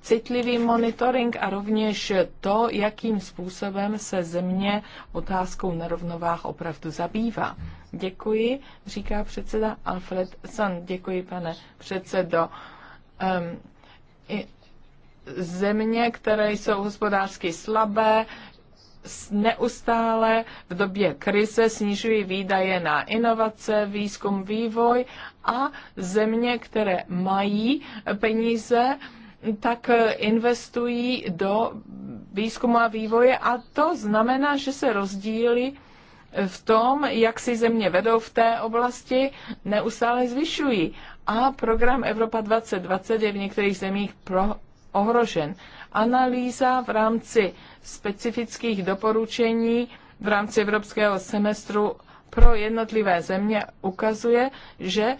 citlivý monitoring a rovněž to, jakým způsobem se země otázkou nerovnovách opravdu zabývá. Děkuji, říká předseda Alfred San. Děkuji, pane předsedo. Um, i, země, které jsou hospodářsky slabé, neustále v době krize snižují výdaje na inovace, výzkum, vývoj a země, které mají peníze, tak eh, investují do výzkumu a vývoje a to znamená, že se rozdíly v tom, jak si země vedou v té oblasti, neustále zvyšují. A program Evropa 2020 je v některých zemích pro ohrožen. Analýza v rámci specifických doporučení v rámci evropského semestru pro jednotlivé země ukazuje, že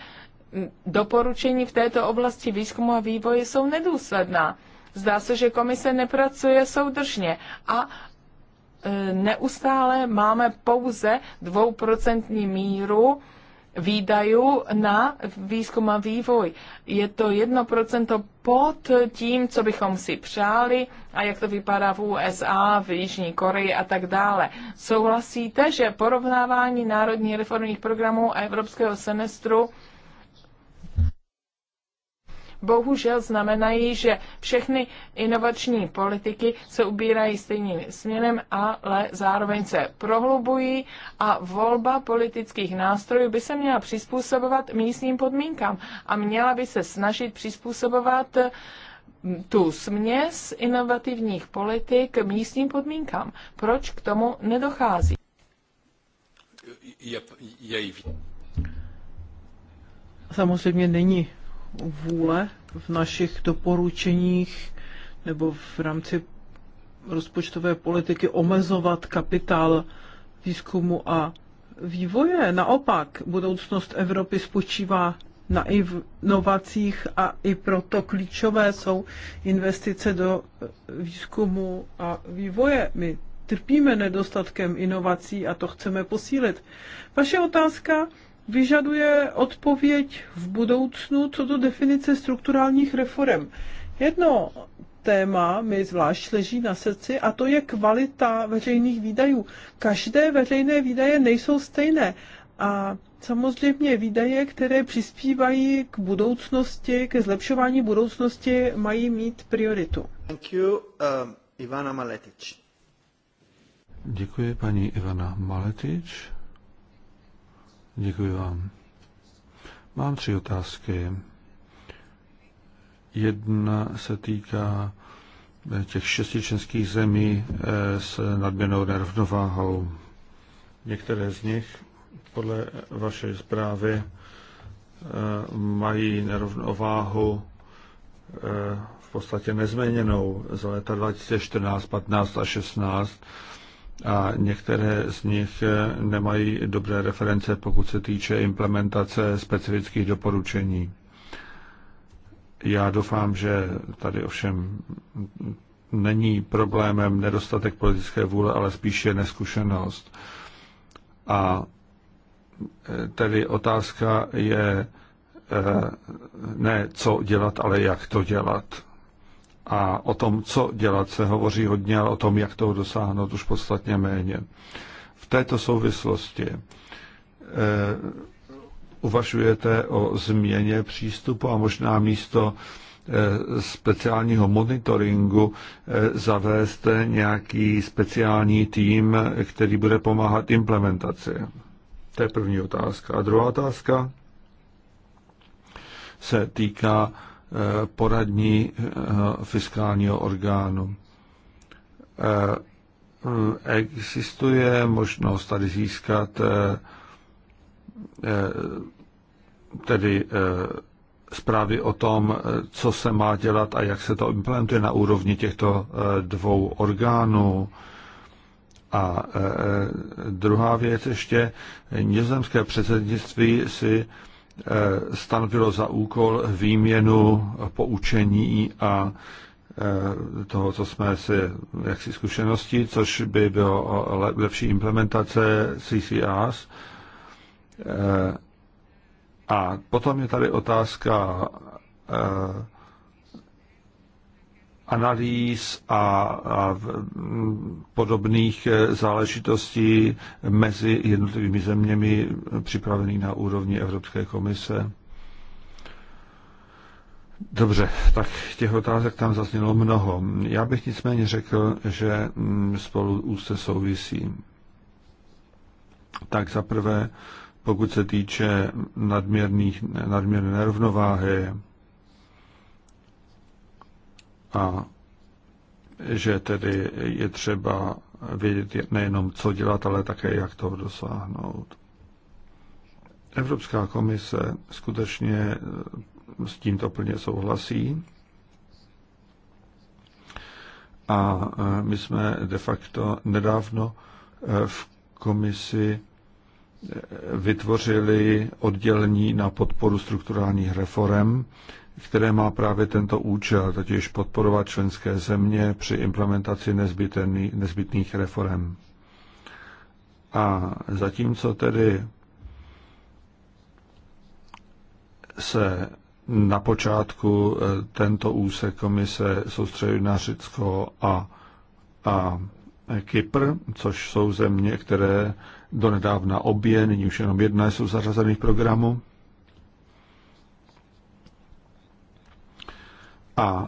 doporučení v této oblasti výzkumu a vývoje jsou nedůsledná. Zdá se, že komise nepracuje soudržně a e, neustále máme pouze dvouprocentní míru výdajů na výzkum a vývoj. Je to jedno procento pod tím, co bychom si přáli a jak to vypadá v USA, v Jižní Koreji a tak dále. Souhlasíte, že porovnávání národních reformních programů a evropského semestru bohužel znamenají, že všechny inovační politiky se ubírají stejným směrem, ale zároveň se prohlubují a volba politických nástrojů by se měla přizpůsobovat místním podmínkám a měla by se snažit přizpůsobovat eh, tu směs inovativních politik místním podmínkám. Proč k tomu nedochází? Je, je, je. Samozřejmě není vůle v našich doporučeních nebo v rámci rozpočtové politiky omezovat kapitál výzkumu a vývoje. Naopak, budoucnost Evropy spočívá na inovacích a i proto klíčové jsou investice do výzkumu a vývoje. My trpíme nedostatkem inovací a to chceme posílit. Vaše otázka vyžaduje odpověď v budoucnu co do definice strukturálních reform. Jedno téma mi zvlášť leží na srdci a to je kvalita veřejných výdajů. Každé veřejné výdaje nejsou stejné a samozřejmě výdaje, které přispívají k budoucnosti, ke zlepšování budoucnosti, mají mít prioritu. Thank you, um, Ivana Maletič. Děkuji paní Ivana Maletič. Děkuji vám. Mám tři otázky. Jedna se týká eh, těch šesti členských zemí eh, s nadměrnou nerovnováhou. Některé z nich podle vaší zprávy eh, mají nerovnováhu v podstatě nezměněnou za léta 2014, 15 a 16 a některé z nich eh, nemají dobré reference, pokud se týče implementace specifických doporučení. Já doufám, že tady ovšem není problémem nedostatek politické vůle, ale spíše neskušenost. A eh, tedy otázka je eh, ne co dělat, ale jak to dělat. A o tom, co dělat, se hovoří hodně, ale o tom, jak toho dosáhnout, už podstatně méně. V této souvislosti e, uvažujete o změně přístupu a možná místo eh, speciálního monitoringu eh, zavést nějaký speciální tým, který bude pomáhat implementaci? To je první otázka. A druhá otázka se týká poradní eh, fiskálního orgánu. Eh, existuje možnost tady získat eh, tedy zprávy o tom, co se má dělat a jak se to implementuje na úrovni těchto dvou orgánů. A druhá věc ještě, nizozemské předsednictví si Eh, stanovilo za úkol výměnu poučení a eh, toho, co jsme si, jaksi zkušenosti, což by bylo lepší implementace CCAS. Eh, a potom je tady otázka analýz a, a podobných eh, záležitostí mezi jednotlivými zeměmi eh, připravený na úrovni Evropské komise. Dobře, tak těch otázek tam zaznělo mnoho. Já bych nicméně řekl, že mm, spolu úzce souvisí. Tak zaprvé, pokud se týče nadměrných, nadměrné nerovnováhy, a že tedy je třeba vědět nejenom, co dělat, ale také, jak toho dosáhnout. Evropská komise skutečně s tímto plně souhlasí a my jsme de facto nedávno v komisi vytvořili oddělení na podporu strukturálních reform, které má právě tento účel, totiž podporovat členské země při implementaci nezbytných reform. A zatímco tedy se na počátku eh, tento úsek komise soustředil na Řecko a, a Kypr, což jsou země, které donedávna obě, nyní už jenom jedna, jsou zařazeny v programu. A e,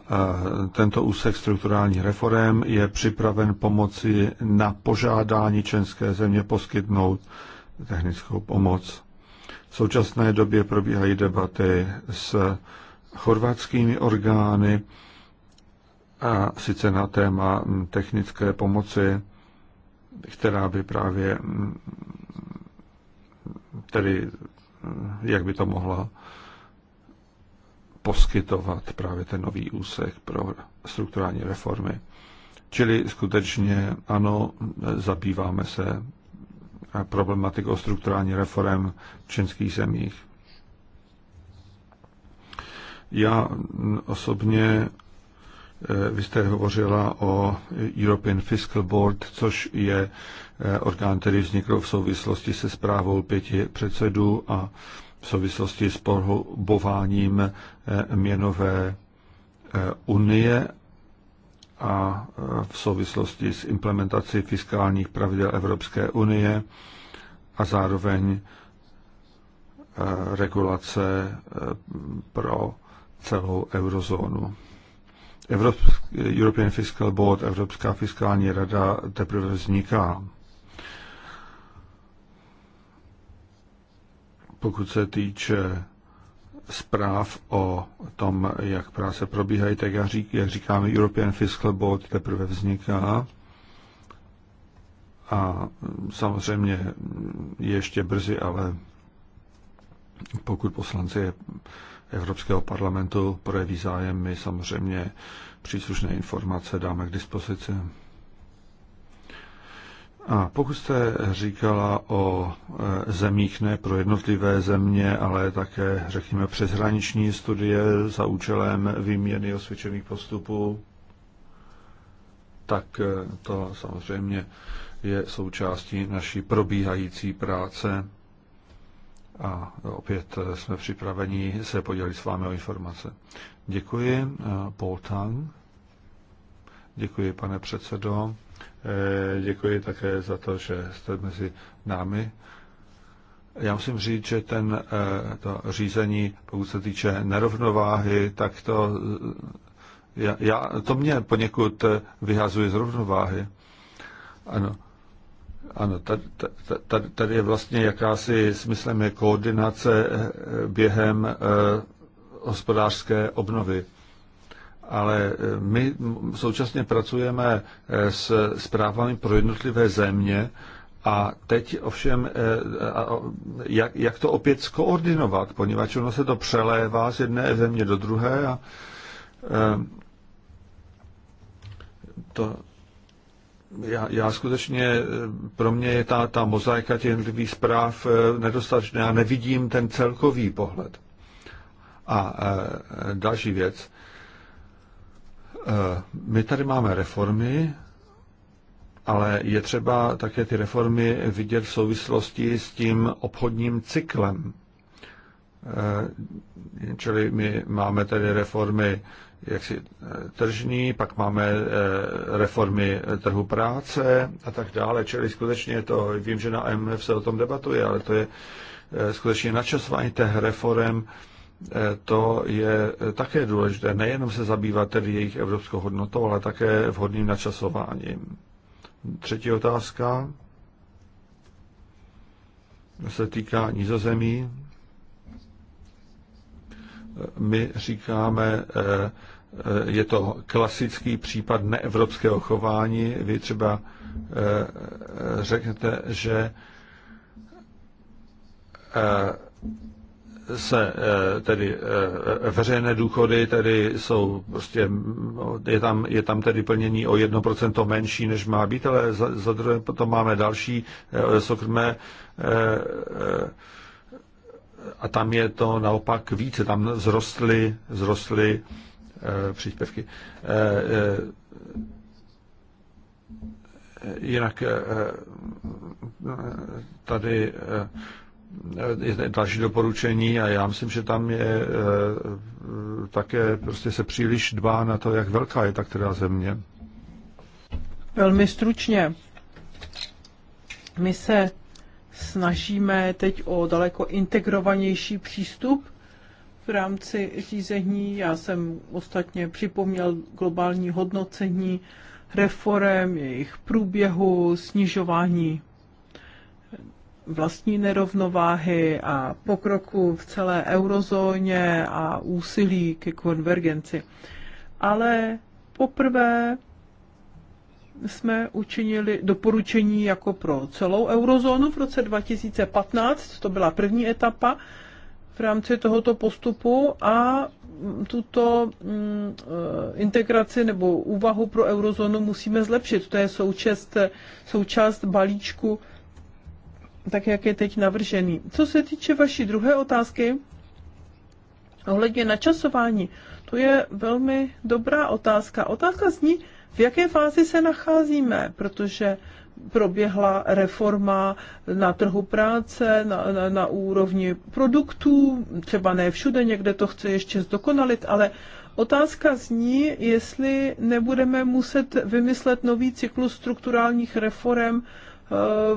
tento úsek strukturálních reform je připraven pomoci na požádání členské země poskytnout technickou pomoc. V současné době probíhají debaty s chorvatskými orgány, a sice na téma technické pomoci, která by právě tedy, jak by to mohla poskytovat právě ten nový úsek pro strukturální reformy. Čili skutečně ano, zabýváme se problematikou strukturální reform v čínských zemích. Já osobně, eh, vy jste hovořila o European Fiscal Board, což je eh, orgán, který vznikl v souvislosti se zprávou pěti předsedů a v souvislosti s pohybováním eh, měnové eh, unie a eh, v souvislosti s implementací fiskálních pravidel Evropské unie a zároveň regulace pro celou eurozónu. Evropský, European Fiscal Board, Evropská fiskální rada teprve vzniká. pokud se týče zpráv o tom, jak práce probíhají, tak jak, řík, jak říkáme, European Fiscal Board teprve vzniká. A samozřejmě ještě brzy, ale pokud poslanci Evropského parlamentu projeví zájem, my samozřejmě příslušné informace dáme k dispozici. A pokud jste říkala o e, zemích ne pro jednotlivé země, ale také, řekněme, přeshraniční studie za účelem výměny osvědčených postupů, tak e, to samozřejmě je součástí naší probíhající práce a opět e, jsme připraveni se podělit s vámi o informace. Děkuji, Paul Tang. Děkuji, pane předsedo. Eh, děkuji také za to, že jste mezi námi. Já musím říct, že ten, eh, to řízení, pokud se týče nerovnováhy, tak to, eh, já, já, to mě poněkud vyhazuje z rovnováhy. Ano. Ano, tady, tady, tady je vlastně jakási smyslem je koordinace během hospodářské obnovy ale e, my současně pracujeme e, s zprávami pro jednotlivé země a teď ovšem, e, jak, jak to opět skoordinovat, poněvadž ono se to přelévá z jedné země do druhé a to, já, já skutečně, pro mě je ta, ta mozaika těch jednotlivých zpráv nedostatečná. Já nevidím ten celkový pohled. A další věc, Eh, my tady máme reformy, ale je třeba také ty reformy vidět v souvislosti s tím obchodním cyklem. Eh, čili my máme tady reformy jaksi eh, tržní, pak máme reformy trhu práce a tak dále. Čili skutečně to, vím, že na MF se o tom debatuje, ale to je skutečně načasování těch reform Eh, to je eh, také důležité. Nejenom se zabývat tedy jejich evropskou hodnotou, ale také vhodným načasováním. Třetí otázka se týká nizozemí. Eh, my říkáme, je to klasický případ neevropského chování. Vy třeba řeknete, že se eh, tedy eh, veřejné důchody tedy jsou prostě, je tam, je tam tedy plnění o 1% menší, než má být, ale za, za druhé potom máme další eh, soukromé a tam je to naopak více, tam vzrostly, vzrostly příspěvky. Jinak tady další doporučení a já myslím, že tam je eh, také prostě se příliš dbá na to, jak velká je ta která země. Velmi stručně. My se snažíme teď o daleko integrovanější přístup v rámci řízení. Já jsem ostatně připomněl globální hodnocení reform, jejich průběhu, snižování vlastní nerovnováhy a pokroku v celé eurozóně a úsilí ke konvergenci. Ale poprvé jsme učinili doporučení jako pro celou eurozónu v roce 2015, to byla první etapa v rámci tohoto postupu a tuto mm, eh, integraci nebo úvahu pro eurozónu musíme zlepšit. To je součást, součást balíčku tak jak je teď navržený. Co se týče vaší druhé otázky, ohledně načasování, to je velmi dobrá otázka. Otázka zní, v jaké fázi se nacházíme, protože proběhla reforma na trhu práce, na, na, na úrovni produktů, třeba ne všude, někde to chce ještě zdokonalit, ale otázka zní, jestli nebudeme muset vymyslet nový cyklus strukturálních reform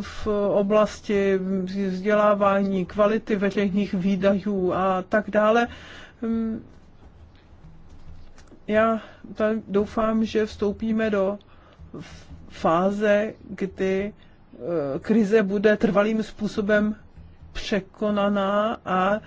v oblasti vzdělávání, kvality veřejných výdajů a tak dále. Mm, já doufám, že vstoupíme do fáze, kdy eh, krize bude trvalým způsobem překonaná a eh,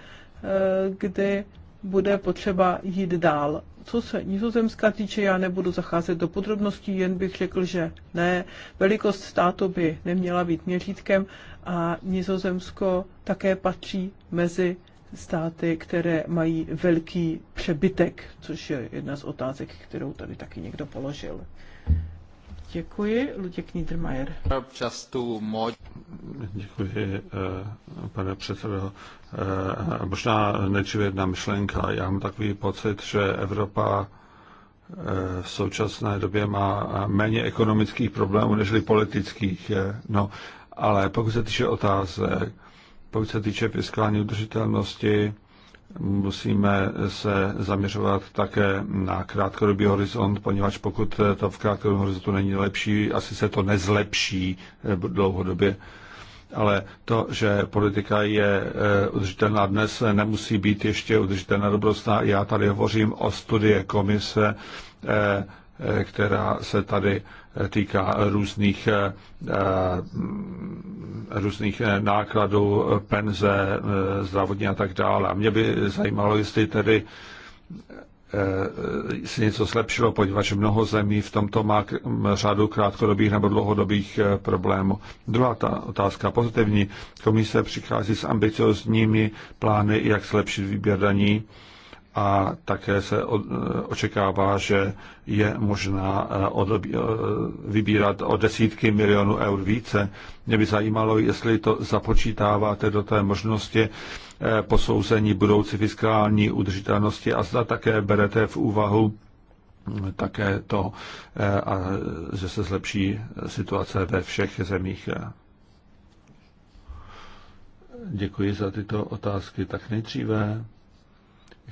kdy bude potřeba jít dál co se Nizozemska týče, já nebudu zacházet do podrobností, jen bych řekl, že ne, velikost státu by neměla být měřítkem a Nizozemsko také patří mezi státy, které mají velký přebytek, což je jedna z otázek, kterou tady taky někdo položil. Děkuji. Luděk Niedermayer. Děkuji, eh, pane předsedo. Eh, možná nejdříve jedna myšlenka. Já mám takový pocit, že Evropa eh, v současné době má méně ekonomických problémů než politických. No, ale pokud se týče otázek, pokud se týče fiskální udržitelnosti, musíme se zaměřovat také na krátkodobý horizont, poněvadž pokud to v krátkodobém horizontu není lepší, asi se to nezlepší eh, dlouhodobě. Ale to, že politika je eh, udržitelná dnes, nemusí být ještě udržitelná do budoucna. Já tady hovořím o studie komise eh, Eh, která se tady eh, týká různých, eh, různých nákladů, penze, zdravotní a tak dále. A mě by zajímalo, jestli tedy se něco zlepšilo, poněvadž mnoho zemí v tomto má řadu krátkodobých nebo dlouhodobých problémů. Druhá ta otázka pozitivní. Komise přichází s ambiciozními plány, jak zlepšit výběr daní a také se eh, očekává, že je možná eh, eh, vybírat o desítky milionů eur více. Mě by zajímalo, jestli to započítáváte do té možnosti posouzení budoucí fiskální udržitelnosti a zda také berete v úvahu také to, a že se zlepší situace ve všech zemích. Děkuji za tyto otázky. Tak nejdříve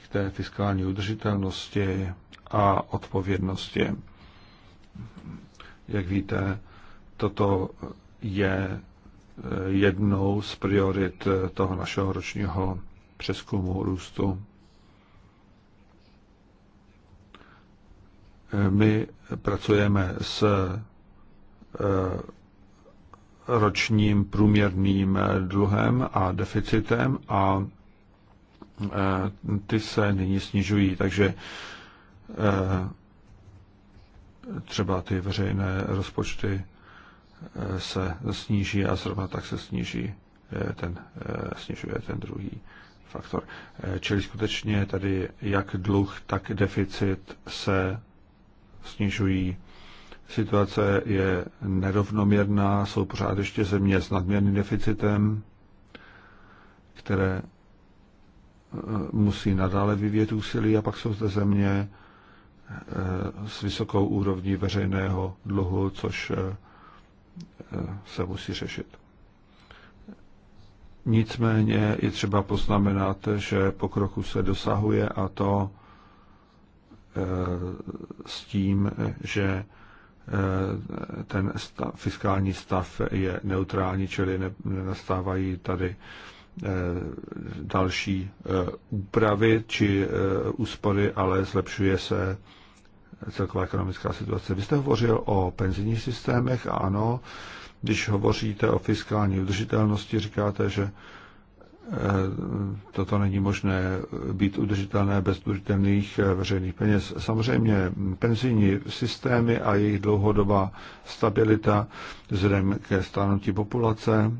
k té fiskální udržitelnosti a odpovědnosti. Jak víte, toto je eh, jednou z priorit eh, toho našeho ročního přeskumu růstu. Eh, my pracujeme s ročním průměrným dluhem a deficitem a Eh, ty se nyní snižují, takže eh, třeba ty veřejné rozpočty eh, se sníží a zrovna tak se sníží ten, snižuje ten druhý faktor. Čili skutečně tady jak dluh, tak deficit se snižují. Situace je nerovnoměrná, jsou pořád ještě země s nadměrným deficitem, které Eh, musí nadále vyvíjet úsilí a pak jsou zde země eh, s vysokou úrovní veřejného dluhu, což eh, se musí řešit. Nicméně je třeba poznamenat, že pokroku se dosahuje a to s tím, že ten stav, fiskální stav je neutrální, čili nenastávají tady Eh, další eh, úpravy či eh, úspory, ale zlepšuje se celková ekonomická situace. Vy jste hovořil o penzijních systémech a ano, když hovoříte o fiskální udržitelnosti, říkáte, že toto není možné být udržitelné bez udržitelných veřejných peněz. Samozřejmě penzijní systémy a jejich dlouhodobá stabilita vzhledem ke stánutí populace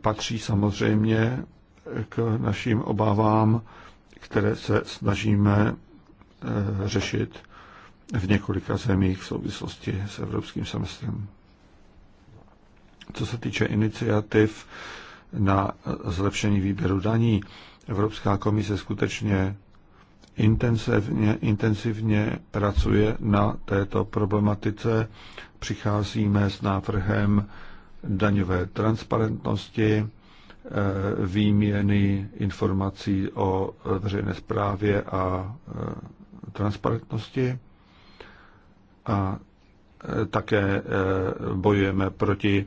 patří samozřejmě k našim obávám, které se snažíme eh, řešit v několika zemích v souvislosti s evropským semestrem. Co se týče iniciativ na zlepšení výběru daní, Evropská komise skutečně intenzivně, intenzivně pracuje na této problematice. Přicházíme s návrhem daňové transparentnosti, eh, výměny informací o eh, veřejné správě a eh, transparentnosti a také bojujeme proti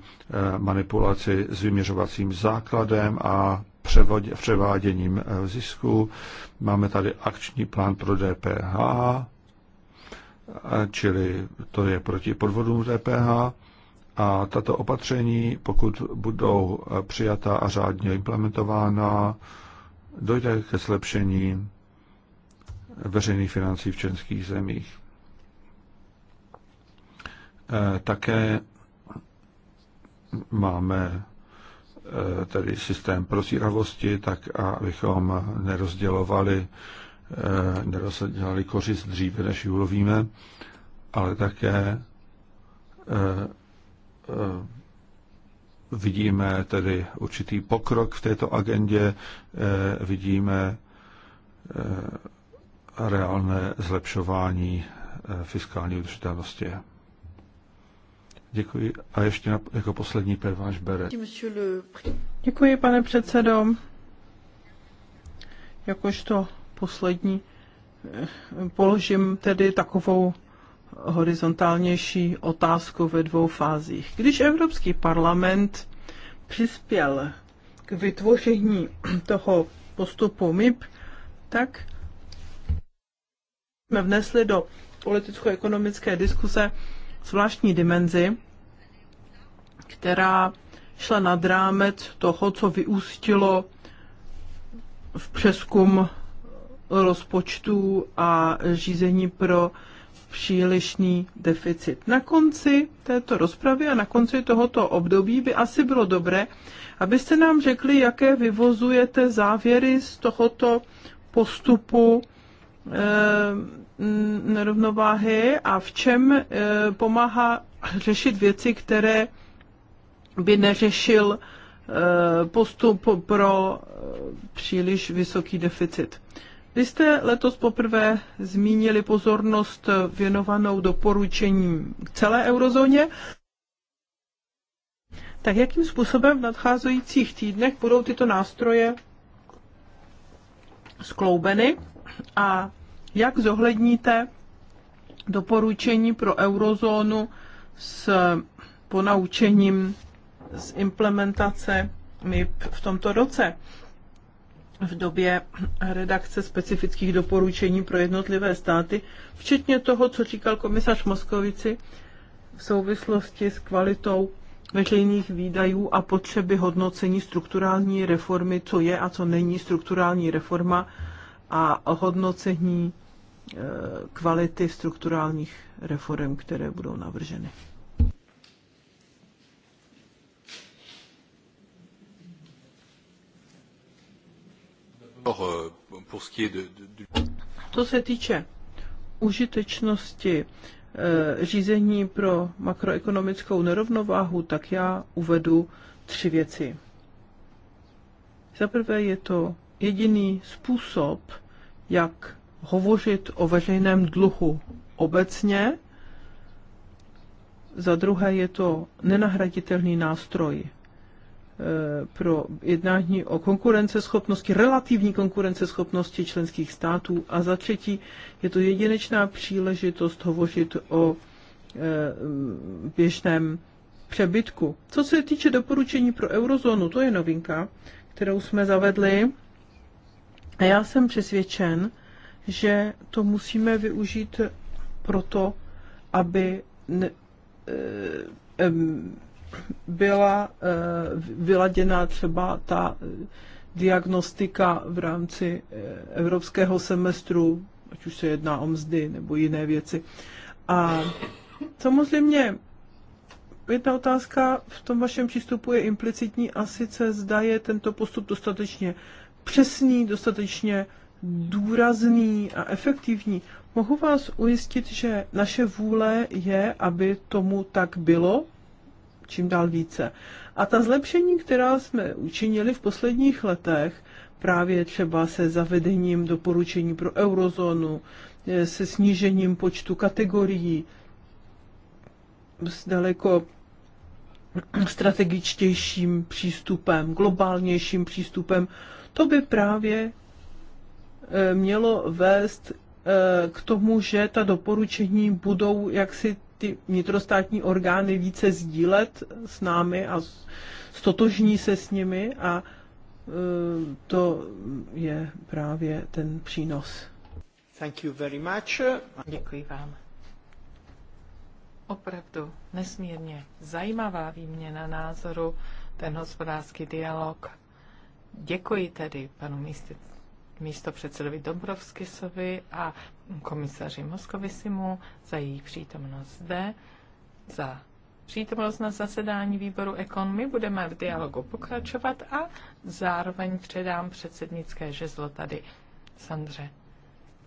manipulaci s vyměřovacím základem a převáděním zisku. Máme tady akční plán pro DPH, čili to je proti podvodům DPH. A tato opatření, pokud budou eh, přijata a řádně implementována, dojde ke zlepšení veřejných financí v českých zemích. Eh, také máme eh, tedy systém prosíravosti, tak abychom nerozdělovali, nerozdělovali kořist dříve, než ji ulovíme, ale také Eh, vidíme tedy určitý pokrok v této agendě, eh, vidíme eh, reálné zlepšování fiskální udržitelnosti. Děkuji. A ještě jako poslední Perváš Bere. Děkuji, pane předsedo. Jakožto poslední položím tedy takovou horizontálnější otázku ve dvou fázích. Když Evropský parlament přispěl k vytvoření toho postupu MIP, tak jsme vnesli do politicko-ekonomické diskuse zvláštní dimenzi, která šla nad rámec toho, co vyústilo v přeskum rozpočtů a řízení pro přílišný deficit. Na konci této rozpravy a na konci tohoto období by asi bylo dobré, abyste nám řekli, jaké vyvozujete závěry z tohoto postupu e, nerovnováhy a v čem e, pomáhá řešit věci, které by neřešil e, postup pro příliš vysoký deficit. Vy jste letos poprvé zmínili pozornost věnovanou doporučením celé eurozóně. Tak jakým způsobem v nadcházejících týdnech budou tyto nástroje skloubeny a jak zohledníte doporučení pro eurozónu s ponaučením z implementace MIP v tomto roce? v době redakce specifických doporučení pro jednotlivé státy, včetně toho, co říkal komisař Moskovici v souvislosti s kvalitou veřejných výdajů a potřeby hodnocení strukturální reformy, co je a co není strukturální reforma a hodnocení eh, kvality strukturálních reform, které budou navrženy. Euh, Co se týče užitečnosti eh, řízení pro makroekonomickou nerovnováhu, tak já uvedu tři věci. Za prvé je to jediný způsob, jak hovořit o veřejném dluhu obecně. Za druhé je to nenahraditelný nástroj Eh, pro jednání o konkurenceschopnosti, relativní konkurenceschopnosti členských států a za třetí je to jedinečná příležitost hovořit o eh, běžném přebytku. Co se týče doporučení pro eurozónu, to je novinka, kterou jsme zavedli a já jsem přesvědčen, že to musíme využít proto, aby ne, eh, byla eh, vyladěna třeba ta eh, diagnostika v rámci eh, evropského semestru, ať už se jedná o mzdy nebo jiné věci. A samozřejmě jedna otázka v tom vašem přístupu je implicitní a sice zda je tento postup dostatečně přesný, dostatečně důrazný a efektivní. Mohu vás ujistit, že naše vůle je, aby tomu tak bylo, čím dál více. A ta zlepšení, která jsme učinili v posledních letech, právě třeba se zavedením doporučení pro eurozónu, eh, se snížením počtu kategorií, s daleko strategičtějším přístupem, globálnějším přístupem, to by právě eh, mělo vést eh, k tomu, že ta doporučení budou jaksi ty vnitrostátní orgány více sdílet s námi a stotožní se s nimi a e, to je právě ten přínos. Thank you very much. Děkuji vám. Opravdu nesmírně zajímavá výměna názoru, ten hospodářský dialog. Děkuji tedy panu místě místo předsedovi Dobrovskisovi a komisaři Moskovisimu za její přítomnost zde, za přítomnost na zasedání výboru Ekon. My budeme v dialogu pokračovat a zároveň předám předsednické žezlo tady Sandře,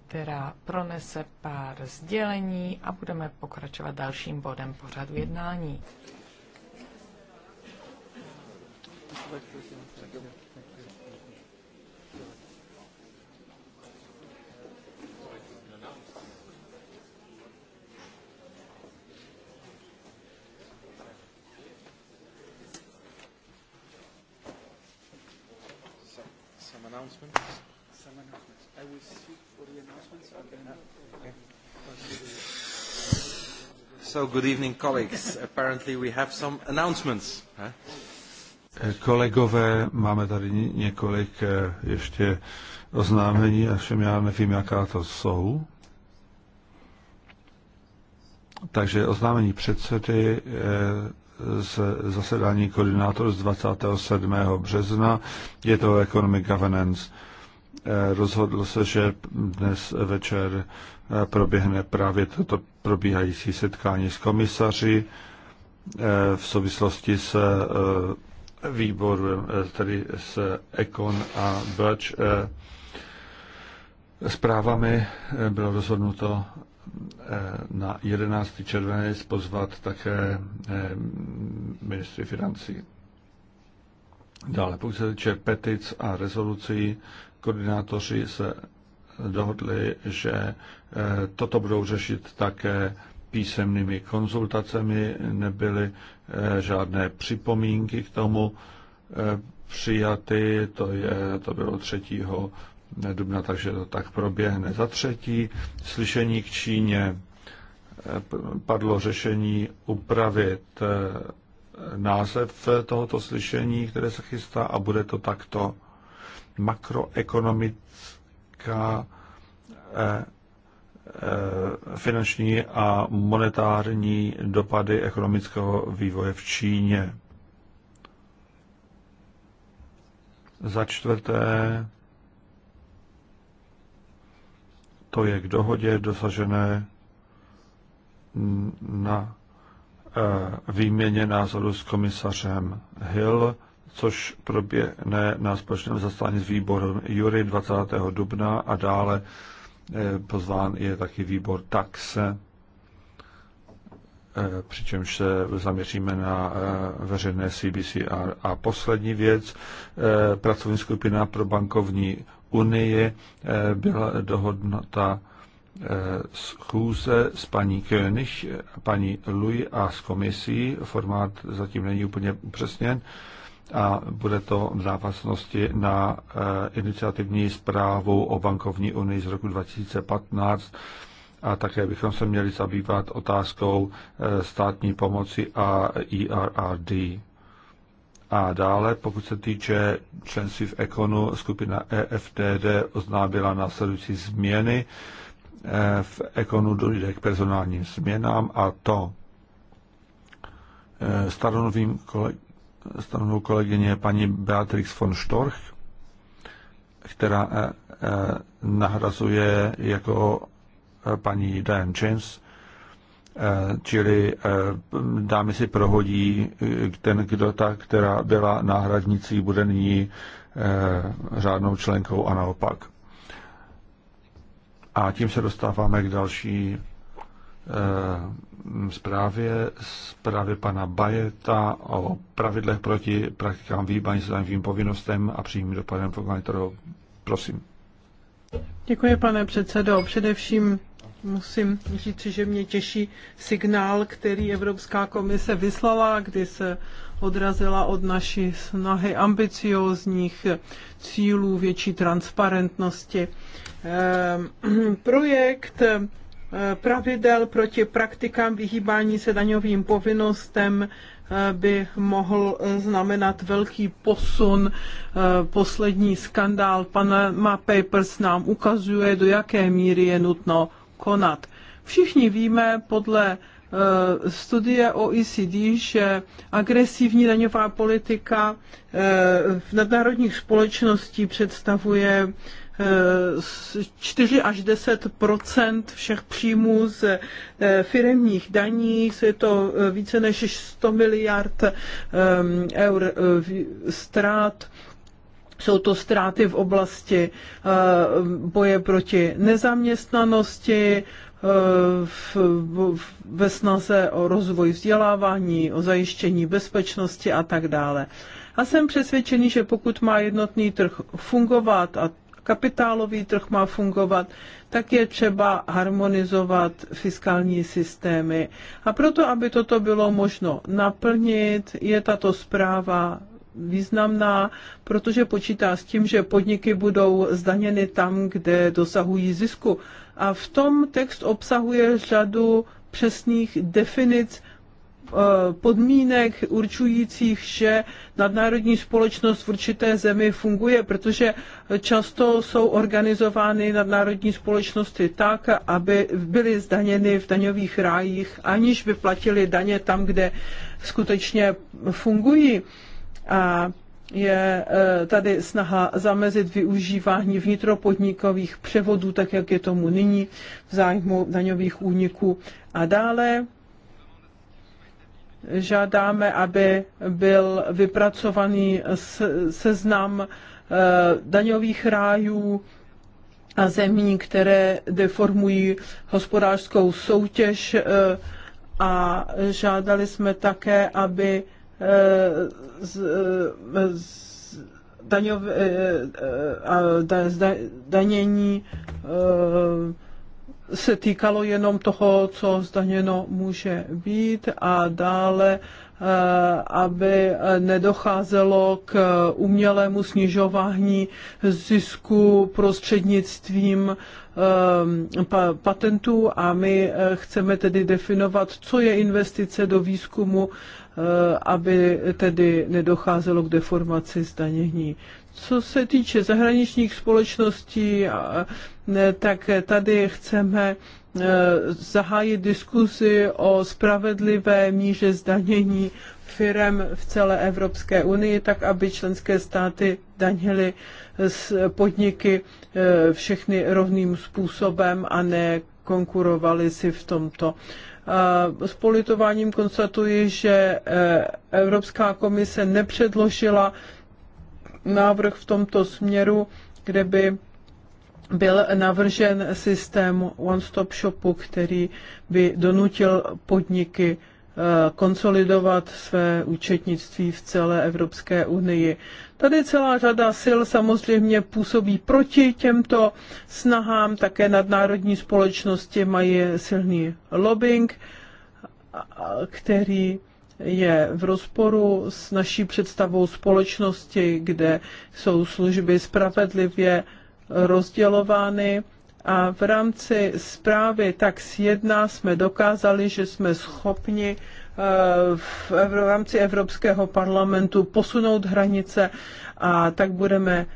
která pronese pár sdělení a budeme pokračovat dalším bodem pořadu jednání. Thank you. announcements? Some announcements. I will sit for the announcements. Okay. Uh, so, good evening, colleagues. Apparently we have some announcements. Eh, kolegové, máme tady několik eh, ještě oznámení, a všem já nevím, jaká to jsou. Takže oznámení předsedy eh, z zasedání koordinátorů z 27. března. Je to Economic Governance. Eh, rozhodlo se, že dnes večer eh, proběhne právě toto probíhající setkání s komisaři eh, v souvislosti s výborem, tedy s Econ a Budge zprávami bylo rozhodnuto, Eh, na 11. červenec pozvat také eh, ministry financí. Dále, pokud se týče petic a rezolucí, koordinátoři se dohodli, že eh, toto budou řešit také písemnými konzultacemi, nebyly žádné připomínky k tomu přijaty, to, je, to bylo 3 dubna, takže to tak proběhne. Za třetí, slyšení k Číně padlo řešení upravit eh, název tohoto slyšení, které se chystá a bude to takto makroekonomická eh, eh, finanční a monetární dopady ekonomického vývoje v Číně. Za čtvrté, To je k dohodě dosažené na eh, výměně názoru s komisařem Hill, což proběhne na společném zastání s výborem Jury 20. dubna a dále eh, pozván je taky výbor Taxe, eh, přičemž se zaměříme na veřejné CBCR. A poslední věc, pracovní skupina pro bankovní unii eh, byla dohodnota eh, schůze s paní König, paní Lui a s komisí. Formát zatím není úplně přesněn a bude to v závaznosti na eh, iniciativní zprávu o bankovní unii z roku 2015 a také bychom se měli zabývat otázkou státní pomoci a ERRD. A dále, pokud se týče členství v Ekonu, skupina EFTD oznámila následující změny. E, v Ekonu dojde k personálním změnám a to e, staronovým koleg- kolegyně paní Beatrix von Storch, která e, nahrazuje jako paní Diane James Eh, čili eh, dámy si prohodí eh, ten, kdo ta, která byla náhradnicí, bude nyní řádnou členkou a naopak. A tím se dostáváme k další zprávě, zprávě pana Bajeta o pravidlech proti praktikám výbaní s daným povinnostem a přímým dopadem v Prosím. Děkuji, pane předsedo. Především musím říct, že mě těší signál, který Evropská komise vyslala, kdy se odrazila od naší snahy ambiciózních cílů větší transparentnosti. Ehm, [clears throat] projekt eh, pravidel proti praktikám vyhýbání se daňovým povinnostem eh, by mohl eh, znamenat velký posun. Poslední skandál Panama Papers nám ukazuje, do jaké míry je nutno konat. Všichni víme podle eh, studie OECD, že agresivní daňová politika eh, v nadnárodních společností představuje 4 eh, až 10 všech příjmů z firemních daní, je to více než 100 miliard eur strát. Jsou to ztráty v oblasti eh, boje proti nezaměstnanosti, eh, v, v, ve snaze o rozvoj vzdělávání, o zajištění bezpečnosti a tak dále. A jsem přesvědčený, že pokud má jednotný trh fungovat a kapitálový trh má fungovat, tak je třeba harmonizovat fiskální systémy. A proto, aby toto bylo možno naplnit, je tato zpráva významná, protože počítá s tím, že podniky budou zdaněny tam, kde dosahují zisku. A v tom text obsahuje řadu přesných definic eh, podmínek určujících, že nadnárodní společnost v určité zemi funguje, protože často jsou organizovány nadnárodní společnosti tak, aby byly zdaněny v daňových rájích, aniž by platili daně tam, kde skutečně fungují a je e, tady snaha zamezit využívání vnitropodnikových převodů, tak jak je tomu nyní, v zájmu daňových úniků. A dále žádáme, aby byl vypracovaný seznam e, daňových rájů a zemí, které deformují hospodářskou soutěž e, a žádali jsme také, aby z, z, e, e, a da, danění e, se týkalo jenom toho, co zdaněno může být a dále Eh, aby eh, nedocházelo k eh, umělému snižování zisku prostřednictvím patentů a my chceme tedy definovat, co je investice do výzkumu, aby tedy nedocházelo k deformaci zdanění. Co se týče zahraničních společností, tak tady chceme Eh, zahájit diskusi o spravedlivé míře zdanění firem v celé Evropské unii, tak aby členské státy danily podniky eh, všechny rovným způsobem a ne konkurovali si v tomto. S politováním konstatuji, že eh, Evropská komise nepředložila návrh v tomto směru, kde by byl navržen systém one-stop shopu, který by donutil podniky eh, konsolidovat své účetnictví v celé Evropské unii. Tady celá řada sil samozřejmě působí proti těmto snahám, také nadnárodní společnosti mají silný lobbying, který je v rozporu s naší představou společnosti, kde jsou služby spravedlivě rozdělovány a v rámci zprávy s jedna jsme dokázali, že jsme schopni eh, v rámci Evropského parlamentu posunout hranice a tak budeme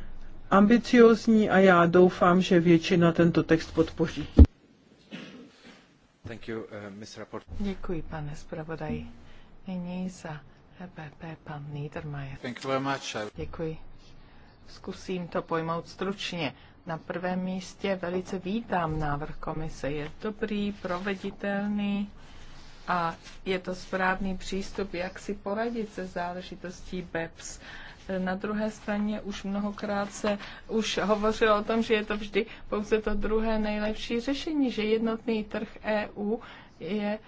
ambiciozní a já doufám, že většina tento text podpoří. You, uh, Děkuji, pane zpravodaji. Nyní za EPP pan Niedermayer. Děkuji. Zkusím to pojmout stručně. Na prvém místě velice vítám návrh komise. Je dobrý, proveditelný a je to správný přístup, jak si poradit se záležitostí BEPS. Na druhé straně už mnohokrát se už hovořilo o tom, že je to vždy pouze to druhé nejlepší řešení, že jednotný trh EU je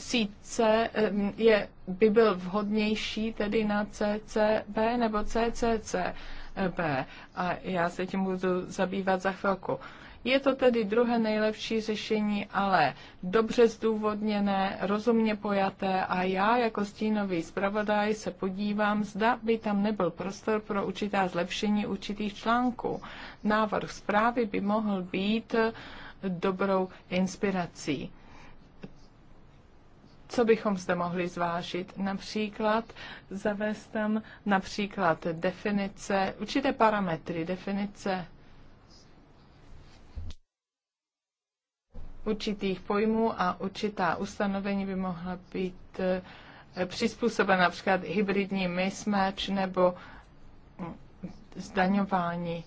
sítce eh, je, by byl vhodnější tedy na CCB nebo CCCB. A já se tím budu zabývat za chvilku. Je to tedy druhé nejlepší řešení, ale dobře zdůvodněné, rozumně pojaté a já jako stínový zpravodaj se podívám, zda by tam nebyl prostor pro určitá zlepšení určitých článků. Návrh zprávy by mohl být dobrou inspirací co bychom zde mohli zvážit? Například zavést tam například definice, určité parametry, definice určitých pojmů a určitá ustanovení by mohla být eh, přizpůsobena například hybridní mismatch nebo hm, zdaňování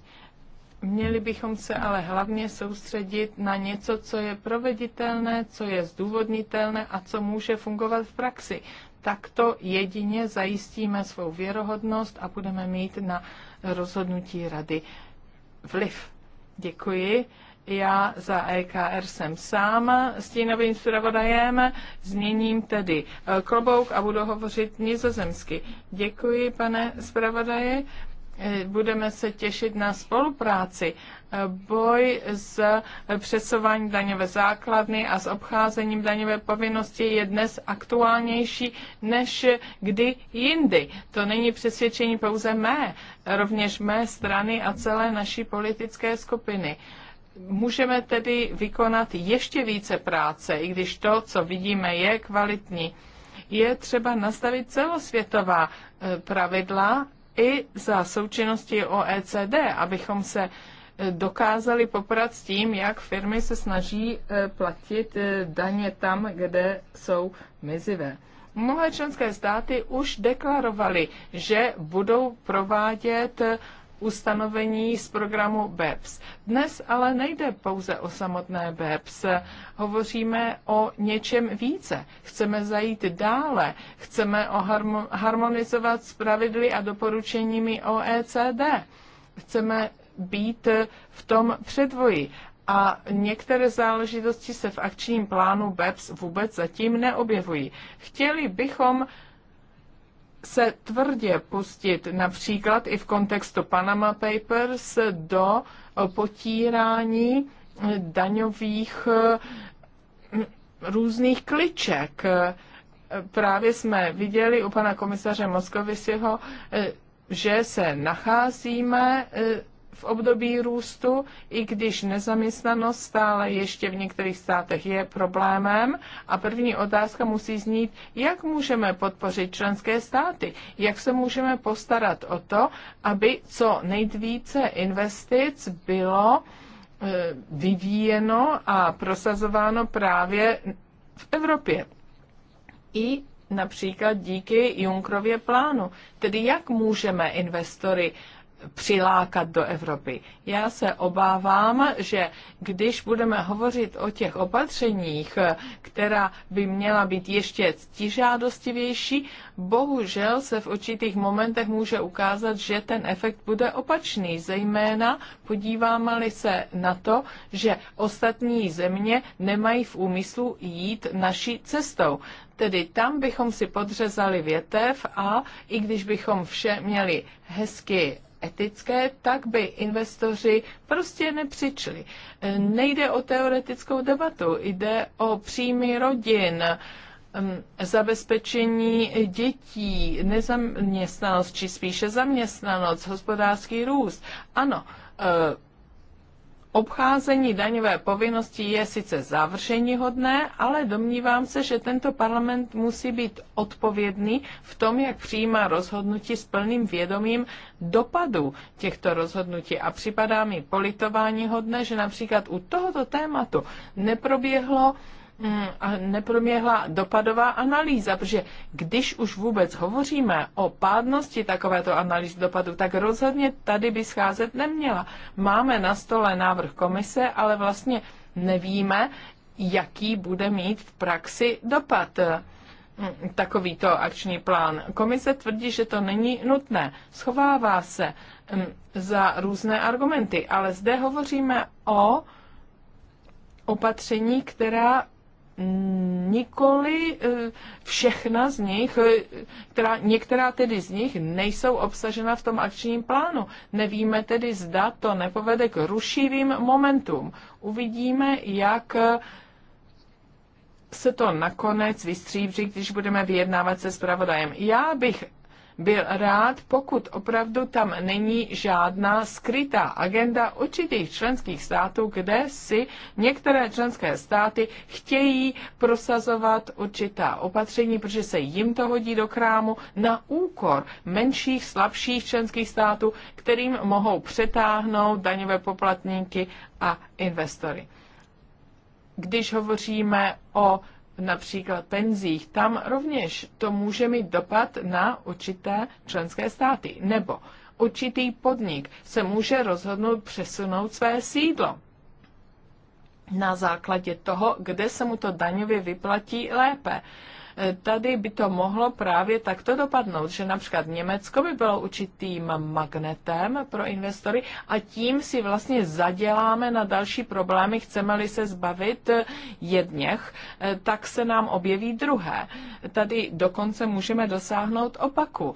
Měli bychom se ale hlavně soustředit na něco, co je proveditelné, co je zdůvodnitelné a co může fungovat v praxi. Takto jedině zajistíme svou věrohodnost a budeme mít na rozhodnutí rady vliv. Děkuji. Já za EKR jsem sám stínovým zpravodajem, změním tedy eh, klobouk a budu hovořit nizozemsky. Děkuji, pane zpravodaji. Eh, budeme se těšit na spolupráci. Eh, boj s přesováním daňové základny a s obcházením daňové povinnosti je dnes aktuálnější než kdy jindy. To není přesvědčení pouze mé, rovněž mé strany a celé naší politické skupiny. Můžeme tedy vykonat ještě více práce, i když to, co vidíme, je kvalitní je třeba nastavit celosvětová eh, pravidla i za součinnosti OECD, abychom se eh, dokázali poprat s tím, jak firmy se snaží eh, platit eh, daně tam, kde jsou mizivé. Mnohé členské státy už deklarovaly, že budou provádět ustanovení z programu BEPS. Dnes ale nejde pouze o samotné BEPS, hovoříme o něčem více. Chceme zajít dále, chceme o harmonizovat s pravidly a doporučeními OECD. Chceme být v tom předvoji. A některé záležitosti se v akčním plánu BEPS vůbec zatím neobjevují. Chtěli bychom se tvrdě pustit například i v kontextu Panama Papers do potírání daňových mm, různých kliček. Právě jsme viděli u pana komisaře Moskovisiho, eh, že se nacházíme eh, v období růstu, i když nezaměstnanost stále ještě v některých státech je problémem. A první otázka musí znít, jak můžeme podpořit členské státy, jak se můžeme postarat o to, aby co nejvíce investic bylo eh, vyvíjeno a prosazováno právě v Evropě. I například díky Junkrově plánu. Tedy jak můžeme investory přilákat do Evropy. Já se obávám, že když budeme hovořit o těch opatřeních, která by měla být ještě ctižádostivější, bohužel se v určitých momentech může ukázat, že ten efekt bude opačný. Zejména podíváme-li se na to, že ostatní země nemají v úmyslu jít naší cestou. Tedy tam bychom si podřezali větev a i když bychom vše měli hezky etické, tak by investoři prostě nepřičli. Nejde o teoretickou debatu, jde o příjmy rodin, mm, zabezpečení dětí, nezaměstnanost, či spíše zaměstnanost, hospodářský růst. Ano, eh, Obcházení daňové povinnosti je sice završeníhodné, ale domnívám se, že tento parlament musí být odpovědný v tom, jak přijímá rozhodnutí s plným vědomím dopadu těchto rozhodnutí. A připadá mi politování hodné, že například u tohoto tématu neproběhlo Hmm, neproměhla dopadová analýza, protože když už vůbec hovoříme o pádnosti takovéto analýzy dopadu, tak rozhodně tady by scházet neměla. Máme na stole návrh komise, ale vlastně nevíme, jaký bude mít v praxi dopad hmm, takovýto akční plán. Komise tvrdí, že to není nutné, schovává se hmm, za různé argumenty, ale zde hovoříme o opatření, která nikoli eh, všechna z nich, eh, která, některá tedy z nich nejsou obsažena v tom akčním plánu. Nevíme tedy, zda to nepovede k rušivým momentům. Uvidíme, jak eh, se to nakonec vystříbří, když budeme vyjednávat se zpravodajem. Já bych byl rád, pokud opravdu tam není žádná skrytá agenda určitých členských států, kde si některé členské státy chtějí prosazovat určitá opatření, protože se jim to hodí do krámu na úkor menších, slabších členských států, kterým mohou přetáhnout daňové poplatníky a investory. Když hovoříme o například penzích, tam rovněž to může mít dopad na určité členské státy. Nebo určitý podnik se může rozhodnout přesunout své sídlo na základě toho, kde se mu to daňově vyplatí lépe. Tady by to mohlo právě takto dopadnout, že například Německo by bylo určitým magnetem pro investory a tím si vlastně zaděláme na další problémy, chceme-li se zbavit jedněch, tak se nám objeví druhé. Tady dokonce můžeme dosáhnout opaku.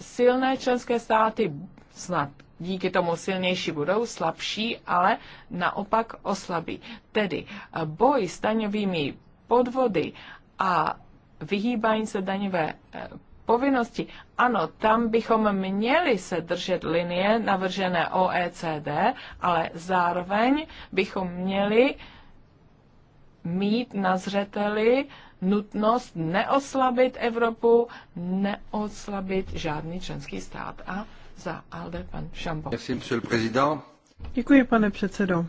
Silné členské státy snad díky tomu silnější budou, slabší, ale naopak oslabí. Tedy boj s daňovými podvody a vyhýbání se daňové eh, povinnosti. Ano, tam bychom měli se držet linie navržené OECD, ale zároveň bychom měli mít na zřeteli nutnost neoslabit Evropu, neoslabit žádný členský stát. A za ALDE pan Šambo. Děkuji, pane předsedo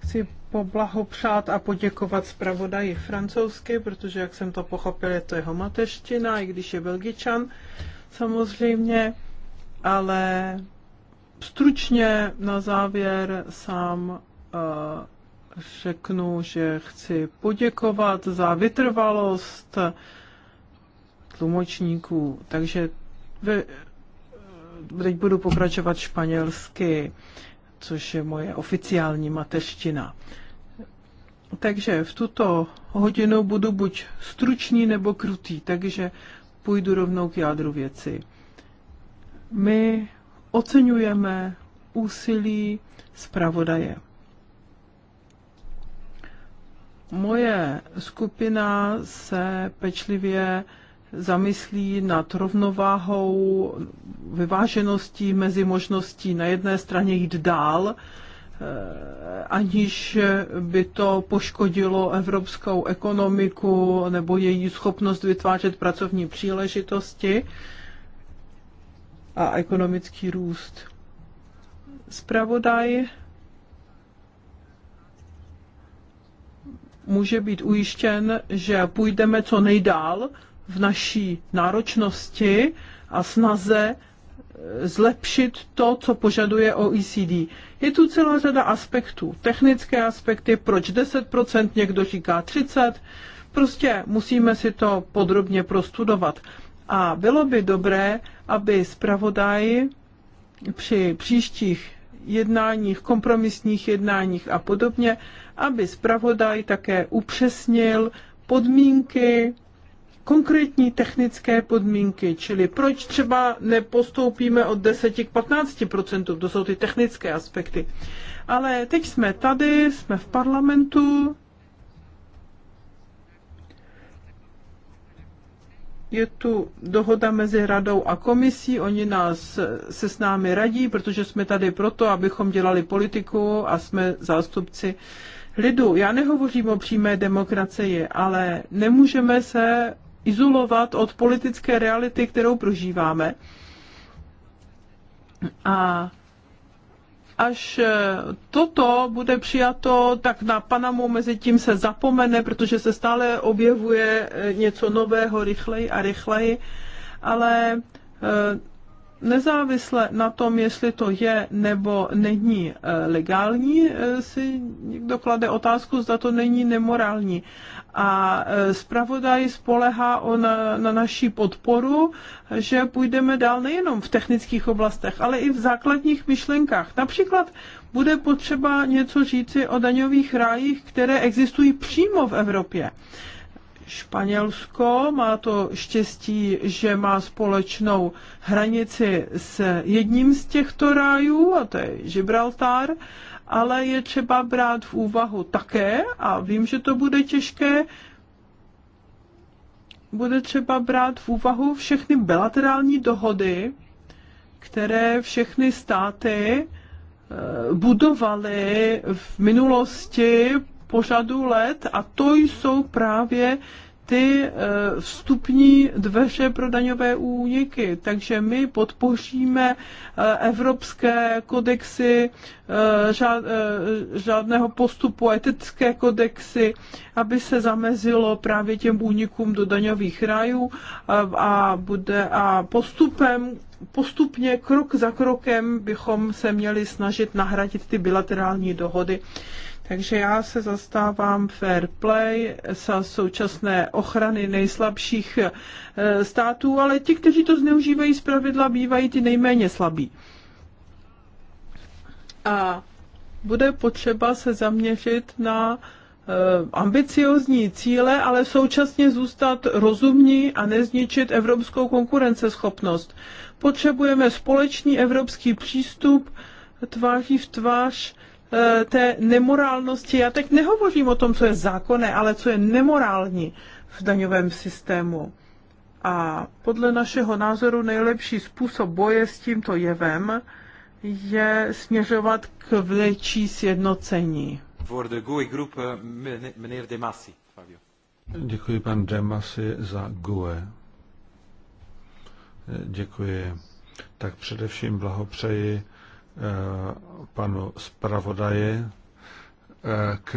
chci poblahopřát a poděkovat zpravodaji francouzsky, protože jak jsem to pochopil, je to jeho mateřština, i když je belgičan samozřejmě, ale stručně na závěr sám uh, řeknu, že chci poděkovat za vytrvalost tlumočníků. Takže vy, eh, teď budu pokračovat španělsky. Uh, což je moje oficiální mateština. Takže v tuto hodinu budu buď stručný nebo krutý, takže půjdu rovnou k jádru věci. My oceňujeme úsilí zpravodaje. Moje skupina se pečlivě zamyslí nad rovnováhou vyvážeností mezi možností na jedné straně jít dál, eh, aniž by to poškodilo evropskou ekonomiku nebo její schopnost vytvářet pracovní příležitosti a ekonomický růst. Spravodaj může být ujištěn, že půjdeme co nejdál v naší náročnosti a snaze eh, zlepšit to, co požaduje OECD. Je tu celá řada aspektů. Technické aspekty, proč 10%, někdo říká 30%. Prostě musíme si to podrobně prostudovat. A bylo by dobré, aby zpravodaj při příštích jednáních, kompromisních jednáních a podobně, aby zpravodaj také upřesnil podmínky konkrétní technické podmínky, čili proč třeba nepostoupíme od 10 k 15 to jsou ty technické aspekty. Ale teď jsme tady, jsme v parlamentu. Je tu dohoda mezi radou a komisí, oni nás eh, se s námi radí, protože jsme tady proto, abychom dělali politiku a jsme zástupci lidu. Já nehovořím o přímé demokracii, ale nemůžeme se izolovat od politické reality, kterou prožíváme. A až e, toto bude přijato, tak na Panamu mezi tím se zapomene, protože se stále objevuje e, něco nového rychleji a rychleji, ale e, nezávisle na tom, jestli to je nebo není legální, si někdo klade otázku, zda to není nemorální a e, zpravodaj spolehá on na, na naší podporu, že půjdeme dál nejenom v technických oblastech, ale i v základních myšlenkách. Například bude potřeba něco říci o daňových rájích, které existují přímo v Evropě. Španělsko má to štěstí, že má společnou hranici s jedním z těchto rájů, a to je Gibraltar, ale je třeba brát v úvahu také, a vím, že to bude těžké, bude třeba brát v úvahu všechny bilaterální dohody, které všechny státy eh, budovaly v minulosti po řadu let a to jsou právě ty eh, vstupní dveře pro daňové úniky. Takže my podpoříme eh, evropské kodexy žádného eh, postupu, etické kodexy, aby se zamezilo právě těm únikům do daňových rájů a, bude, a postupem postupně, krok za krokem bychom se měli snažit nahradit ty bilaterální dohody takže já se zastávám fair play za současné ochrany nejslabších eh, států, ale ti, kteří to zneužívají z pravidla, bývají ty nejméně slabí. A bude potřeba se zaměřit na eh, ambiciozní cíle, ale současně zůstat rozumní a nezničit evropskou konkurenceschopnost. Potřebujeme společný evropský přístup tváří v tvář Eh, té nemorálnosti. Já teď nehovořím o tom, co je zákonné, ale co je nemorální v daňovém systému. A podle našeho názoru nejlepší způsob boje s tímto jevem je směřovat k větší sjednocení. E eh, děkuji pan Demasi za GUE. Eh, děkuji. Tak především blahopřeji panu zpravodaji eh, k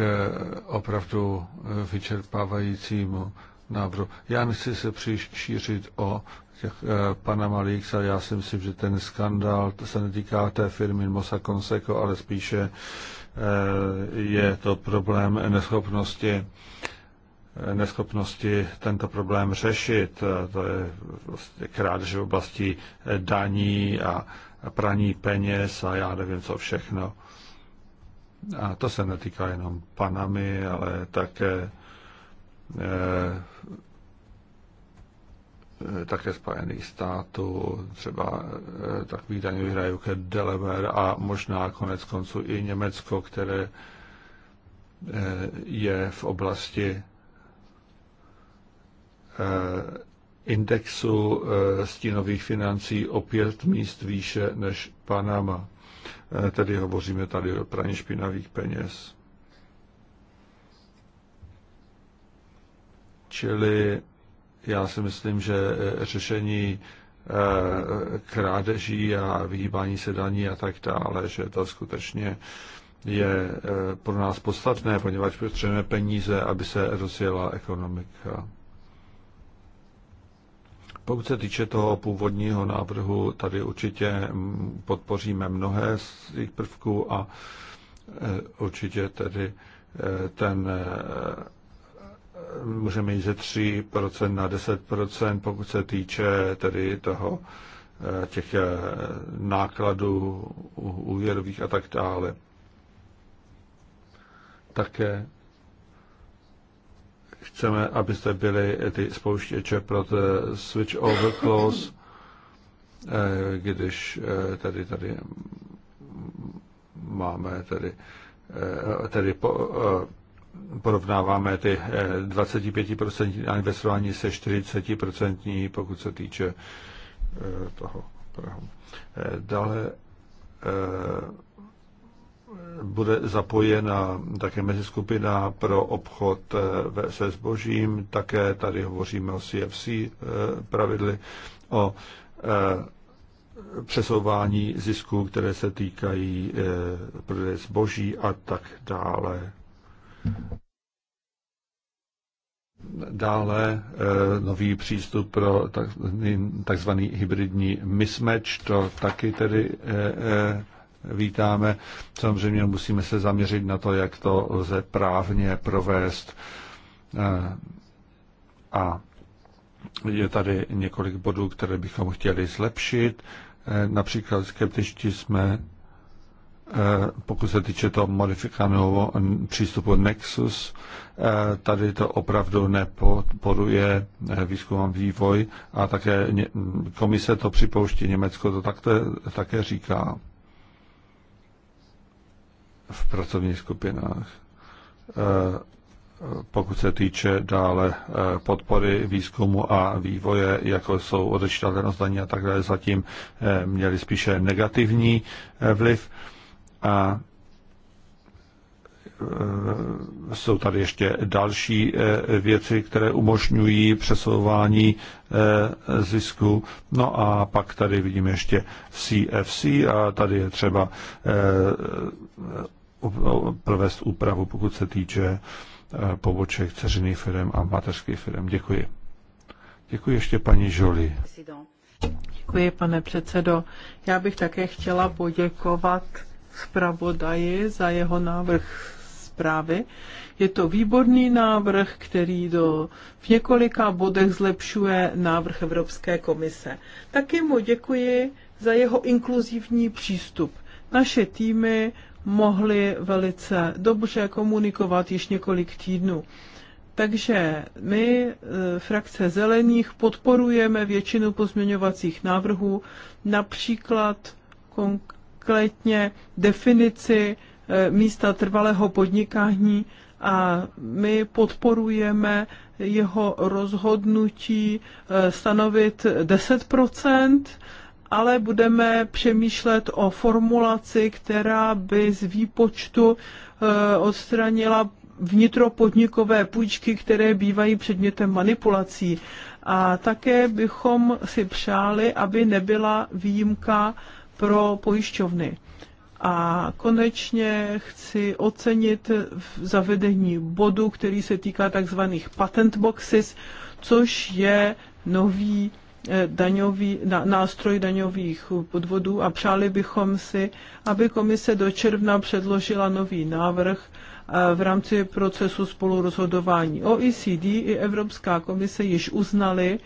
opravdu vyčerpávajícímu návrhu. Já nechci se přišířit šířit o těch eh, pana Malíksa, já si myslím, že ten skandál to se netýká té firmy Mosa Conseco, ale spíše eh, je to problém neschopnosti neschopnosti tento problém řešit. To je vlastně krádež v oblasti daní a praní peněz a já nevím co všechno. A to se netýká jenom Panami, ale také eh, také Spojených států, třeba eh, tak výdaně vyhrají ke jako Delaware a možná konec konců i Německo, které eh, je v oblasti indexu eh, stínových financí o pět míst výše než Panama. Eh, tedy hovoříme tady o praní špinavých peněz. Čili já si myslím, že eh, řešení krádeží a vyhýbání se daní a tak dále, že to skutečně je pro nás podstatné, poněvadž potřebujeme peníze, aby se rozjela ekonomika. Pokud se týče toho původního návrhu, tady určitě podpoříme mnohé z jejich prvků a e, určitě tedy e, ten e, můžeme jít ze 3% na 10%, pokud se týče tedy toho těch nákladů úvěrových a tak dále. Také Chceme, aby byli byly ty spouštěče pro eh, switch over clause, eh, když eh, tady, tady máme tady, tady po, porovnáváme ty 25% investování se 40%, pokud se týče toho Prahu. Dále bude zapojena také mezi skupina pro obchod eh, se zbožím, také tady hovoříme o CFC eh, pravidly, o eh, přesouvání zisků, které se týkají prodeje zboží a tak dále. Dále nový přístup pro takzvaný hybridní mismatch, to taky tedy vítáme. Samozřejmě musíme se zaměřit na to, jak to lze právně provést. Eh, a je tady několik bodů, které bychom chtěli zlepšit. Eh, například skeptičtí jsme, eh, pokud se týče toho modifikovaného přístupu Nexus, tady to opravdu nepodporuje výzkum a vývoj a také komise to připouští, Německo to takto, také říká v pracovních skupinách. Eh, pokud se týče dále eh, podpory výzkumu a vývoje, jako jsou odečitatelnost daní a tak dále, zatím eh, měli spíše negativní vliv. A Eh, jsou tady ještě další eh, věci, které umožňují přesouvání eh, zisku. No a pak tady vidíme ještě CFC a tady je třeba provést úpravu, pokud se týče poboček ceřiných firm a mateřských firm. Děkuji. Děkuji ještě paní Žoli. Děkuji, pane předsedo. Já bych také chtěla poděkovat zpravodaji za jeho návrh zprávy. Je to výborný návrh, který do, v několika bodech zlepšuje návrh Evropské komise. Taky mu děkuji za jeho inkluzivní přístup. Naše týmy mohly velice dobře komunikovat již několik týdnů. Takže my, eh, frakce zelených, podporujeme většinu pozměňovacích návrhů, například konkrétně definici E, místa trvalého podnikání a my podporujeme jeho rozhodnutí e, stanovit 10 ale budeme přemýšlet o formulaci, která by z výpočtu e, odstranila vnitropodnikové půjčky, které bývají předmětem manipulací. A také bychom si přáli, aby nebyla výjimka pro pojišťovny. A konečně chci ocenit zavedení bodu, který se týká takzvaných patent boxes, což je nový eh, daňový, nástroj daňových podvodů a přáli bychom si, aby komise do června předložila nový návrh eh, v rámci procesu spolurozhodování. OECD i Evropská komise již uznali,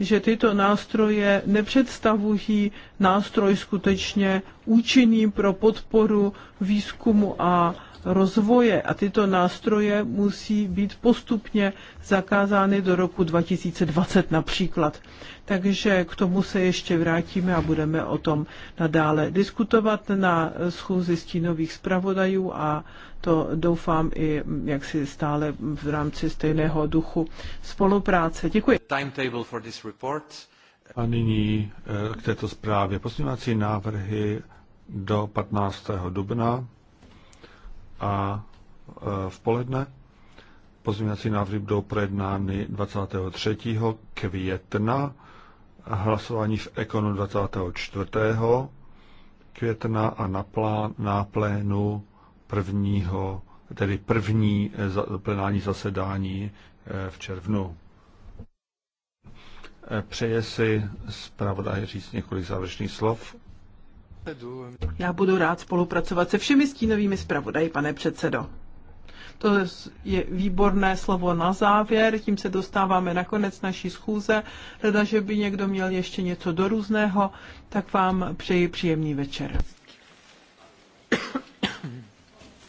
že tyto nástroje nepředstavují nástroj skutečně účinný pro podporu výzkumu a rozvoje a tyto nástroje musí být postupně zakázány do roku 2020 například. Takže k tomu se ještě vrátíme a budeme o tom nadále diskutovat na schůzi stínových zpravodajů a to doufám i jak si stále v rámci stejného duchu spolupráce. Děkuji. Timetable for this report. A nyní eh, k této zprávě. Posměvací návrhy do 15. dubna a e, v poledne. Pozměňovací návrhy budou projednány 23. května, hlasování v ekonu 24. května a na, plán, na plénu prvního, tedy první plenární zasedání e, v červnu. E, přeje si zpravodaj říct několik závěrečných slov. Já budu rád spolupracovat se všemi stínovými zpravodaji, pane předsedo. To je výborné slovo na závěr, tím se dostáváme na konec naší schůze. Hleda, že by někdo měl ještě něco do různého, tak vám přeji příjemný večer.